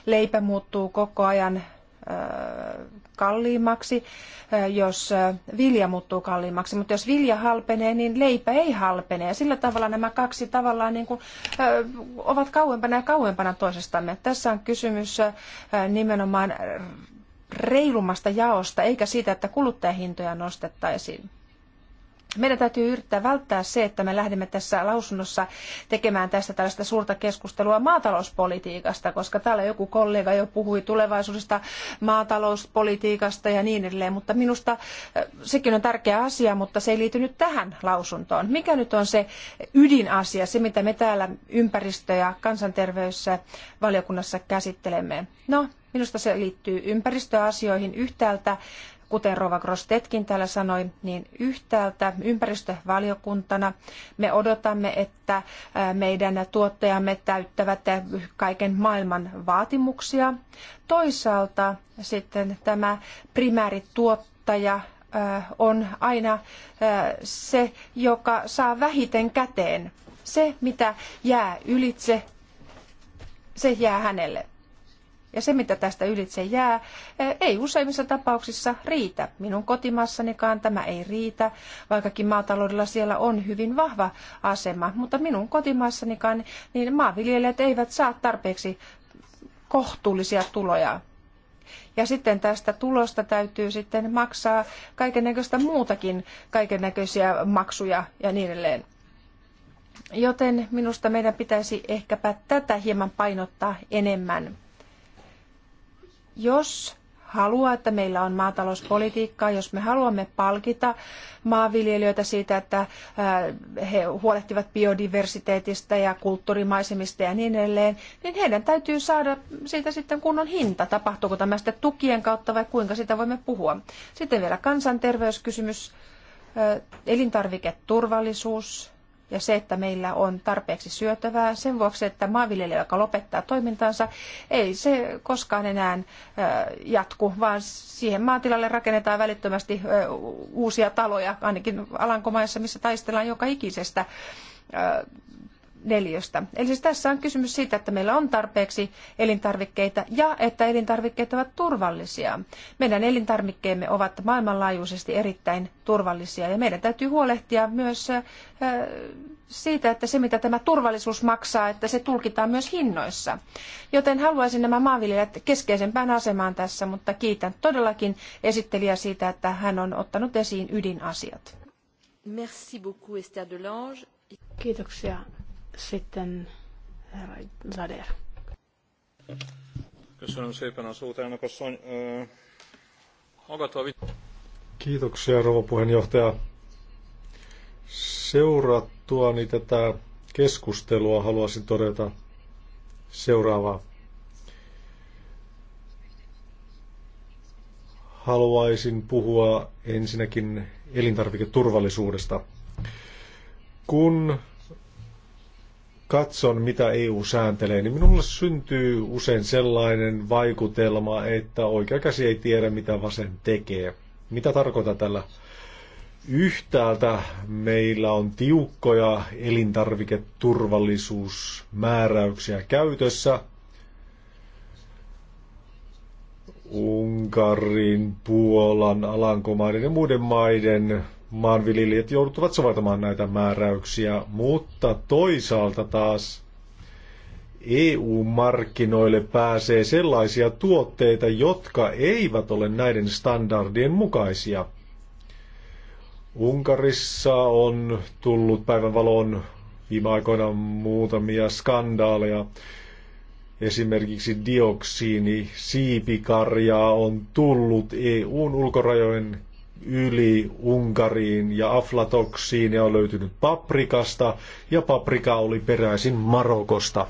S3: leipä muuttuu koko ajan Äh, kalliimmaksi, äh, jos äh, vilja muuttuu kalliimmaksi. Mutta jos vilja halpenee, niin leipä ei halpene. Ja sillä tavalla nämä kaksi tavallaan niin kuin, ovat kauempana ja kauempana toisestamme. Tässä on kysymys nimenomaan reilummasta jaosta, eikä siitä, että kuluttajahintoja nostettaisiin meidän täytyy yrittää välttää se, että me lähdemme tässä lausunnossa tekemään tästä tällaista suurta keskustelua maatalouspolitiikasta, koska täällä joku kollega jo puhui tulevaisuudesta maatalouspolitiikasta ja niin edelleen, mutta minusta äh, sekin on tärkeä asia, mutta se ei liity nyt tähän lausuntoon. Mikä nyt on se ydinasia, se mitä me täällä ympäristö- ja kansanterveysvaliokunnassa käsittelemme? No, minusta se liittyy ympäristöasioihin yhtäältä, kuten Rova Grostetkin täällä sanoi, niin yhtäältä ympäristövaliokuntana me odotamme, että meidän tuottajamme täyttävät kaiken maailman vaatimuksia. Toisaalta sitten tämä primäärituottaja on aina se, joka saa vähiten käteen. Se, mitä jää ylitse, se jää hänelle. Ja se, mitä tästä ylitse jää, eh, ei useimmissa tapauksissa riitä. Minun kotimaassanikaan tämä ei riitä, vaikkakin maataloudella siellä on hyvin vahva asema. Mutta minun kotimaassanikaan niin maanviljelijät eivät saa tarpeeksi kohtuullisia tuloja. Ja sitten tästä tulosta täytyy sitten maksaa kaiken muutakin, näköisiä maksuja ja niin edelleen. Joten minusta meidän pitäisi ehkäpä tätä hieman painottaa enemmän. Jos haluaa, että meillä on maatalouspolitiikkaa, jos me haluamme palkita maanviljelijöitä siitä, että äh, he huolehtivat biodiversiteetistä ja kulttuurimaisemista ja niin edelleen, niin heidän täytyy saada siitä sitten kunnon hinta. Tapahtuuko tämä sitten tukien kautta vai kuinka sitä voimme puhua? Sitten vielä kansanterveyskysymys, äh, elintarviketurvallisuus, ja se, että meillä on tarpeeksi syötävää sen vuoksi, että maanviljelijä, joka lopettaa toimintansa, ei se koskaan enää jatku, vaan siihen maatilalle rakennetaan välittömästi uusia taloja, ainakin Alankomaissa, missä taistellaan joka ikisestä neliöstä. Eli siis tässä on kysymys siitä, että meillä on tarpeeksi elintarvikkeita ja että elintarvikkeet ovat turvallisia. Meidän elintarvikkeemme ovat maailmanlaajuisesti erittäin turvallisia ja meidän täytyy huolehtia myös äh, siitä, että se mitä tämä turvallisuus maksaa, että se tulkitaan myös hinnoissa. Joten haluaisin nämä maanviljelijät keskeisempään asemaan tässä, mutta kiitän todellakin esittelijä siitä, että hän on ottanut esiin ydinasiat.
S2: Merci beaucoup Esther Delange. Kiitoksia sitten herra Zader.
S1: Köszönöm szépen a szót, elnök asszony. Kiitoksia, rouva puheenjohtaja. Seurattuani tätä keskustelua haluaisin todeta seuraavaa. Haluaisin puhua ensinnäkin elintarviketurvallisuudesta. Kun katson, mitä EU sääntelee, niin minulle syntyy usein sellainen vaikutelma, että oikea käsi ei tiedä, mitä vasen tekee. Mitä tarkoitan tällä? Yhtäältä meillä on tiukkoja elintarviketurvallisuusmääräyksiä käytössä. Unkarin, Puolan, Alankomaiden ja muiden maiden maanviljelijät joutuvat soveltamaan näitä määräyksiä, mutta toisaalta taas EU-markkinoille pääsee sellaisia tuotteita, jotka eivät ole näiden standardien mukaisia. Unkarissa on tullut päivänvalon viime aikoina muutamia skandaaleja. Esimerkiksi dioksiini siipikarjaa on tullut EUn ulkorajojen yli Unkariin ja aflatoksiin ja on löytynyt paprikasta ja paprika oli peräisin Marokosta.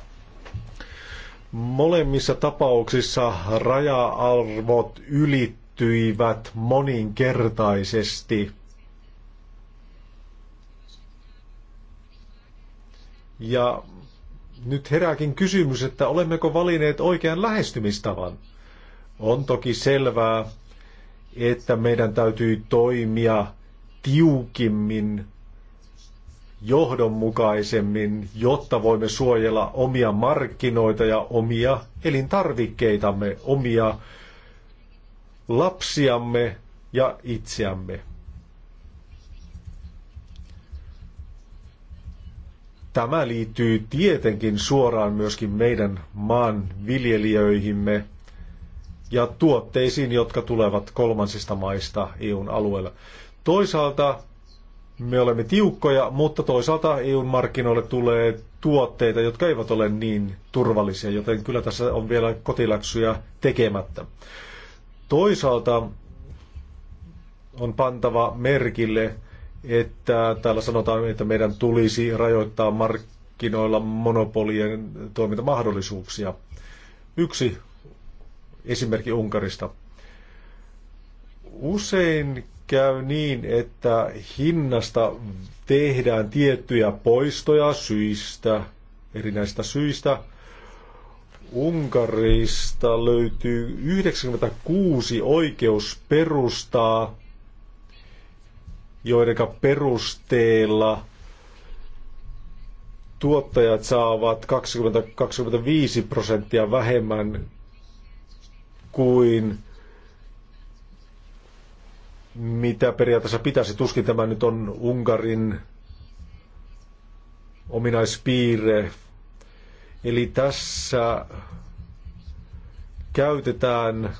S1: Molemmissa tapauksissa raja-arvot ylittyivät moninkertaisesti. Ja nyt herääkin kysymys, että olemmeko valineet oikean lähestymistavan? On toki selvää, että meidän täytyy toimia tiukimmin, johdonmukaisemmin, jotta voimme suojella omia markkinoita ja omia elintarvikkeitamme, omia lapsiamme ja itseämme. Tämä liittyy tietenkin suoraan myöskin meidän maanviljelijöihimme – ja tuotteisiin, jotka tulevat kolmansista maista EUn alueella. Toisaalta me olemme tiukkoja, mutta toisaalta EUn markkinoille tulee tuotteita, jotka eivät ole niin turvallisia, joten kyllä tässä on vielä kotiläksyjä tekemättä. Toisaalta on pantava merkille, että täällä sanotaan, että meidän tulisi rajoittaa markkinoilla monopolien toimintamahdollisuuksia. Yksi esimerkki Unkarista. Usein käy niin, että hinnasta tehdään tiettyjä poistoja syistä, erinäistä syistä. Unkarista löytyy 96 oikeusperustaa, joiden perusteella tuottajat saavat 20-25 prosenttia vähemmän kuin mitä periaatteessa pitäisi. Tuskin tämä nyt on Unkarin ominaispiirre. Eli tässä käytetään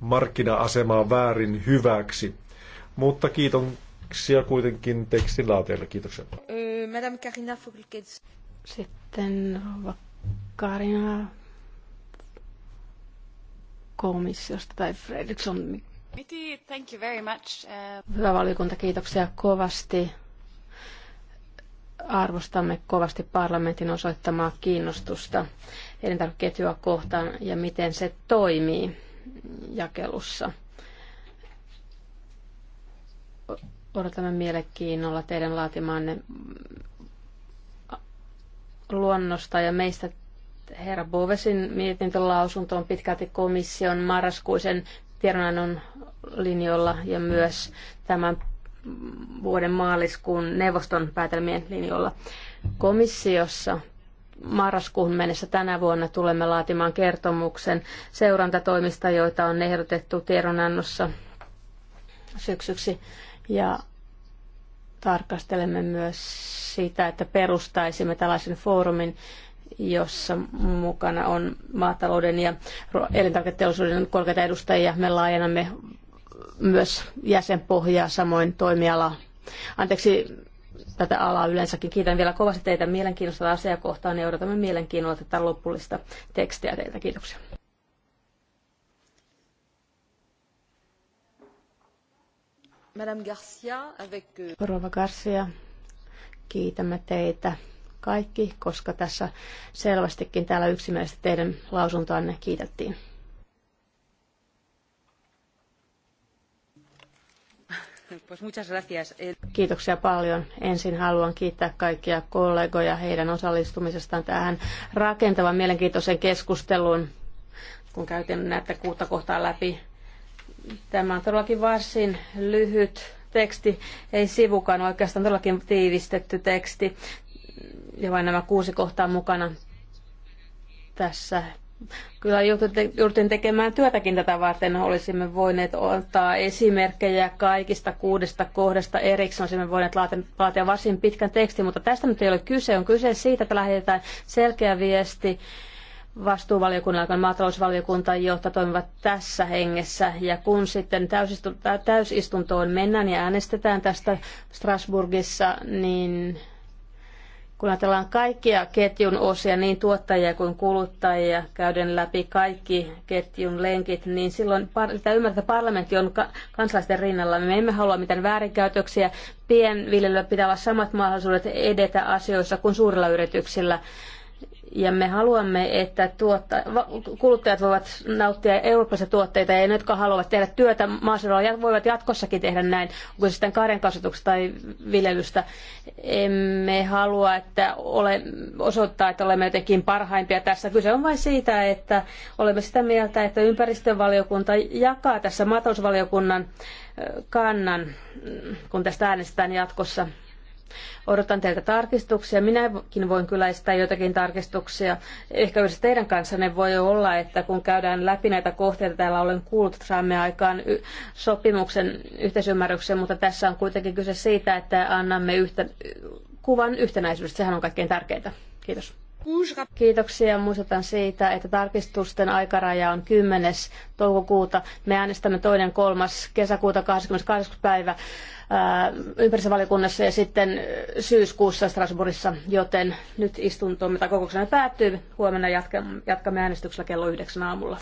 S1: markkina-asemaa väärin hyväksi. Mutta kiitoksia kuitenkin tekstin laatijalle. Kiitoksia.
S2: Madame Karina Sitten Karina komissiosta tai Fredriksson.
S3: Thank you very much.
S2: Uh, Hyvä valiokunta, kiitoksia kovasti. Arvostamme kovasti parlamentin osoittamaa kiinnostusta elintarvikeketjua kohtaan ja miten se toimii jakelussa. Odotamme mielenkiinnolla teidän laatimaanne luonnosta ja meistä Herra Bovesin mietintölausunto on pitkälti komission marraskuisen tiedonannon linjoilla ja myös tämän vuoden maaliskuun neuvoston päätelmien linjoilla. Komissiossa marraskuun mennessä tänä vuonna tulemme laatimaan kertomuksen seurantatoimista, joita on ehdotettu tiedonannossa syksyksi. Ja tarkastelemme myös sitä, että perustaisimme tällaisen foorumin, jossa mukana on maatalouden ja elintarviketeollisuuden korkeita edustajia. Me laajennamme myös jäsenpohjaa, samoin toimialaa. Anteeksi tätä alaa yleensäkin. Kiitän vielä kovasti teitä mielenkiinnosta asiakohtaan kohtaan ja odotamme mielenkiinnolla tätä lopullista tekstiä teiltä. Kiitoksia. Madame Garcia, avec... Euh, Rova Garcia, kiitämme teitä kaikki, koska tässä selvästikin täällä yksimielisesti teidän lausuntoanne kiitettiin. Kiitoksia paljon. Ensin haluan kiittää kaikkia kollegoja heidän osallistumisestaan tähän rakentavan mielenkiintoisen keskusteluun, kun käytin näitä kuutta kohtaa läpi. Tämä on todellakin varsin lyhyt teksti, ei sivukaan oikeastaan todellakin tiivistetty teksti ja vain nämä kuusi kohtaa mukana tässä. Kyllä jouduttiin tekemään työtäkin tätä varten. Olisimme voineet ottaa esimerkkejä kaikista kuudesta kohdasta erikseen. Olisimme voineet laatia varsin pitkän tekstin, mutta tästä nyt ei ole kyse. On kyse siitä, että lähetetään selkeä viesti vastuuvaliokunnalle, maatalousvaliokunta, jotta toimivat tässä hengessä. Ja kun sitten täysistuntoon mennään ja äänestetään tästä Strasbourgissa, niin kun ajatellaan kaikkia ketjun osia, niin tuottajia kuin kuluttajia, käyden läpi kaikki ketjun lenkit, niin silloin sitä ymmärtää, että parlamentti on kansalaisten rinnalla. Me emme halua mitään väärinkäytöksiä. Pienviljelyllä pitää olla samat mahdollisuudet edetä asioissa kuin suurilla yrityksillä. Ja me haluamme, että tuotta, kuluttajat voivat nauttia eurooppalaisia tuotteita ja ne, jotka haluavat tehdä työtä maaseudulla, voivat jatkossakin tehdä näin, kun se sitten kasvatuksesta tai viljelystä. Emme halua että ole, osoittaa, että olemme jotenkin parhaimpia tässä. Kyse on vain siitä, että olemme sitä mieltä, että ympäristövaliokunta jakaa tässä maatalousvaliokunnan kannan, kun tästä äänestetään jatkossa. Odotan teiltä tarkistuksia. Minäkin voin kyllä estää jotakin tarkistuksia. Ehkä yhdessä teidän kanssanne voi olla, että kun käydään läpi näitä kohteita, täällä olen kuullut, että saamme aikaan sopimuksen yhteisymmärryksen, mutta tässä on kuitenkin kyse siitä, että annamme yhtä, kuvan yhtenäisyydestä. Sehän on kaikkein tärkeintä. Kiitos. Kiitoksia. Muistutan siitä, että tarkistusten aikaraja on 10. toukokuuta. Me äänestämme toinen kolmas kesäkuuta 28. päivä äh, ympäristövaliokunnassa ja sitten äh, syyskuussa Strasbourgissa, joten nyt istuntomme tai kokouksemme päättyy. Huomenna jatkamme äänestyksellä kello yhdeksän aamulla.